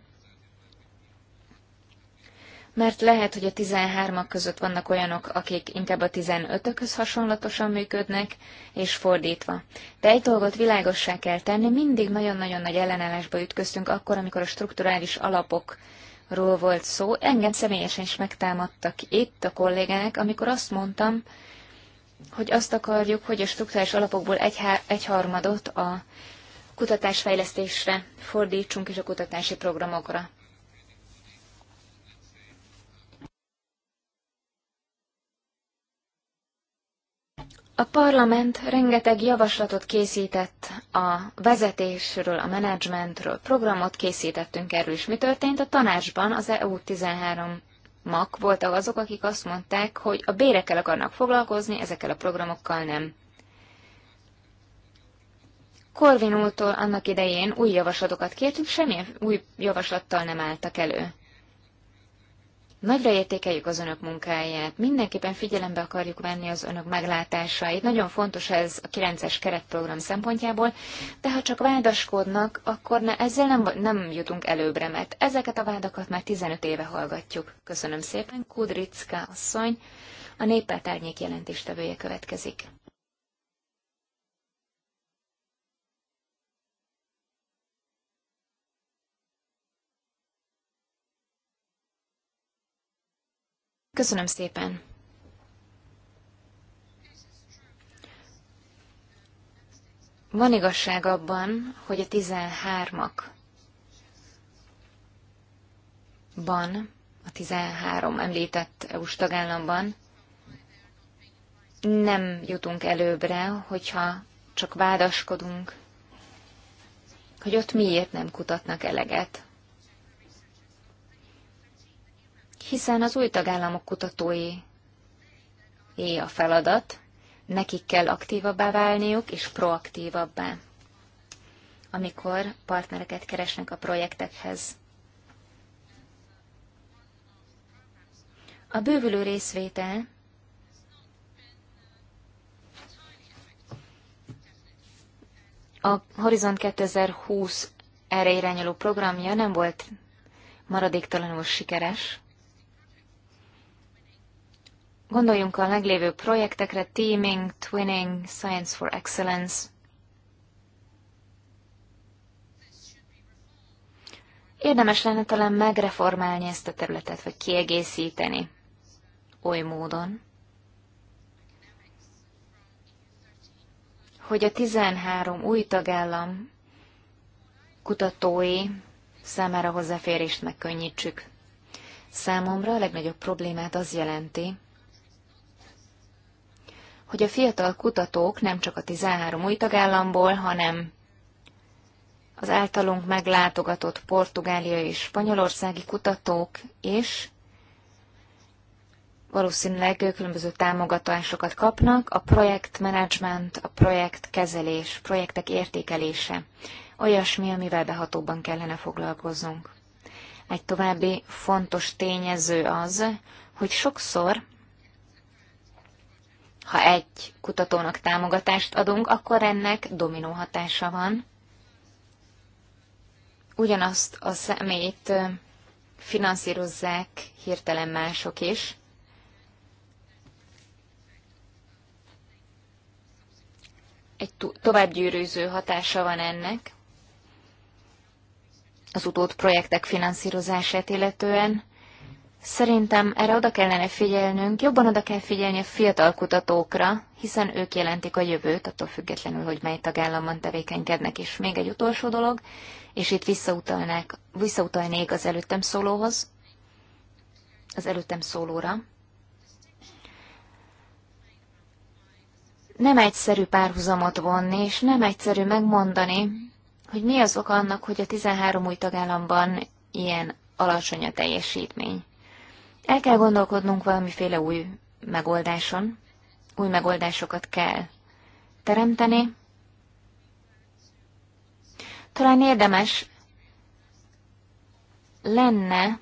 mert lehet, hogy a 13-ak között vannak olyanok, akik inkább a 15-ökhöz hasonlatosan működnek, és fordítva. De egy dolgot világossá kell tenni, mindig nagyon-nagyon nagy ellenállásba ütköztünk akkor, amikor a strukturális alapok ról volt szó. Engem személyesen is megtámadtak itt a kollégák, amikor azt mondtam, hogy azt akarjuk, hogy a struktúrás alapokból egy, harmadot a kutatásfejlesztésre fordítsunk és a kutatási programokra. A parlament rengeteg javaslatot készített a vezetésről, a menedzsmentről, programot készítettünk erről is. Mi történt a tanácsban az EU13 mak voltak azok, akik azt mondták, hogy a bérekkel akarnak foglalkozni, ezekkel a programokkal nem. Korvin úrtól annak idején új javaslatokat kértünk, semmilyen új javaslattal nem álltak elő. Nagyra értékeljük az önök munkáját, mindenképpen figyelembe akarjuk venni az önök meglátásait. Nagyon fontos ez a 9-es keretprogram szempontjából, de ha csak vádaskodnak, akkor ne, ezzel nem, nem jutunk előbbre, mert ezeket a vádakat már 15 éve hallgatjuk. Köszönöm szépen, Kudricka asszony, a néppárt árnyék jelentéstevője következik. Köszönöm szépen! Van igazság abban, hogy a 13-ak a 13 említett eu tagállamban nem jutunk előbbre, hogyha csak vádaskodunk, hogy ott miért nem kutatnak eleget. hiszen az új tagállamok kutatói é a feladat, nekik kell aktívabbá válniuk és proaktívabbá, amikor partnereket keresnek a projektekhez. A bővülő részvétel a Horizont 2020 erre irányuló programja nem volt maradéktalanul sikeres, Gondoljunk a meglévő projektekre, teaming, twinning, science for excellence. Érdemes lenne talán megreformálni ezt a területet, vagy kiegészíteni oly módon, hogy a 13 új tagállam kutatói számára hozzáférést megkönnyítsük. Számomra a legnagyobb problémát az jelenti, hogy a fiatal kutatók nem csak a 13 új tagállamból, hanem az általunk meglátogatott portugáliai és spanyolországi kutatók és valószínűleg különböző támogatásokat kapnak, a projektmenedzsment, a projektkezelés, projektek értékelése, olyasmi, amivel behatóban kellene foglalkozunk. Egy további fontos tényező az, hogy sokszor ha egy kutatónak támogatást adunk, akkor ennek dominó hatása van. Ugyanazt a szemét finanszírozzák hirtelen mások is. Egy továbbgyűrűző hatása van ennek az utód projektek finanszírozását illetően. Szerintem erre oda kellene figyelnünk, jobban oda kell figyelni a fiatal kutatókra, hiszen ők jelentik a jövőt, attól függetlenül, hogy mely tagállamban tevékenykednek. És még egy utolsó dolog, és itt visszautalnék, visszautalnék az előttem szólóhoz, az előttem szólóra. Nem egyszerű párhuzamot vonni, és nem egyszerű megmondani, hogy mi az oka annak, hogy a 13 új tagállamban ilyen alacsony a teljesítmény. El kell gondolkodnunk valamiféle új megoldáson, új megoldásokat kell teremteni. Talán érdemes lenne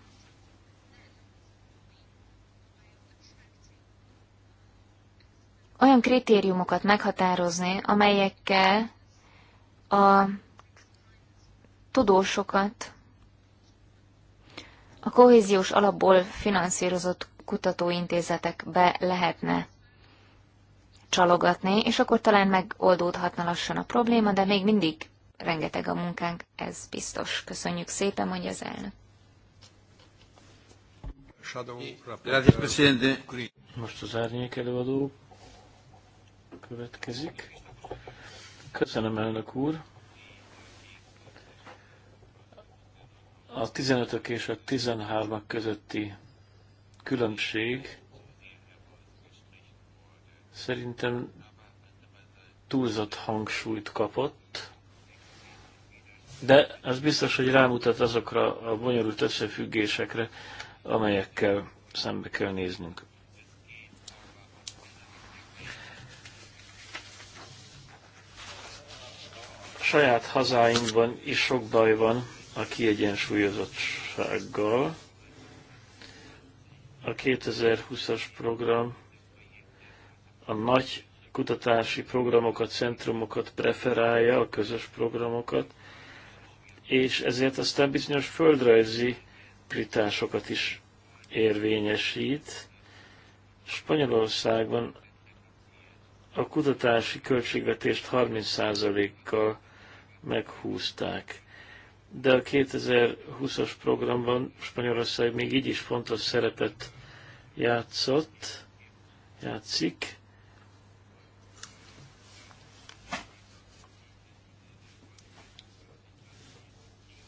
olyan kritériumokat meghatározni, amelyekkel a tudósokat a kohéziós alapból finanszírozott kutatóintézetekbe lehetne csalogatni, és akkor talán megoldódhatna lassan a probléma, de még mindig rengeteg a munkánk, ez biztos. Köszönjük szépen, mondja az elnök. Most az árnyék előadó következik. Köszönöm, elnök úr. a 15-ök és a 13-ak közötti különbség szerintem túlzott hangsúlyt kapott, de ez biztos, hogy rámutat azokra a bonyolult összefüggésekre, amelyekkel szembe kell néznünk. saját hazáinkban is sok baj van, a kiegyensúlyozottsággal. A 2020-as program a nagy kutatási programokat, centrumokat preferálja, a közös programokat, és ezért aztán bizonyos földrajzi pritásokat is érvényesít. Spanyolországban a kutatási költségvetést 30%-kal meghúzták de a 2020-as programban Spanyolország még így is fontos szerepet játszott, játszik.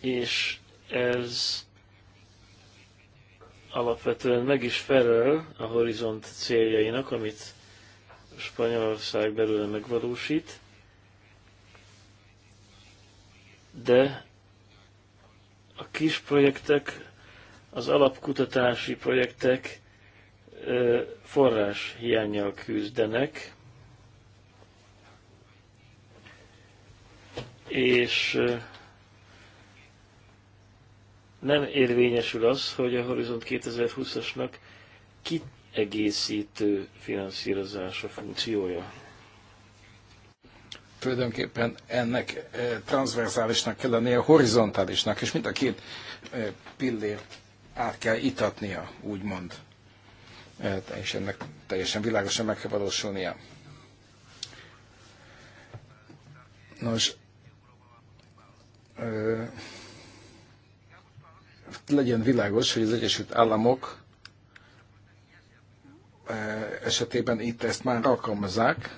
És ez alapvetően meg is felel a horizont céljainak, amit Spanyolország belőle megvalósít, de a kis projektek, az alapkutatási projektek forrás hiányjal küzdenek, és nem érvényesül az, hogy a Horizont 2020-asnak kiegészítő finanszírozása funkciója tulajdonképpen ennek eh, transzverzálisnak kell lennie, horizontálisnak, és mind a két eh, pillér át kell itatnia, úgymond. Eh, és ennek teljesen világosan meg kell valósulnia. Nos, legyen világos, hogy az Egyesült Államok esetében itt ezt már alkalmazzák,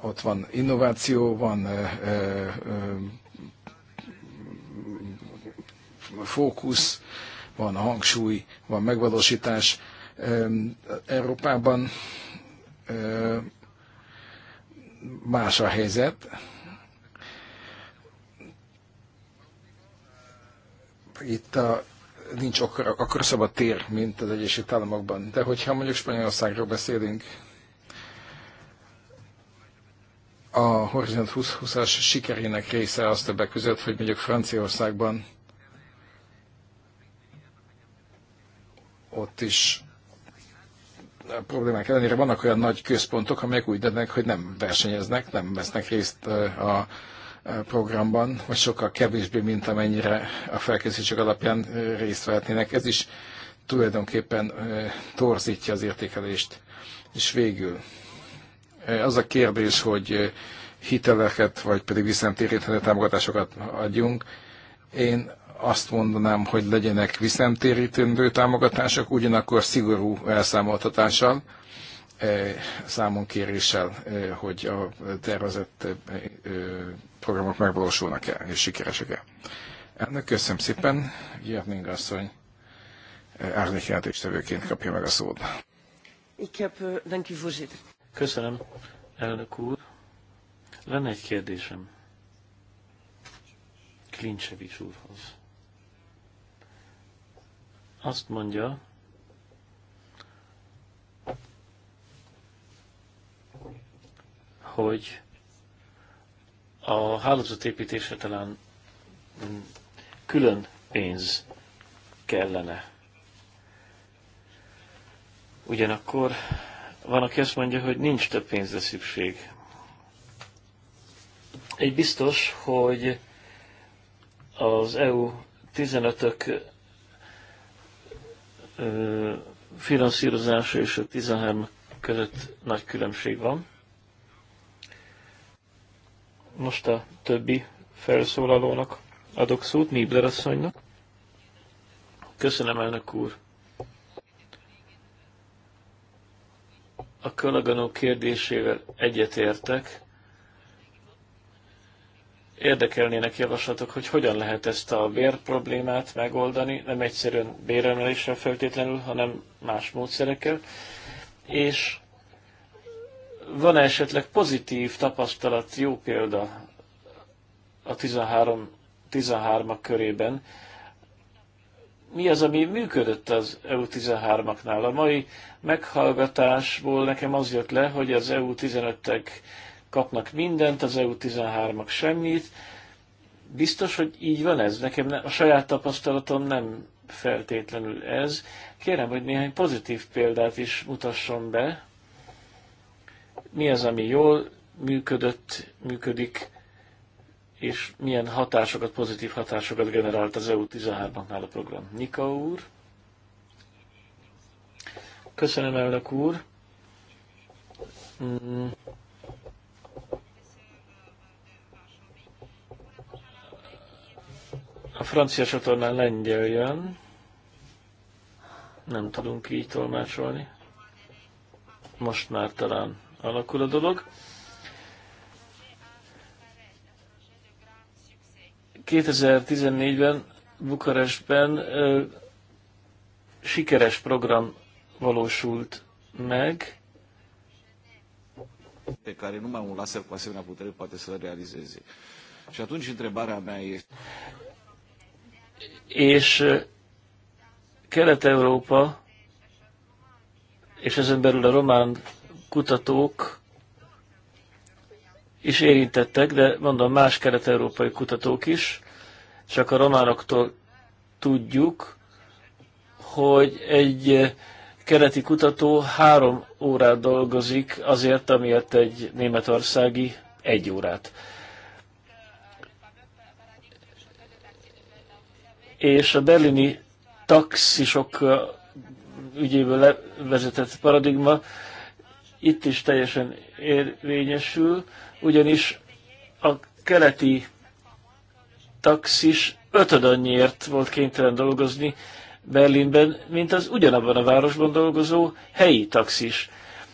ott van innováció, van fókusz, van hangsúly, van megvalósítás. Európában más a helyzet. Itt a, nincs akkor, akkor szabad tér, mint az Egyesült Államokban. De hogyha mondjuk Spanyolországról beszélünk, a Horizont 2020-as sikerének része az többek között, hogy mondjuk Franciaországban ott is a problémák ellenére vannak olyan nagy központok, amelyek úgy döntenek, hogy nem versenyeznek, nem vesznek részt a programban, vagy sokkal kevésbé, mint amennyire a felkészítések alapján részt vehetnének. Ez is tulajdonképpen torzítja az értékelést. És végül az a kérdés, hogy eh, hiteleket, vagy pedig visszatéríthető támogatásokat adjunk. Én azt mondanám, hogy legyenek visszatérítendő támogatások, ugyanakkor szigorú elszámoltatással, eh, számonkéréssel, eh, hogy a tervezett programok megvalósulnak-e és sikeresek-e. Ennek köszönöm szépen, Gyerning asszony árnyékjelentéstevőként kapja meg a szót. Ik heb, dank u voorzitter. Köszönöm, elnök úr. Lenne egy kérdésem. Klincsevics úrhoz. Azt mondja, hogy a hálózatépítésre talán külön pénz kellene. Ugyanakkor van, aki azt mondja, hogy nincs több pénzre szükség. Egy biztos, hogy az EU 15-ök finanszírozása és a 13 között nagy különbség van. Most a többi felszólalónak adok szót, Nibler asszonynak. Köszönöm, elnök úr! a kölaganó kérdésével egyetértek. Érdekelnének javaslatok, hogy hogyan lehet ezt a bér problémát megoldani, nem egyszerűen béremeléssel feltétlenül, hanem más módszerekkel. És van -e esetleg pozitív tapasztalat, jó példa a 13, 13 körében, mi az, ami működött az EU13-aknál. A mai meghallgatásból nekem az jött le, hogy az EU15-ek kapnak mindent, az EU13-ak semmit. Biztos, hogy így van ez? Nekem a saját tapasztalatom nem feltétlenül ez. Kérem, hogy néhány pozitív példát is mutasson be. Mi az, ami jól működött, működik, és milyen hatásokat, pozitív hatásokat generált az EU13-nál a program. Nika úr. Köszönöm, elnök úr. Mm. A francia csatornán lengyel jön. Nem tudunk így tolmácsolni. Most már talán alakul a dolog. 2014-ben Bukarestben ö, sikeres program valósult meg. Pe care numai un laser cu asemenea putere poate să realizeze. Și atunci întrebarea mea este... És Kelet-Európa, és ezen belül a román kutatók is érintettek, de mondom, más kelet-európai kutatók is, csak a románoktól tudjuk, hogy egy eh, keleti kutató három órát dolgozik azért, amiért egy németországi egy órát. És a berlini taxisok eh, ügyéből levezetett paradigma itt is teljesen érvényesül ugyanis a keleti taxis annyiért volt kénytelen dolgozni Berlinben, mint az ugyanabban a városban dolgozó helyi taxis.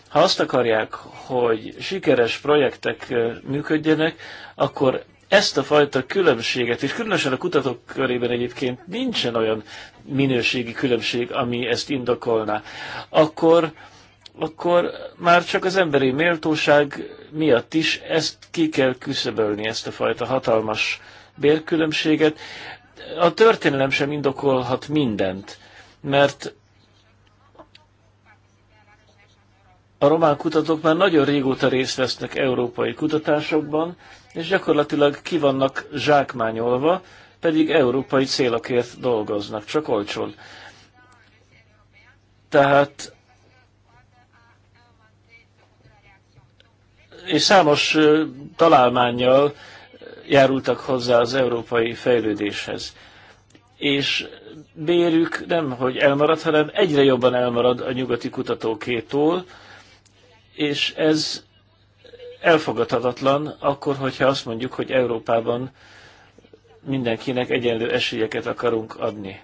Ha azt akarják, hogy sikeres projektek eh, működjenek, akkor ezt a fajta különbséget, és különösen a kutatók körében egyébként nincsen olyan minőségi különbség, ami ezt indokolná, akkor akkor már csak az emberi méltóság miatt is ezt ki kell küszöbölni, ezt a fajta hatalmas bérkülönbséget. A történelem sem indokolhat mindent, mert a román kutatók már nagyon régóta részt vesznek európai kutatásokban, és gyakorlatilag ki vannak zsákmányolva, pedig európai célokért dolgoznak, csak olcsón. Tehát és számos találmányjal járultak hozzá az európai fejlődéshez. És bérük nem, hogy elmarad, hanem egyre jobban elmarad a nyugati kutatókétól, és ez elfogadhatatlan akkor, hogyha azt mondjuk, hogy Európában mindenkinek egyenlő esélyeket akarunk adni.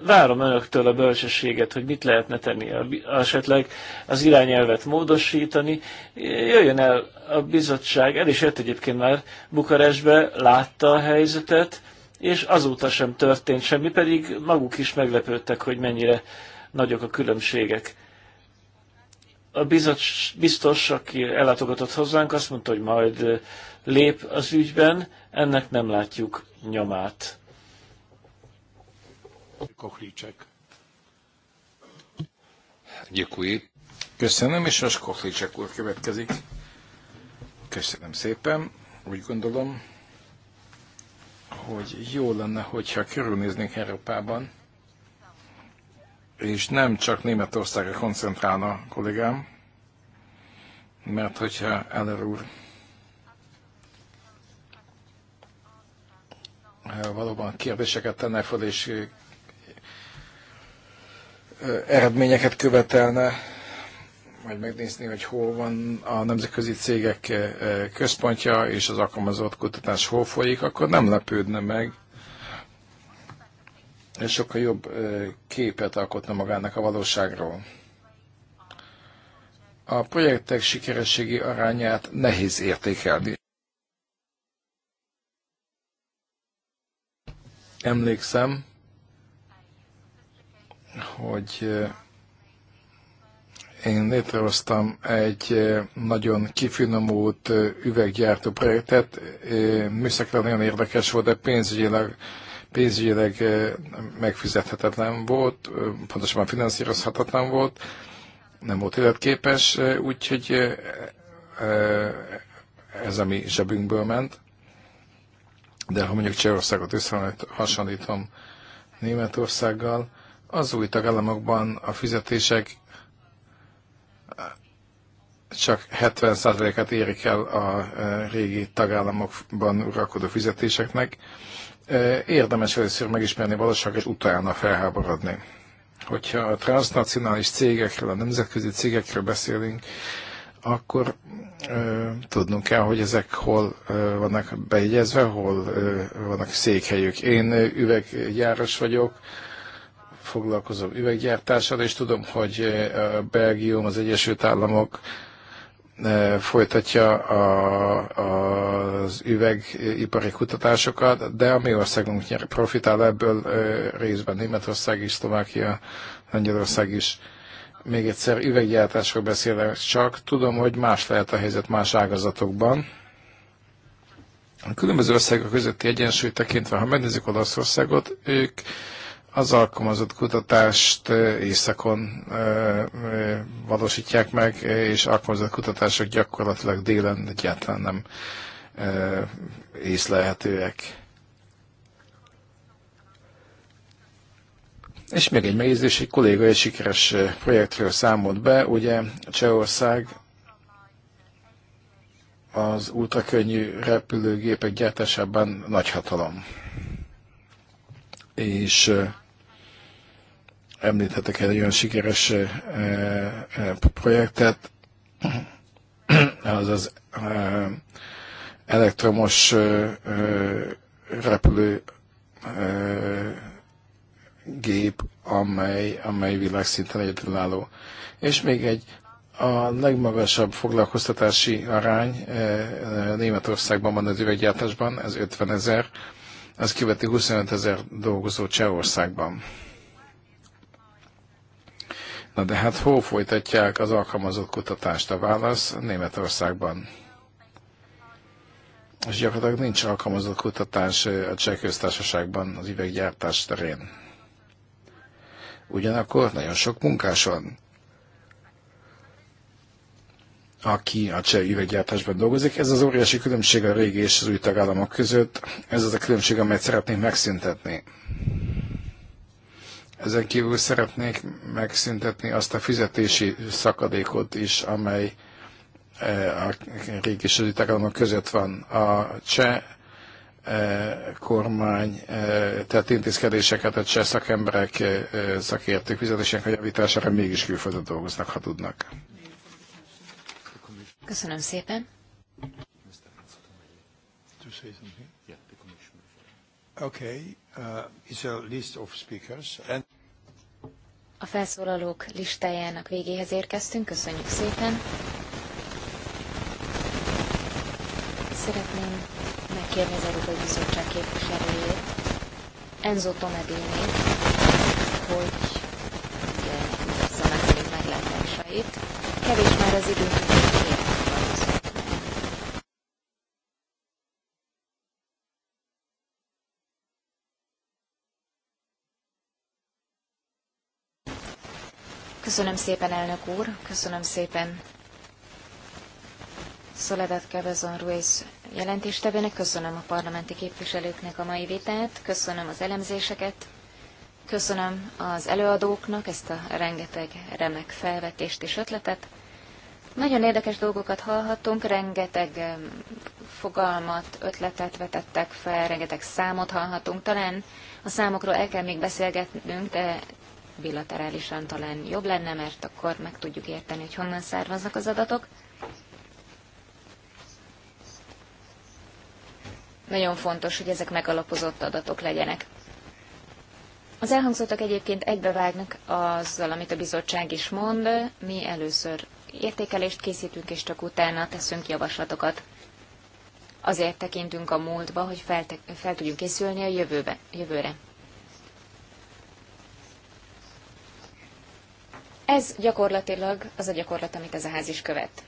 Várom önöktől a bölcsességet, hogy mit lehetne tenni, esetleg az irányelvet módosítani. Jöjjön el a bizottság, el is jött egyébként már Bukarestbe, látta a helyzetet, és azóta sem történt semmi, pedig maguk is meglepődtek, hogy mennyire nagyok a különbségek. A bizots, biztos, aki ellátogatott hozzánk, azt mondta, hogy majd lép az ügyben, ennek nem látjuk nyomát. Kohlicek. Děkuji. Köszönöm, és most Kohlicek úr következik. Köszönöm szépen. Úgy gondolom, hogy jó lenne, hogyha körülnéznénk Európában, és nem csak Németországra koncentrálna kollégám, mert hogyha Eller úr eh, valóban kérdéseket tenne fel, és eredményeket követelne, majd megnézni, hogy hol van a nemzetközi cégek központja és az alkalmazott kutatás hol folyik, akkor nem lepődne meg, és sokkal jobb képet alkotna magának a valóságról. A projektek sikerességi arányát nehéz értékelni. Emlékszem, hogy eh, én létrehoztam egy eh, nagyon kifinomult eh, üveggyártó projektet. Műszakra nagyon érdekes volt, de pénzügyileg, pénzügyileg megfizethetetlen volt, pontosabban finanszírozhatatlan volt, nem volt életképes, úgyhogy ez a mi zsebünkből ment. De ha mondjuk Csehországot összehasonlítom Németországgal, az új tagállamokban a fizetések csak 70%-át érik el a e, régi tagállamokban uralkodó fizetéseknek. E, érdemes először megismerni valóságot, és utána felháborodni. Hogyha a transnacionális cégekről, a nemzetközi cégekről beszélünk, akkor ö, e, tudnunk kell, hogy ezek hol ö, vannak bejegyezve, hol ö, vannak székhelyük. Én üveggyáros vagyok, foglalkozom üveggyártással, és tudom, hogy eh, Belgium, az Egyesült Államok eh, folytatja a, a, az üvegipari kutatásokat, de a mi országunk nyer, profitál ebből eh, részben Németország is, Szlovákia, Lengyelország is. Még egyszer üveggyártásról beszélek csak, tudom, hogy más lehet a helyzet más ágazatokban. A különböző országok közötti egyensúly tekintve, ha megnézzük Olaszországot, ők az alkalmazott kutatást északon valósítják meg, és alkalmazott kutatások gyakorlatilag délen egyáltalán nem észlelhetőek. És még egy megjegyzés, egy kolléga egy sikeres projektről számolt be, ugye Csehország az ultrakönnyű repülőgépek gyártásában nagy hatalom. És említhetek egy olyan sikeres eh, eh, projektet, az az eh, elektromos repülő gép, amely, amely világszinten egyedülálló. És még egy a legmagasabb foglalkoztatási arány Németországban van az üveggyártásban, ez 50 ezer, ez követi 25 ezer dolgozó Csehországban. Na de hát hol folytatják az alkalmazott kutatást? A válasz Németországban. És gyakorlatilag nincs alkalmazott kutatás a cseh köztársaságban az üveggyártás terén. Ugyanakkor nagyon sok munkás van, aki a cseh üveggyártásban dolgozik. Ez az óriási különbség a régi és az új tagállamok között. Ez az a különbség, amelyet szeretnénk megszüntetni. Ezen kívül szeretnék megszüntetni azt a fizetési szakadékot is, amely e, a régi tagállamok között van. A cseh e, kormány e, tett intézkedéseket a cseh szakemberek, szakértők fizetésének a javítására mégis külföldre dolgoznak, ha tudnak. Köszönöm szépen. Okay, uh, it's a list of speakers. And a felszólalók listájának végéhez érkeztünk, köszönjük szépen. Szeretném megkérni az Európai Bizottság képviselőjét, Enzo Tomedini, hogy messze a meglátásait. Kevés már az időnk, Köszönöm szépen, elnök úr, köszönöm szépen Soledad Cabezon Ruiz jelentéstevőnek, köszönöm a parlamenti képviselőknek a mai vitát, köszönöm az elemzéseket, köszönöm az előadóknak ezt a rengeteg remek felvetést és ötletet. Nagyon érdekes dolgokat hallhattunk, rengeteg fogalmat, ötletet vetettek fel, rengeteg számot hallhatunk. Talán a számokról el kell még beszélgetnünk, de bilaterálisan talán jobb lenne, mert akkor meg tudjuk érteni, hogy honnan származnak az adatok. Nagyon fontos, hogy ezek megalapozott adatok legyenek. Az elhangzottak egyébként egybevágnak azzal, amit a bizottság is mond. Mi először értékelést készítünk, és csak utána teszünk javaslatokat. Azért tekintünk a múltba, hogy fel, fel tudjunk készülni a jövőbe, jövőre. Ez gyakorlatilag az a gyakorlat, amit ez a ház is követ.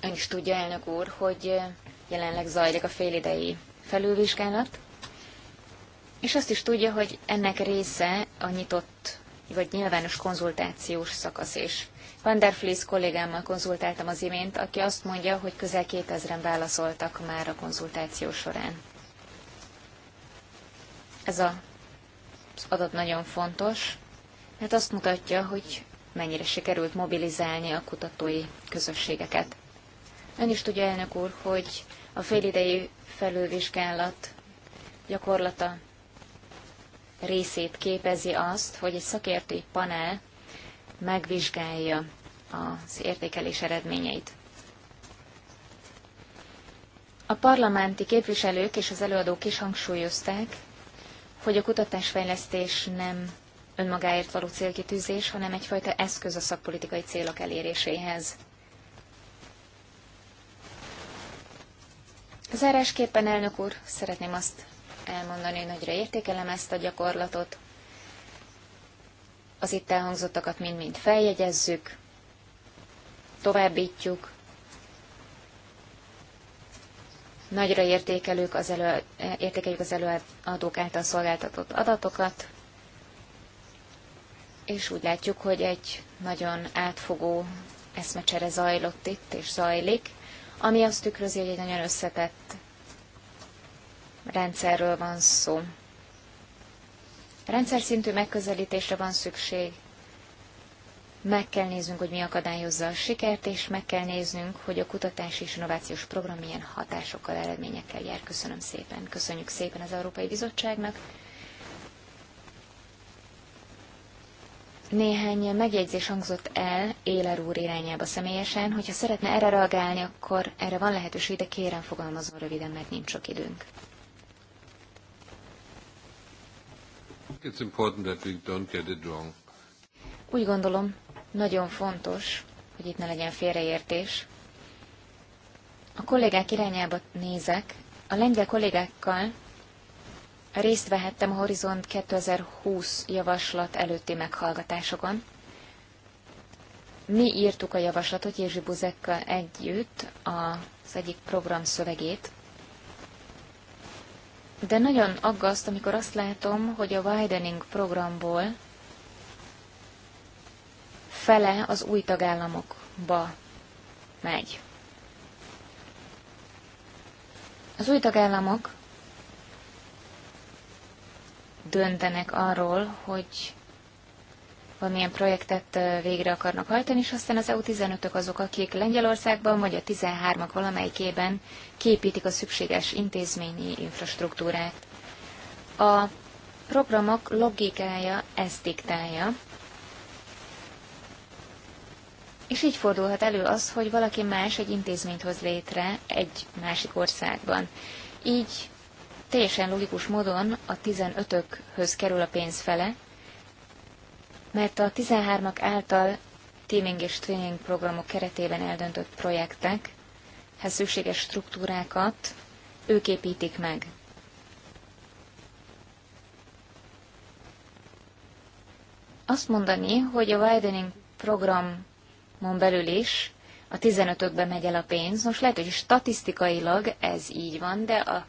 Ön is tudja, elnök úr, hogy jelenleg zajlik a félidei felülvizsgálat, és azt is tudja, hogy ennek része a nyitott vagy nyilvános konzultációs szakasz is. Van der Flies kollégámmal konzultáltam az imént, aki azt mondja, hogy közel 2000-en válaszoltak már a konzultáció során. Ez a, az adat nagyon fontos, Hát azt mutatja, hogy mennyire sikerült mobilizálni a kutatói közösségeket. Ön is tudja, elnök úr, hogy a félidei felülvizsgálat gyakorlata részét képezi azt, hogy egy szakértői panel megvizsgálja az értékelés eredményeit. A parlamenti képviselők és az előadók is hangsúlyozták, hogy a kutatásfejlesztés nem önmagáért való célkitűzés, hanem egyfajta eszköz a szakpolitikai célok eléréséhez. Zárásképpen, elnök úr, szeretném azt elmondani, hogy nagyra értékelem ezt a gyakorlatot. Az itt elhangzottakat mind-mind feljegyezzük, továbbítjuk. Nagyra értékelők az elő, értékeljük az előadók által szolgáltatott adatokat, és úgy látjuk, hogy egy nagyon átfogó eszmecsere zajlott itt, és zajlik, ami azt tükrözi, hogy egy nagyon összetett rendszerről van szó. Rendszer szintű megközelítésre van szükség, meg kell néznünk, hogy mi akadályozza a sikert, és meg kell néznünk, hogy a kutatási és innovációs program milyen hatásokkal, eredményekkel jár. Köszönöm szépen. Köszönjük szépen az Európai Bizottságnak. Néhány megjegyzés hangzott el Éler úr irányába személyesen, hogyha szeretne erre reagálni, akkor erre van lehetőség, de kérem fogalmazom röviden, mert nincs sok időnk. It's important that we don't get it wrong. Úgy gondolom, nagyon fontos, hogy itt ne legyen félreértés. A kollégák irányába nézek. A lengyel kollégákkal részt vehettem a Horizont 2020 javaslat előtti meghallgatásokon. Mi írtuk a javaslatot Jézsi Buzekkal együtt, az egyik program szövegét, de nagyon aggaszt, amikor azt látom, hogy a Widening programból fele az új tagállamokba megy. Az új tagállamok döntenek arról, hogy valamilyen projektet végre akarnak hajtani, és aztán az EU-15-ök azok, akik Lengyelországban vagy a 13-ak valamelyikében képítik a szükséges intézményi infrastruktúrát. A programok logikája ezt diktálja, és így fordulhat elő az, hogy valaki más egy intézményt hoz létre egy másik országban. Így teljesen logikus módon a 15-ökhöz kerül a pénz fele, mert a 13-ak által teaming és training programok keretében eldöntött ha szükséges struktúrákat ők építik meg. Azt mondani, hogy a widening programon belül is a 15-ökbe megy el a pénz. Most lehet, hogy statisztikailag ez így van, de a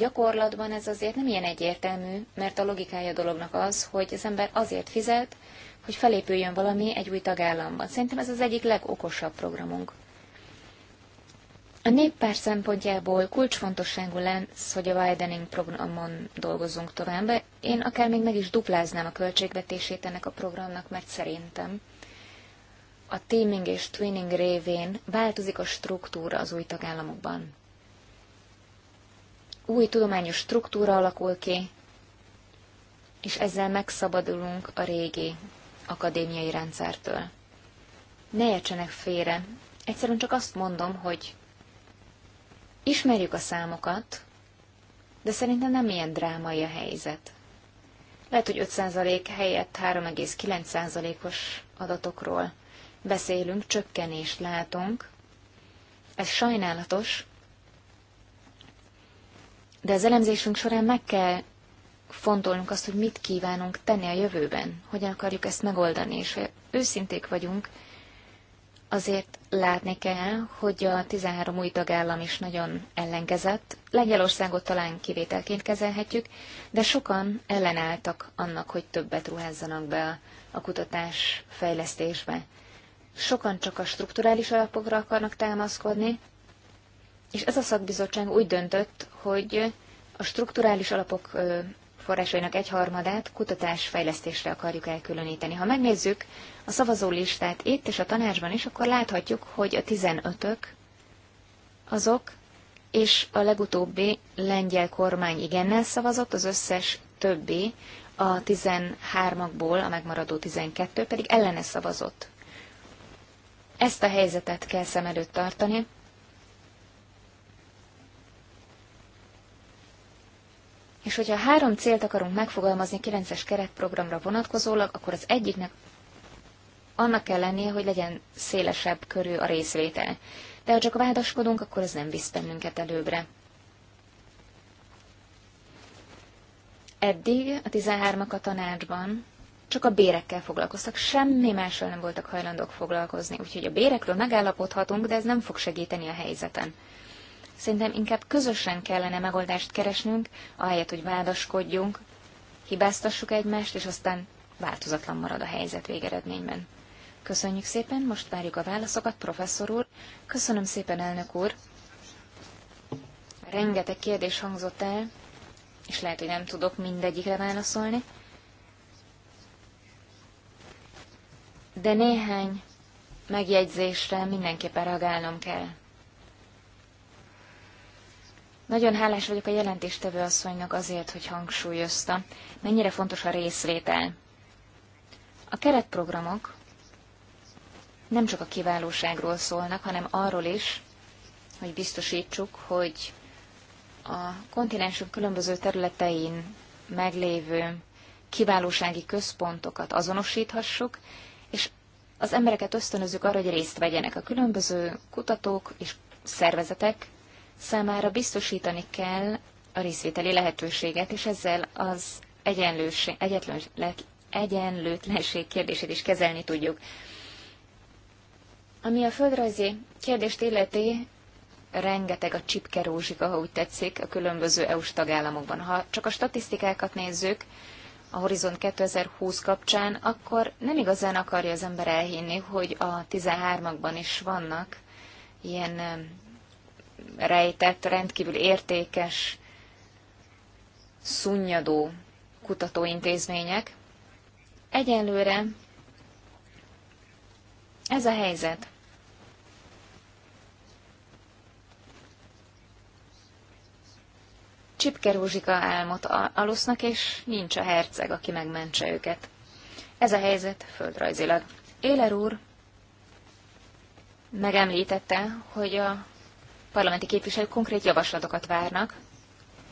Gyakorlatban ez azért nem ilyen egyértelmű, mert a logikája dolognak az, hogy az ember azért fizet, hogy felépüljön valami egy új tagállamban. Szerintem ez az egyik legokosabb programunk. A néppár szempontjából kulcsfontosságú lesz, hogy a widening programon dolgozzunk tovább. Én akár még meg is dupláznám a költségvetését ennek a programnak, mert szerintem a teaming és twinning révén változik a struktúra az új tagállamokban új tudományos struktúra alakul ki, és ezzel megszabadulunk a régi akadémiai rendszertől. Ne értsenek félre, egyszerűen csak azt mondom, hogy ismerjük a számokat, de szerintem nem ilyen drámai a helyzet. Lehet, hogy 5% helyett 3,9%-os adatokról beszélünk, csökkenést látunk. Ez sajnálatos, de az elemzésünk során meg kell fontolnunk azt, hogy mit kívánunk tenni a jövőben, hogyan akarjuk ezt megoldani, és ha őszinték vagyunk, azért látni kell, hogy a 13 új tagállam is nagyon ellenkezett. Lengyelországot talán kivételként kezelhetjük, de sokan ellenálltak annak, hogy többet ruházzanak be a kutatás fejlesztésbe. Sokan csak a strukturális alapokra akarnak támaszkodni, és ez a szakbizottság úgy döntött, hogy a strukturális alapok forrásainak egyharmadát kutatásfejlesztésre akarjuk elkülöníteni. Ha megnézzük a szavazólistát itt és a tanácsban is, akkor láthatjuk, hogy a 15-ök azok, és a legutóbbi lengyel kormány igennel szavazott, az összes többi, a 13-akból a megmaradó 12 pedig ellene szavazott. Ezt a helyzetet kell szem előtt tartani, És hogyha három célt akarunk megfogalmazni 9-es keretprogramra vonatkozólag, akkor az egyiknek annak kell lennie, hogy legyen szélesebb körű a részvétel. De ha csak vádaskodunk, akkor ez nem visz bennünket előbbre. Eddig a 13-ak a tanácsban csak a bérekkel foglalkoztak, semmi mással nem voltak hajlandók foglalkozni, úgyhogy a bérekről megállapodhatunk, de ez nem fog segíteni a helyzeten. Szerintem inkább közösen kellene megoldást keresnünk, ahelyett, hogy vádaskodjunk, hibáztassuk egymást, és aztán változatlan marad a helyzet végeredményben. Köszönjük szépen, most várjuk a válaszokat, professzor úr. Köszönöm szépen, elnök úr. Rengeteg kérdés hangzott el, és lehet, hogy nem tudok mindegyikre válaszolni. De néhány megjegyzésre mindenképpen reagálnom kell. Nagyon hálás vagyok a jelentéstevő asszonynak azért, hogy hangsúlyozta, mennyire fontos a részvétel. A keretprogramok nem csak a kiválóságról szólnak, hanem arról is, hogy biztosítsuk, hogy a kontinensünk különböző területein meglévő kiválósági központokat azonosíthassuk, és az embereket ösztönözzük arra, hogy részt vegyenek. A különböző kutatók és szervezetek számára biztosítani kell a részvételi lehetőséget, és ezzel az egyenlőség, egyenlőtlenség kérdését is kezelni tudjuk. Ami a földrajzi kérdést illeti, rengeteg a csipke rózsika, ha úgy tetszik, a különböző EU-s tagállamokban. Ha csak a statisztikákat nézzük, a Horizont 2020 kapcsán, akkor nem igazán akarja az ember elhinni, hogy a 13-akban is vannak ilyen rejtett, rendkívül értékes, szunnyadó kutatóintézmények. Egyelőre ez a helyzet. Csipke Rózsika álmot alusznak, és nincs a herceg, aki megmentse őket. Ez a helyzet földrajzilag. Éler úr megemlítette, hogy a parlamenti képviselők konkrét javaslatokat várnak.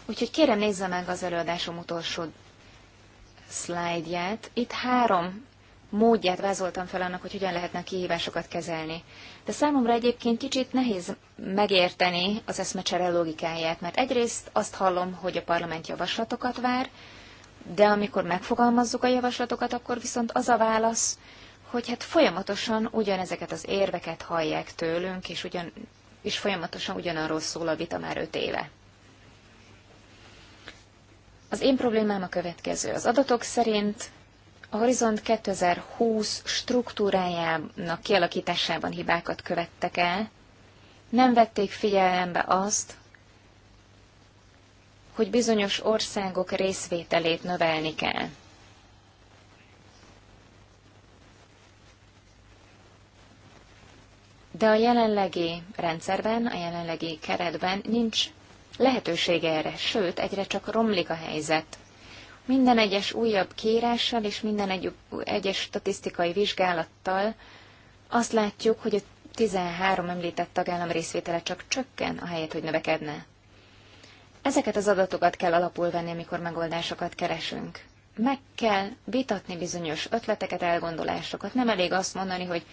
Úgyhogy kérem nézze meg az előadásom utolsó szlájdját. Itt három módját vázoltam fel annak, hogy hogyan lehetne a kihívásokat kezelni. De számomra egyébként kicsit nehéz megérteni az eszmecsere logikáját, mert egyrészt azt hallom, hogy a parlament javaslatokat vár, de amikor megfogalmazzuk a javaslatokat, akkor viszont az a válasz, hogy hát folyamatosan ugyanezeket az érveket hallják tőlünk, és ugyan és folyamatosan ugyanarról szól a vita már öt éve. Az én problémám a következő. Az adatok szerint a Horizont 2020 struktúrájának kialakításában hibákat követtek el, nem vették figyelembe azt, hogy bizonyos országok részvételét növelni kell. de a jelenlegi rendszerben, a jelenlegi keretben nincs lehetőség erre, sőt, egyre csak romlik a helyzet. Minden egyes újabb kérással és minden egy, egyes statisztikai vizsgálattal azt látjuk, hogy a 13 említett tagállam részvétele csak csökken, a helyet, hogy növekedne. Ezeket az adatokat kell alapul venni, amikor megoldásokat keresünk. Meg kell vitatni bizonyos ötleteket, elgondolásokat. Nem elég azt mondani, hogy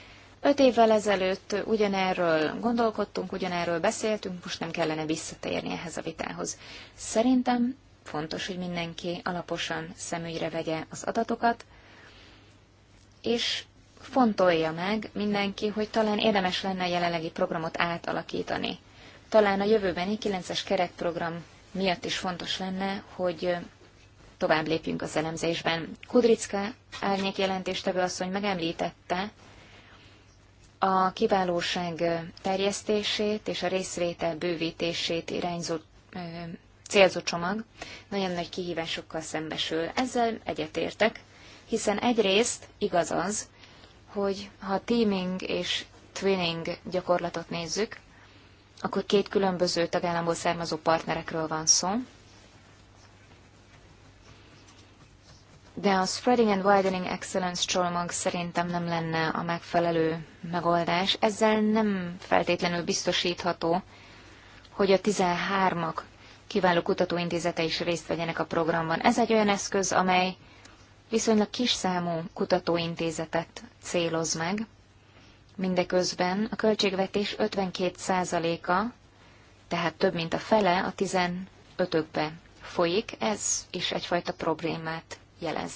Öt évvel ezelőtt ugyanerről gondolkodtunk, ugyanerről beszéltünk, most nem kellene visszatérni ehhez a vitához. Szerintem fontos, hogy mindenki alaposan szemügyre vegye az adatokat, és fontolja meg mindenki, hogy talán érdemes lenne a jelenlegi programot átalakítani. Talán a jövőbeni 9-es keretprogram miatt is fontos lenne, hogy tovább lépjünk az elemzésben. Kudricka árnyék jelentéstevő asszony megemlítette, a kiválóság terjesztését és a részvétel bővítését irányzó célzó csomag nagyon nagy kihívásokkal szembesül. Ezzel egyetértek, hiszen egyrészt igaz az, hogy ha teaming és twinning gyakorlatot nézzük, akkor két különböző tagállamból származó partnerekről van szó, de a Spreading and Widening Excellence csomag szerintem nem lenne a megfelelő megoldás. Ezzel nem feltétlenül biztosítható, hogy a 13-ak kiváló kutatóintézete is részt vegyenek a programban. Ez egy olyan eszköz, amely viszonylag kis számú kutatóintézetet céloz meg. Mindeközben a költségvetés 52%-a, tehát több mint a fele a 15-ökbe folyik, ez is egyfajta problémát jelez.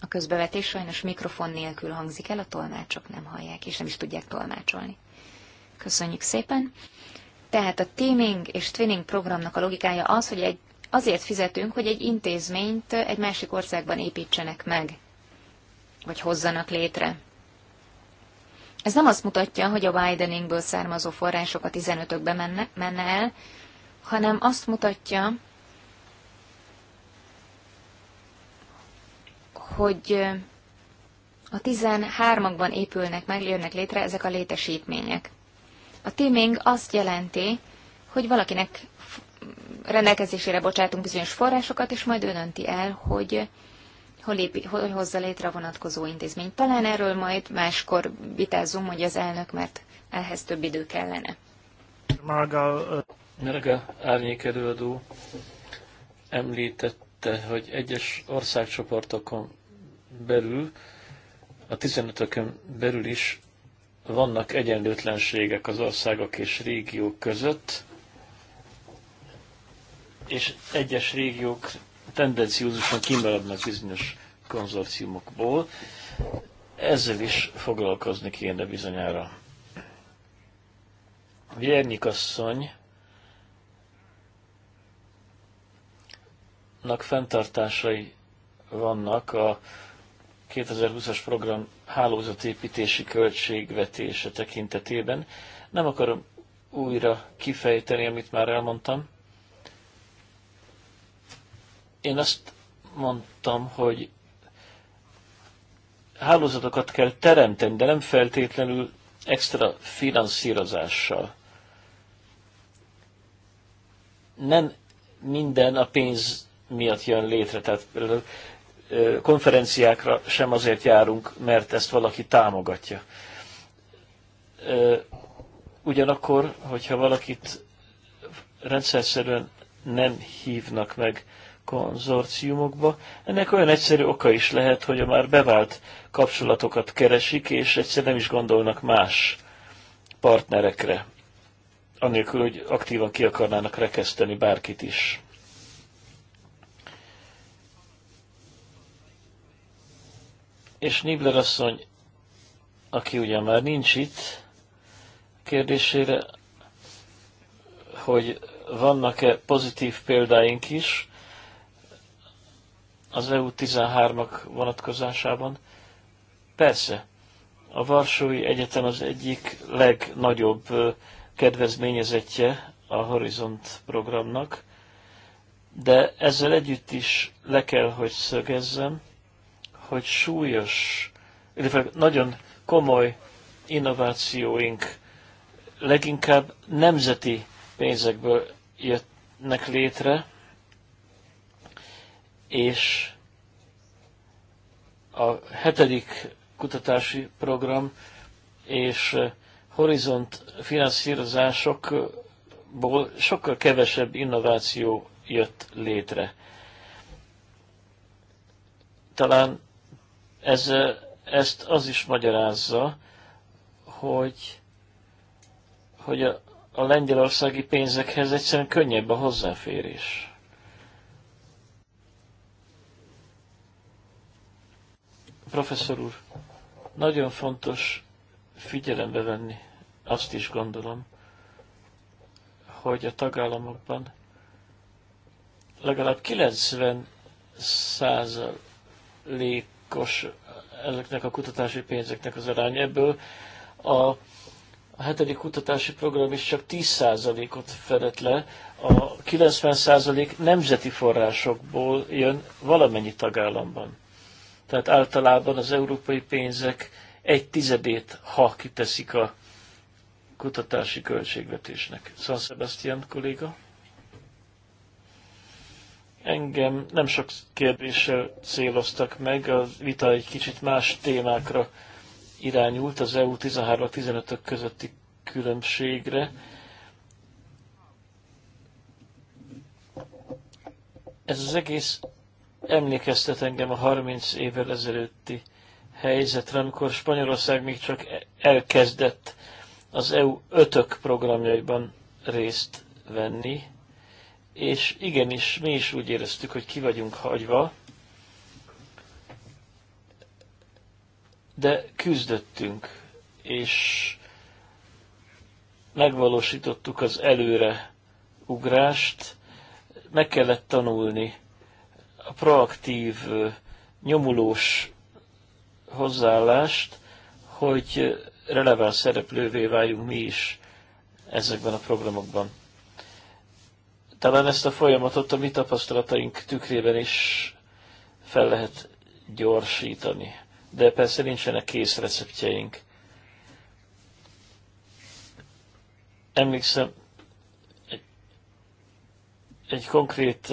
A közbevetés sajnos mikrofon nélkül hangzik el, a tolmácsok nem hallják, és nem is tudják tolmácsolni. Köszönjük szépen! Tehát a teaming és twinning programnak a logikája az, hogy egy, azért fizetünk, hogy egy intézményt egy másik országban építsenek meg, vagy hozzanak létre. Ez nem azt mutatja, hogy a wideningből származó források a 15-ökbe menne, menne el, hanem azt mutatja, hogy a 13-akban épülnek meg, jönnek létre ezek a létesítmények. A teaming azt jelenti, hogy valakinek rendelkezésére bocsátunk bizonyos forrásokat, és majd ő dönti el, hogy hol, épi, hol hozza létre a vonatkozó intézmény. Talán erről majd máskor vitázzunk, hogy az elnök, mert ehhez több idő kellene. Marga, Merga árnyék említette, hogy egyes országcsoportokon belül, a 15-ökön belül is vannak egyenlőtlenségek az országok és régiók között, és egyes régiók tendenciózusan kimaradnak bizonyos konzorciumokból. Ezzel is foglalkozni kéne bizonyára. Vérnyik asszony fenntartásai vannak a 2020-as program hálózatépítési költségvetése tekintetében. Nem akarom újra kifejteni, amit már elmondtam. Én azt mondtam, hogy hálózatokat kell teremteni, de nem feltétlenül extra finanszírozással. Nem minden a pénz miatt jön létre. Tehát konferenciákra sem azért járunk, mert ezt valaki támogatja. Ugyanakkor, hogyha valakit rendszerszerűen nem hívnak meg konzorciumokba, ennek olyan egyszerű oka is lehet, hogy a már bevált kapcsolatokat keresik, és egyszer nem is gondolnak más partnerekre, anélkül, hogy aktívan ki akarnának rekeszteni bárkit is. és Nibler asszony, aki ugye már nincs itt, kérdésére, hogy vannak-e pozitív példáink is az EU13-ak vonatkozásában. Persze, a Varsói Egyetem az egyik legnagyobb kedvezményezetje a Horizont programnak, de ezzel együtt is le kell, hogy szögezzem, hogy súlyos, illetve nagyon komoly innovációink leginkább nemzeti pénzekből jöttnek létre, és a hetedik kutatási program és eh, horizont finanszírozásokból sokkal kevesebb innováció jött létre. Talán ez, ezt az is magyarázza, hogy, hogy a, a lengyelországi pénzekhez egyszerűen könnyebb a hozzáférés. Professzor úr, nagyon fontos figyelembe venni, azt is gondolom, hogy a tagállamokban legalább 90 százalék százalékos ezeknek a kutatási pénzeknek az arány. Ebből a, a hetedik kutatási program is csak 10 százalékot fedett le, a 90 százalék nemzeti forrásokból jön valamennyi tagállamban. Tehát általában az európai pénzek egy tizedét, ha kiteszik a kutatási költségvetésnek. San Sebastian kolléga? Engem nem sok kérdéssel céloztak meg, a vita egy kicsit más témákra irányult, az EU 13-15-ök közötti különbségre. Ez az egész emlékeztet engem a 30 évvel ezelőtti helyzetre, amikor Spanyolország még csak elkezdett az EU 5-ök programjaiban részt venni és igenis, mi is úgy éreztük, hogy ki vagyunk hagyva, de küzdöttünk, és megvalósítottuk az előre ugrást, meg kellett tanulni a proaktív, nyomulós hozzáállást, hogy releváns szereplővé váljunk mi is ezekben a programokban. Talán ezt a folyamatot a mi tapasztalataink tükrében is fel lehet gyorsítani. De persze nincsenek kész receptjeink. Emlékszem egy, egy konkrét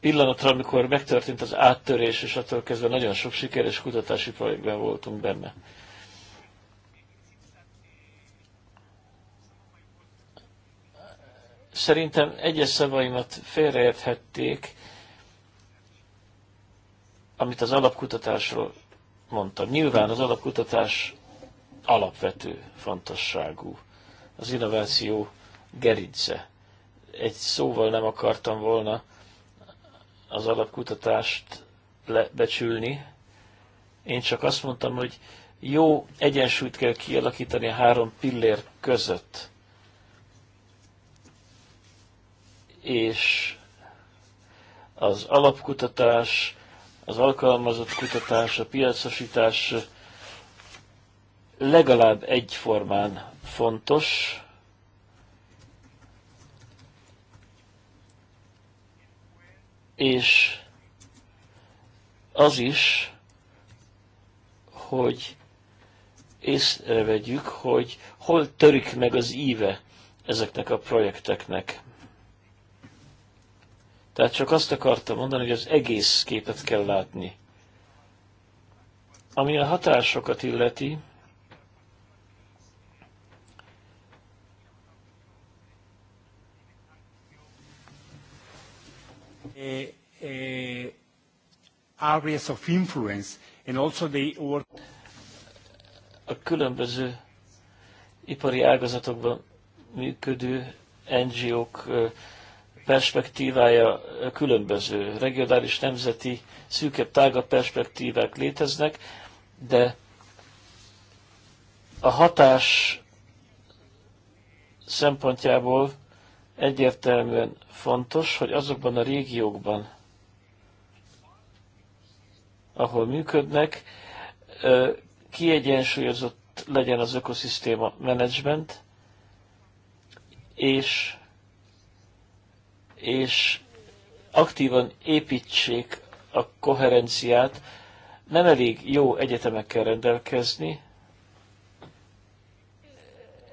pillanatra, amikor megtörtént az áttörés, és attól kezdve nagyon sok sikeres kutatási projektben voltunk benne. Szerintem egyes szavaimat félreérthették, amit az alapkutatásról mondtam. Nyilván az alapkutatás alapvető fontosságú. Az innováció gerince. Egy szóval nem akartam volna az alapkutatást lebecsülni. Én csak azt mondtam, hogy jó egyensúlyt kell kialakítani a három pillér között. és az alapkutatás, az alkalmazott kutatás, a piacosítás legalább egyformán fontos, és az is, hogy észrevegyük, hogy hol törik meg az íve ezeknek a projekteknek. Tehát csak azt akartam mondani, hogy az egész képet kell látni. Ami a hatásokat illeti, eh, eh, areas of influence and also the work a különböző ipari ágazatokban működő NGO-k eh, perspektívája különböző, regionális, nemzeti, szűkebb, tágabb perspektívák léteznek, de a hatás szempontjából egyértelműen fontos, hogy azokban a régiókban, ahol működnek, kiegyensúlyozott legyen az ökoszisztéma menedzsment, és és aktívan építsék a koherenciát. Nem elég jó egyetemekkel rendelkezni,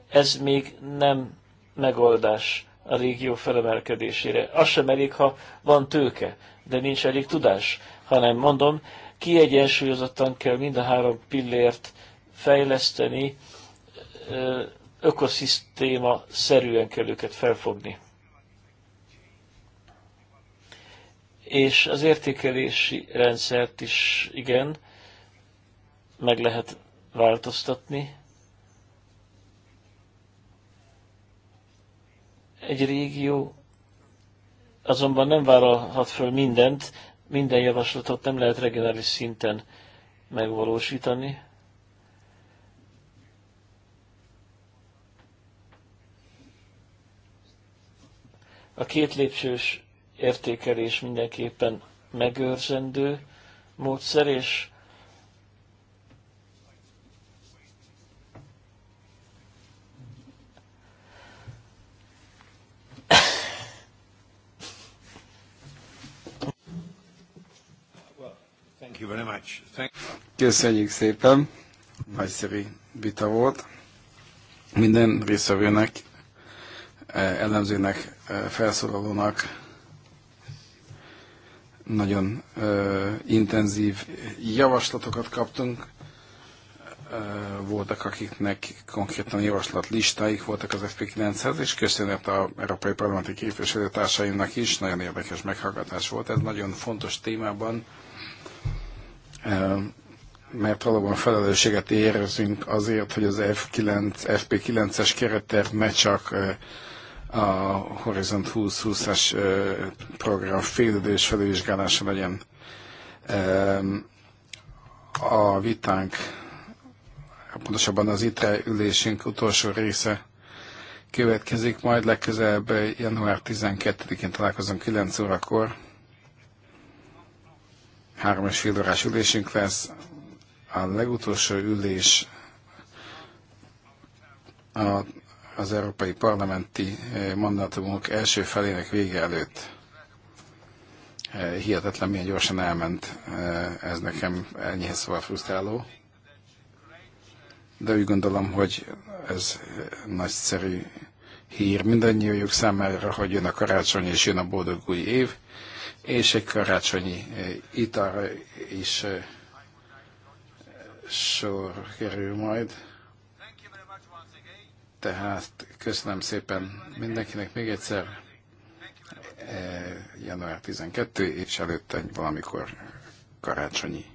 ez még nem megoldás a régió felemelkedésére. Az sem elég, ha van tőke, de nincs elég tudás, hanem mondom, kiegyensúlyozottan kell mind a három pillért fejleszteni, ökoszisztéma szerűen kell őket felfogni. és az értékelési rendszert is igen, meg lehet változtatni. Egy régió azonban nem vállalhat föl mindent, minden javaslatot nem lehet regionális szinten megvalósítani. A két lépcsős értékelés mindenképpen megőrzendő módszer, és Köszönjük szépen, nagyszerű vita volt. Minden részvevőnek, eh, elemzőnek, eh, felszólalónak, nagyon ö, intenzív javaslatokat kaptunk. Ö, voltak, akiknek konkrétan javaslat listáik voltak az FP9-hez, és köszönet a Európai Parlamenti képviselőtársaimnak is. Nagyon érdekes meghallgatás volt. Ez nagyon fontos témában. Ö, mert valóban felelősséget érezünk azért, hogy az F9, FP9-es keretterv ne csak ö, a Horizont 2020-as program félidős felvizsgálása legyen. A vitánk, pontosabban az itt ülésünk utolsó része következik, majd legközelebb január 12-én találkozunk 9 órakor. Három és fél órás ülésünk lesz. A legutolsó ülés a az európai parlamenti eh, mandátumok első felének vége előtt. Eh, hihetetlen, milyen gyorsan elment. Eh, ez nekem ennyihez szóval frusztráló. De úgy gondolom, hogy ez nagyszerű hír mindannyiójuk számára, hogy jön a karácsony és jön a boldog új év, és egy karácsonyi italra is sor kerül majd tehát köszönöm szépen mindenkinek még egyszer eh, január 12 és előtte valamikor karácsonyi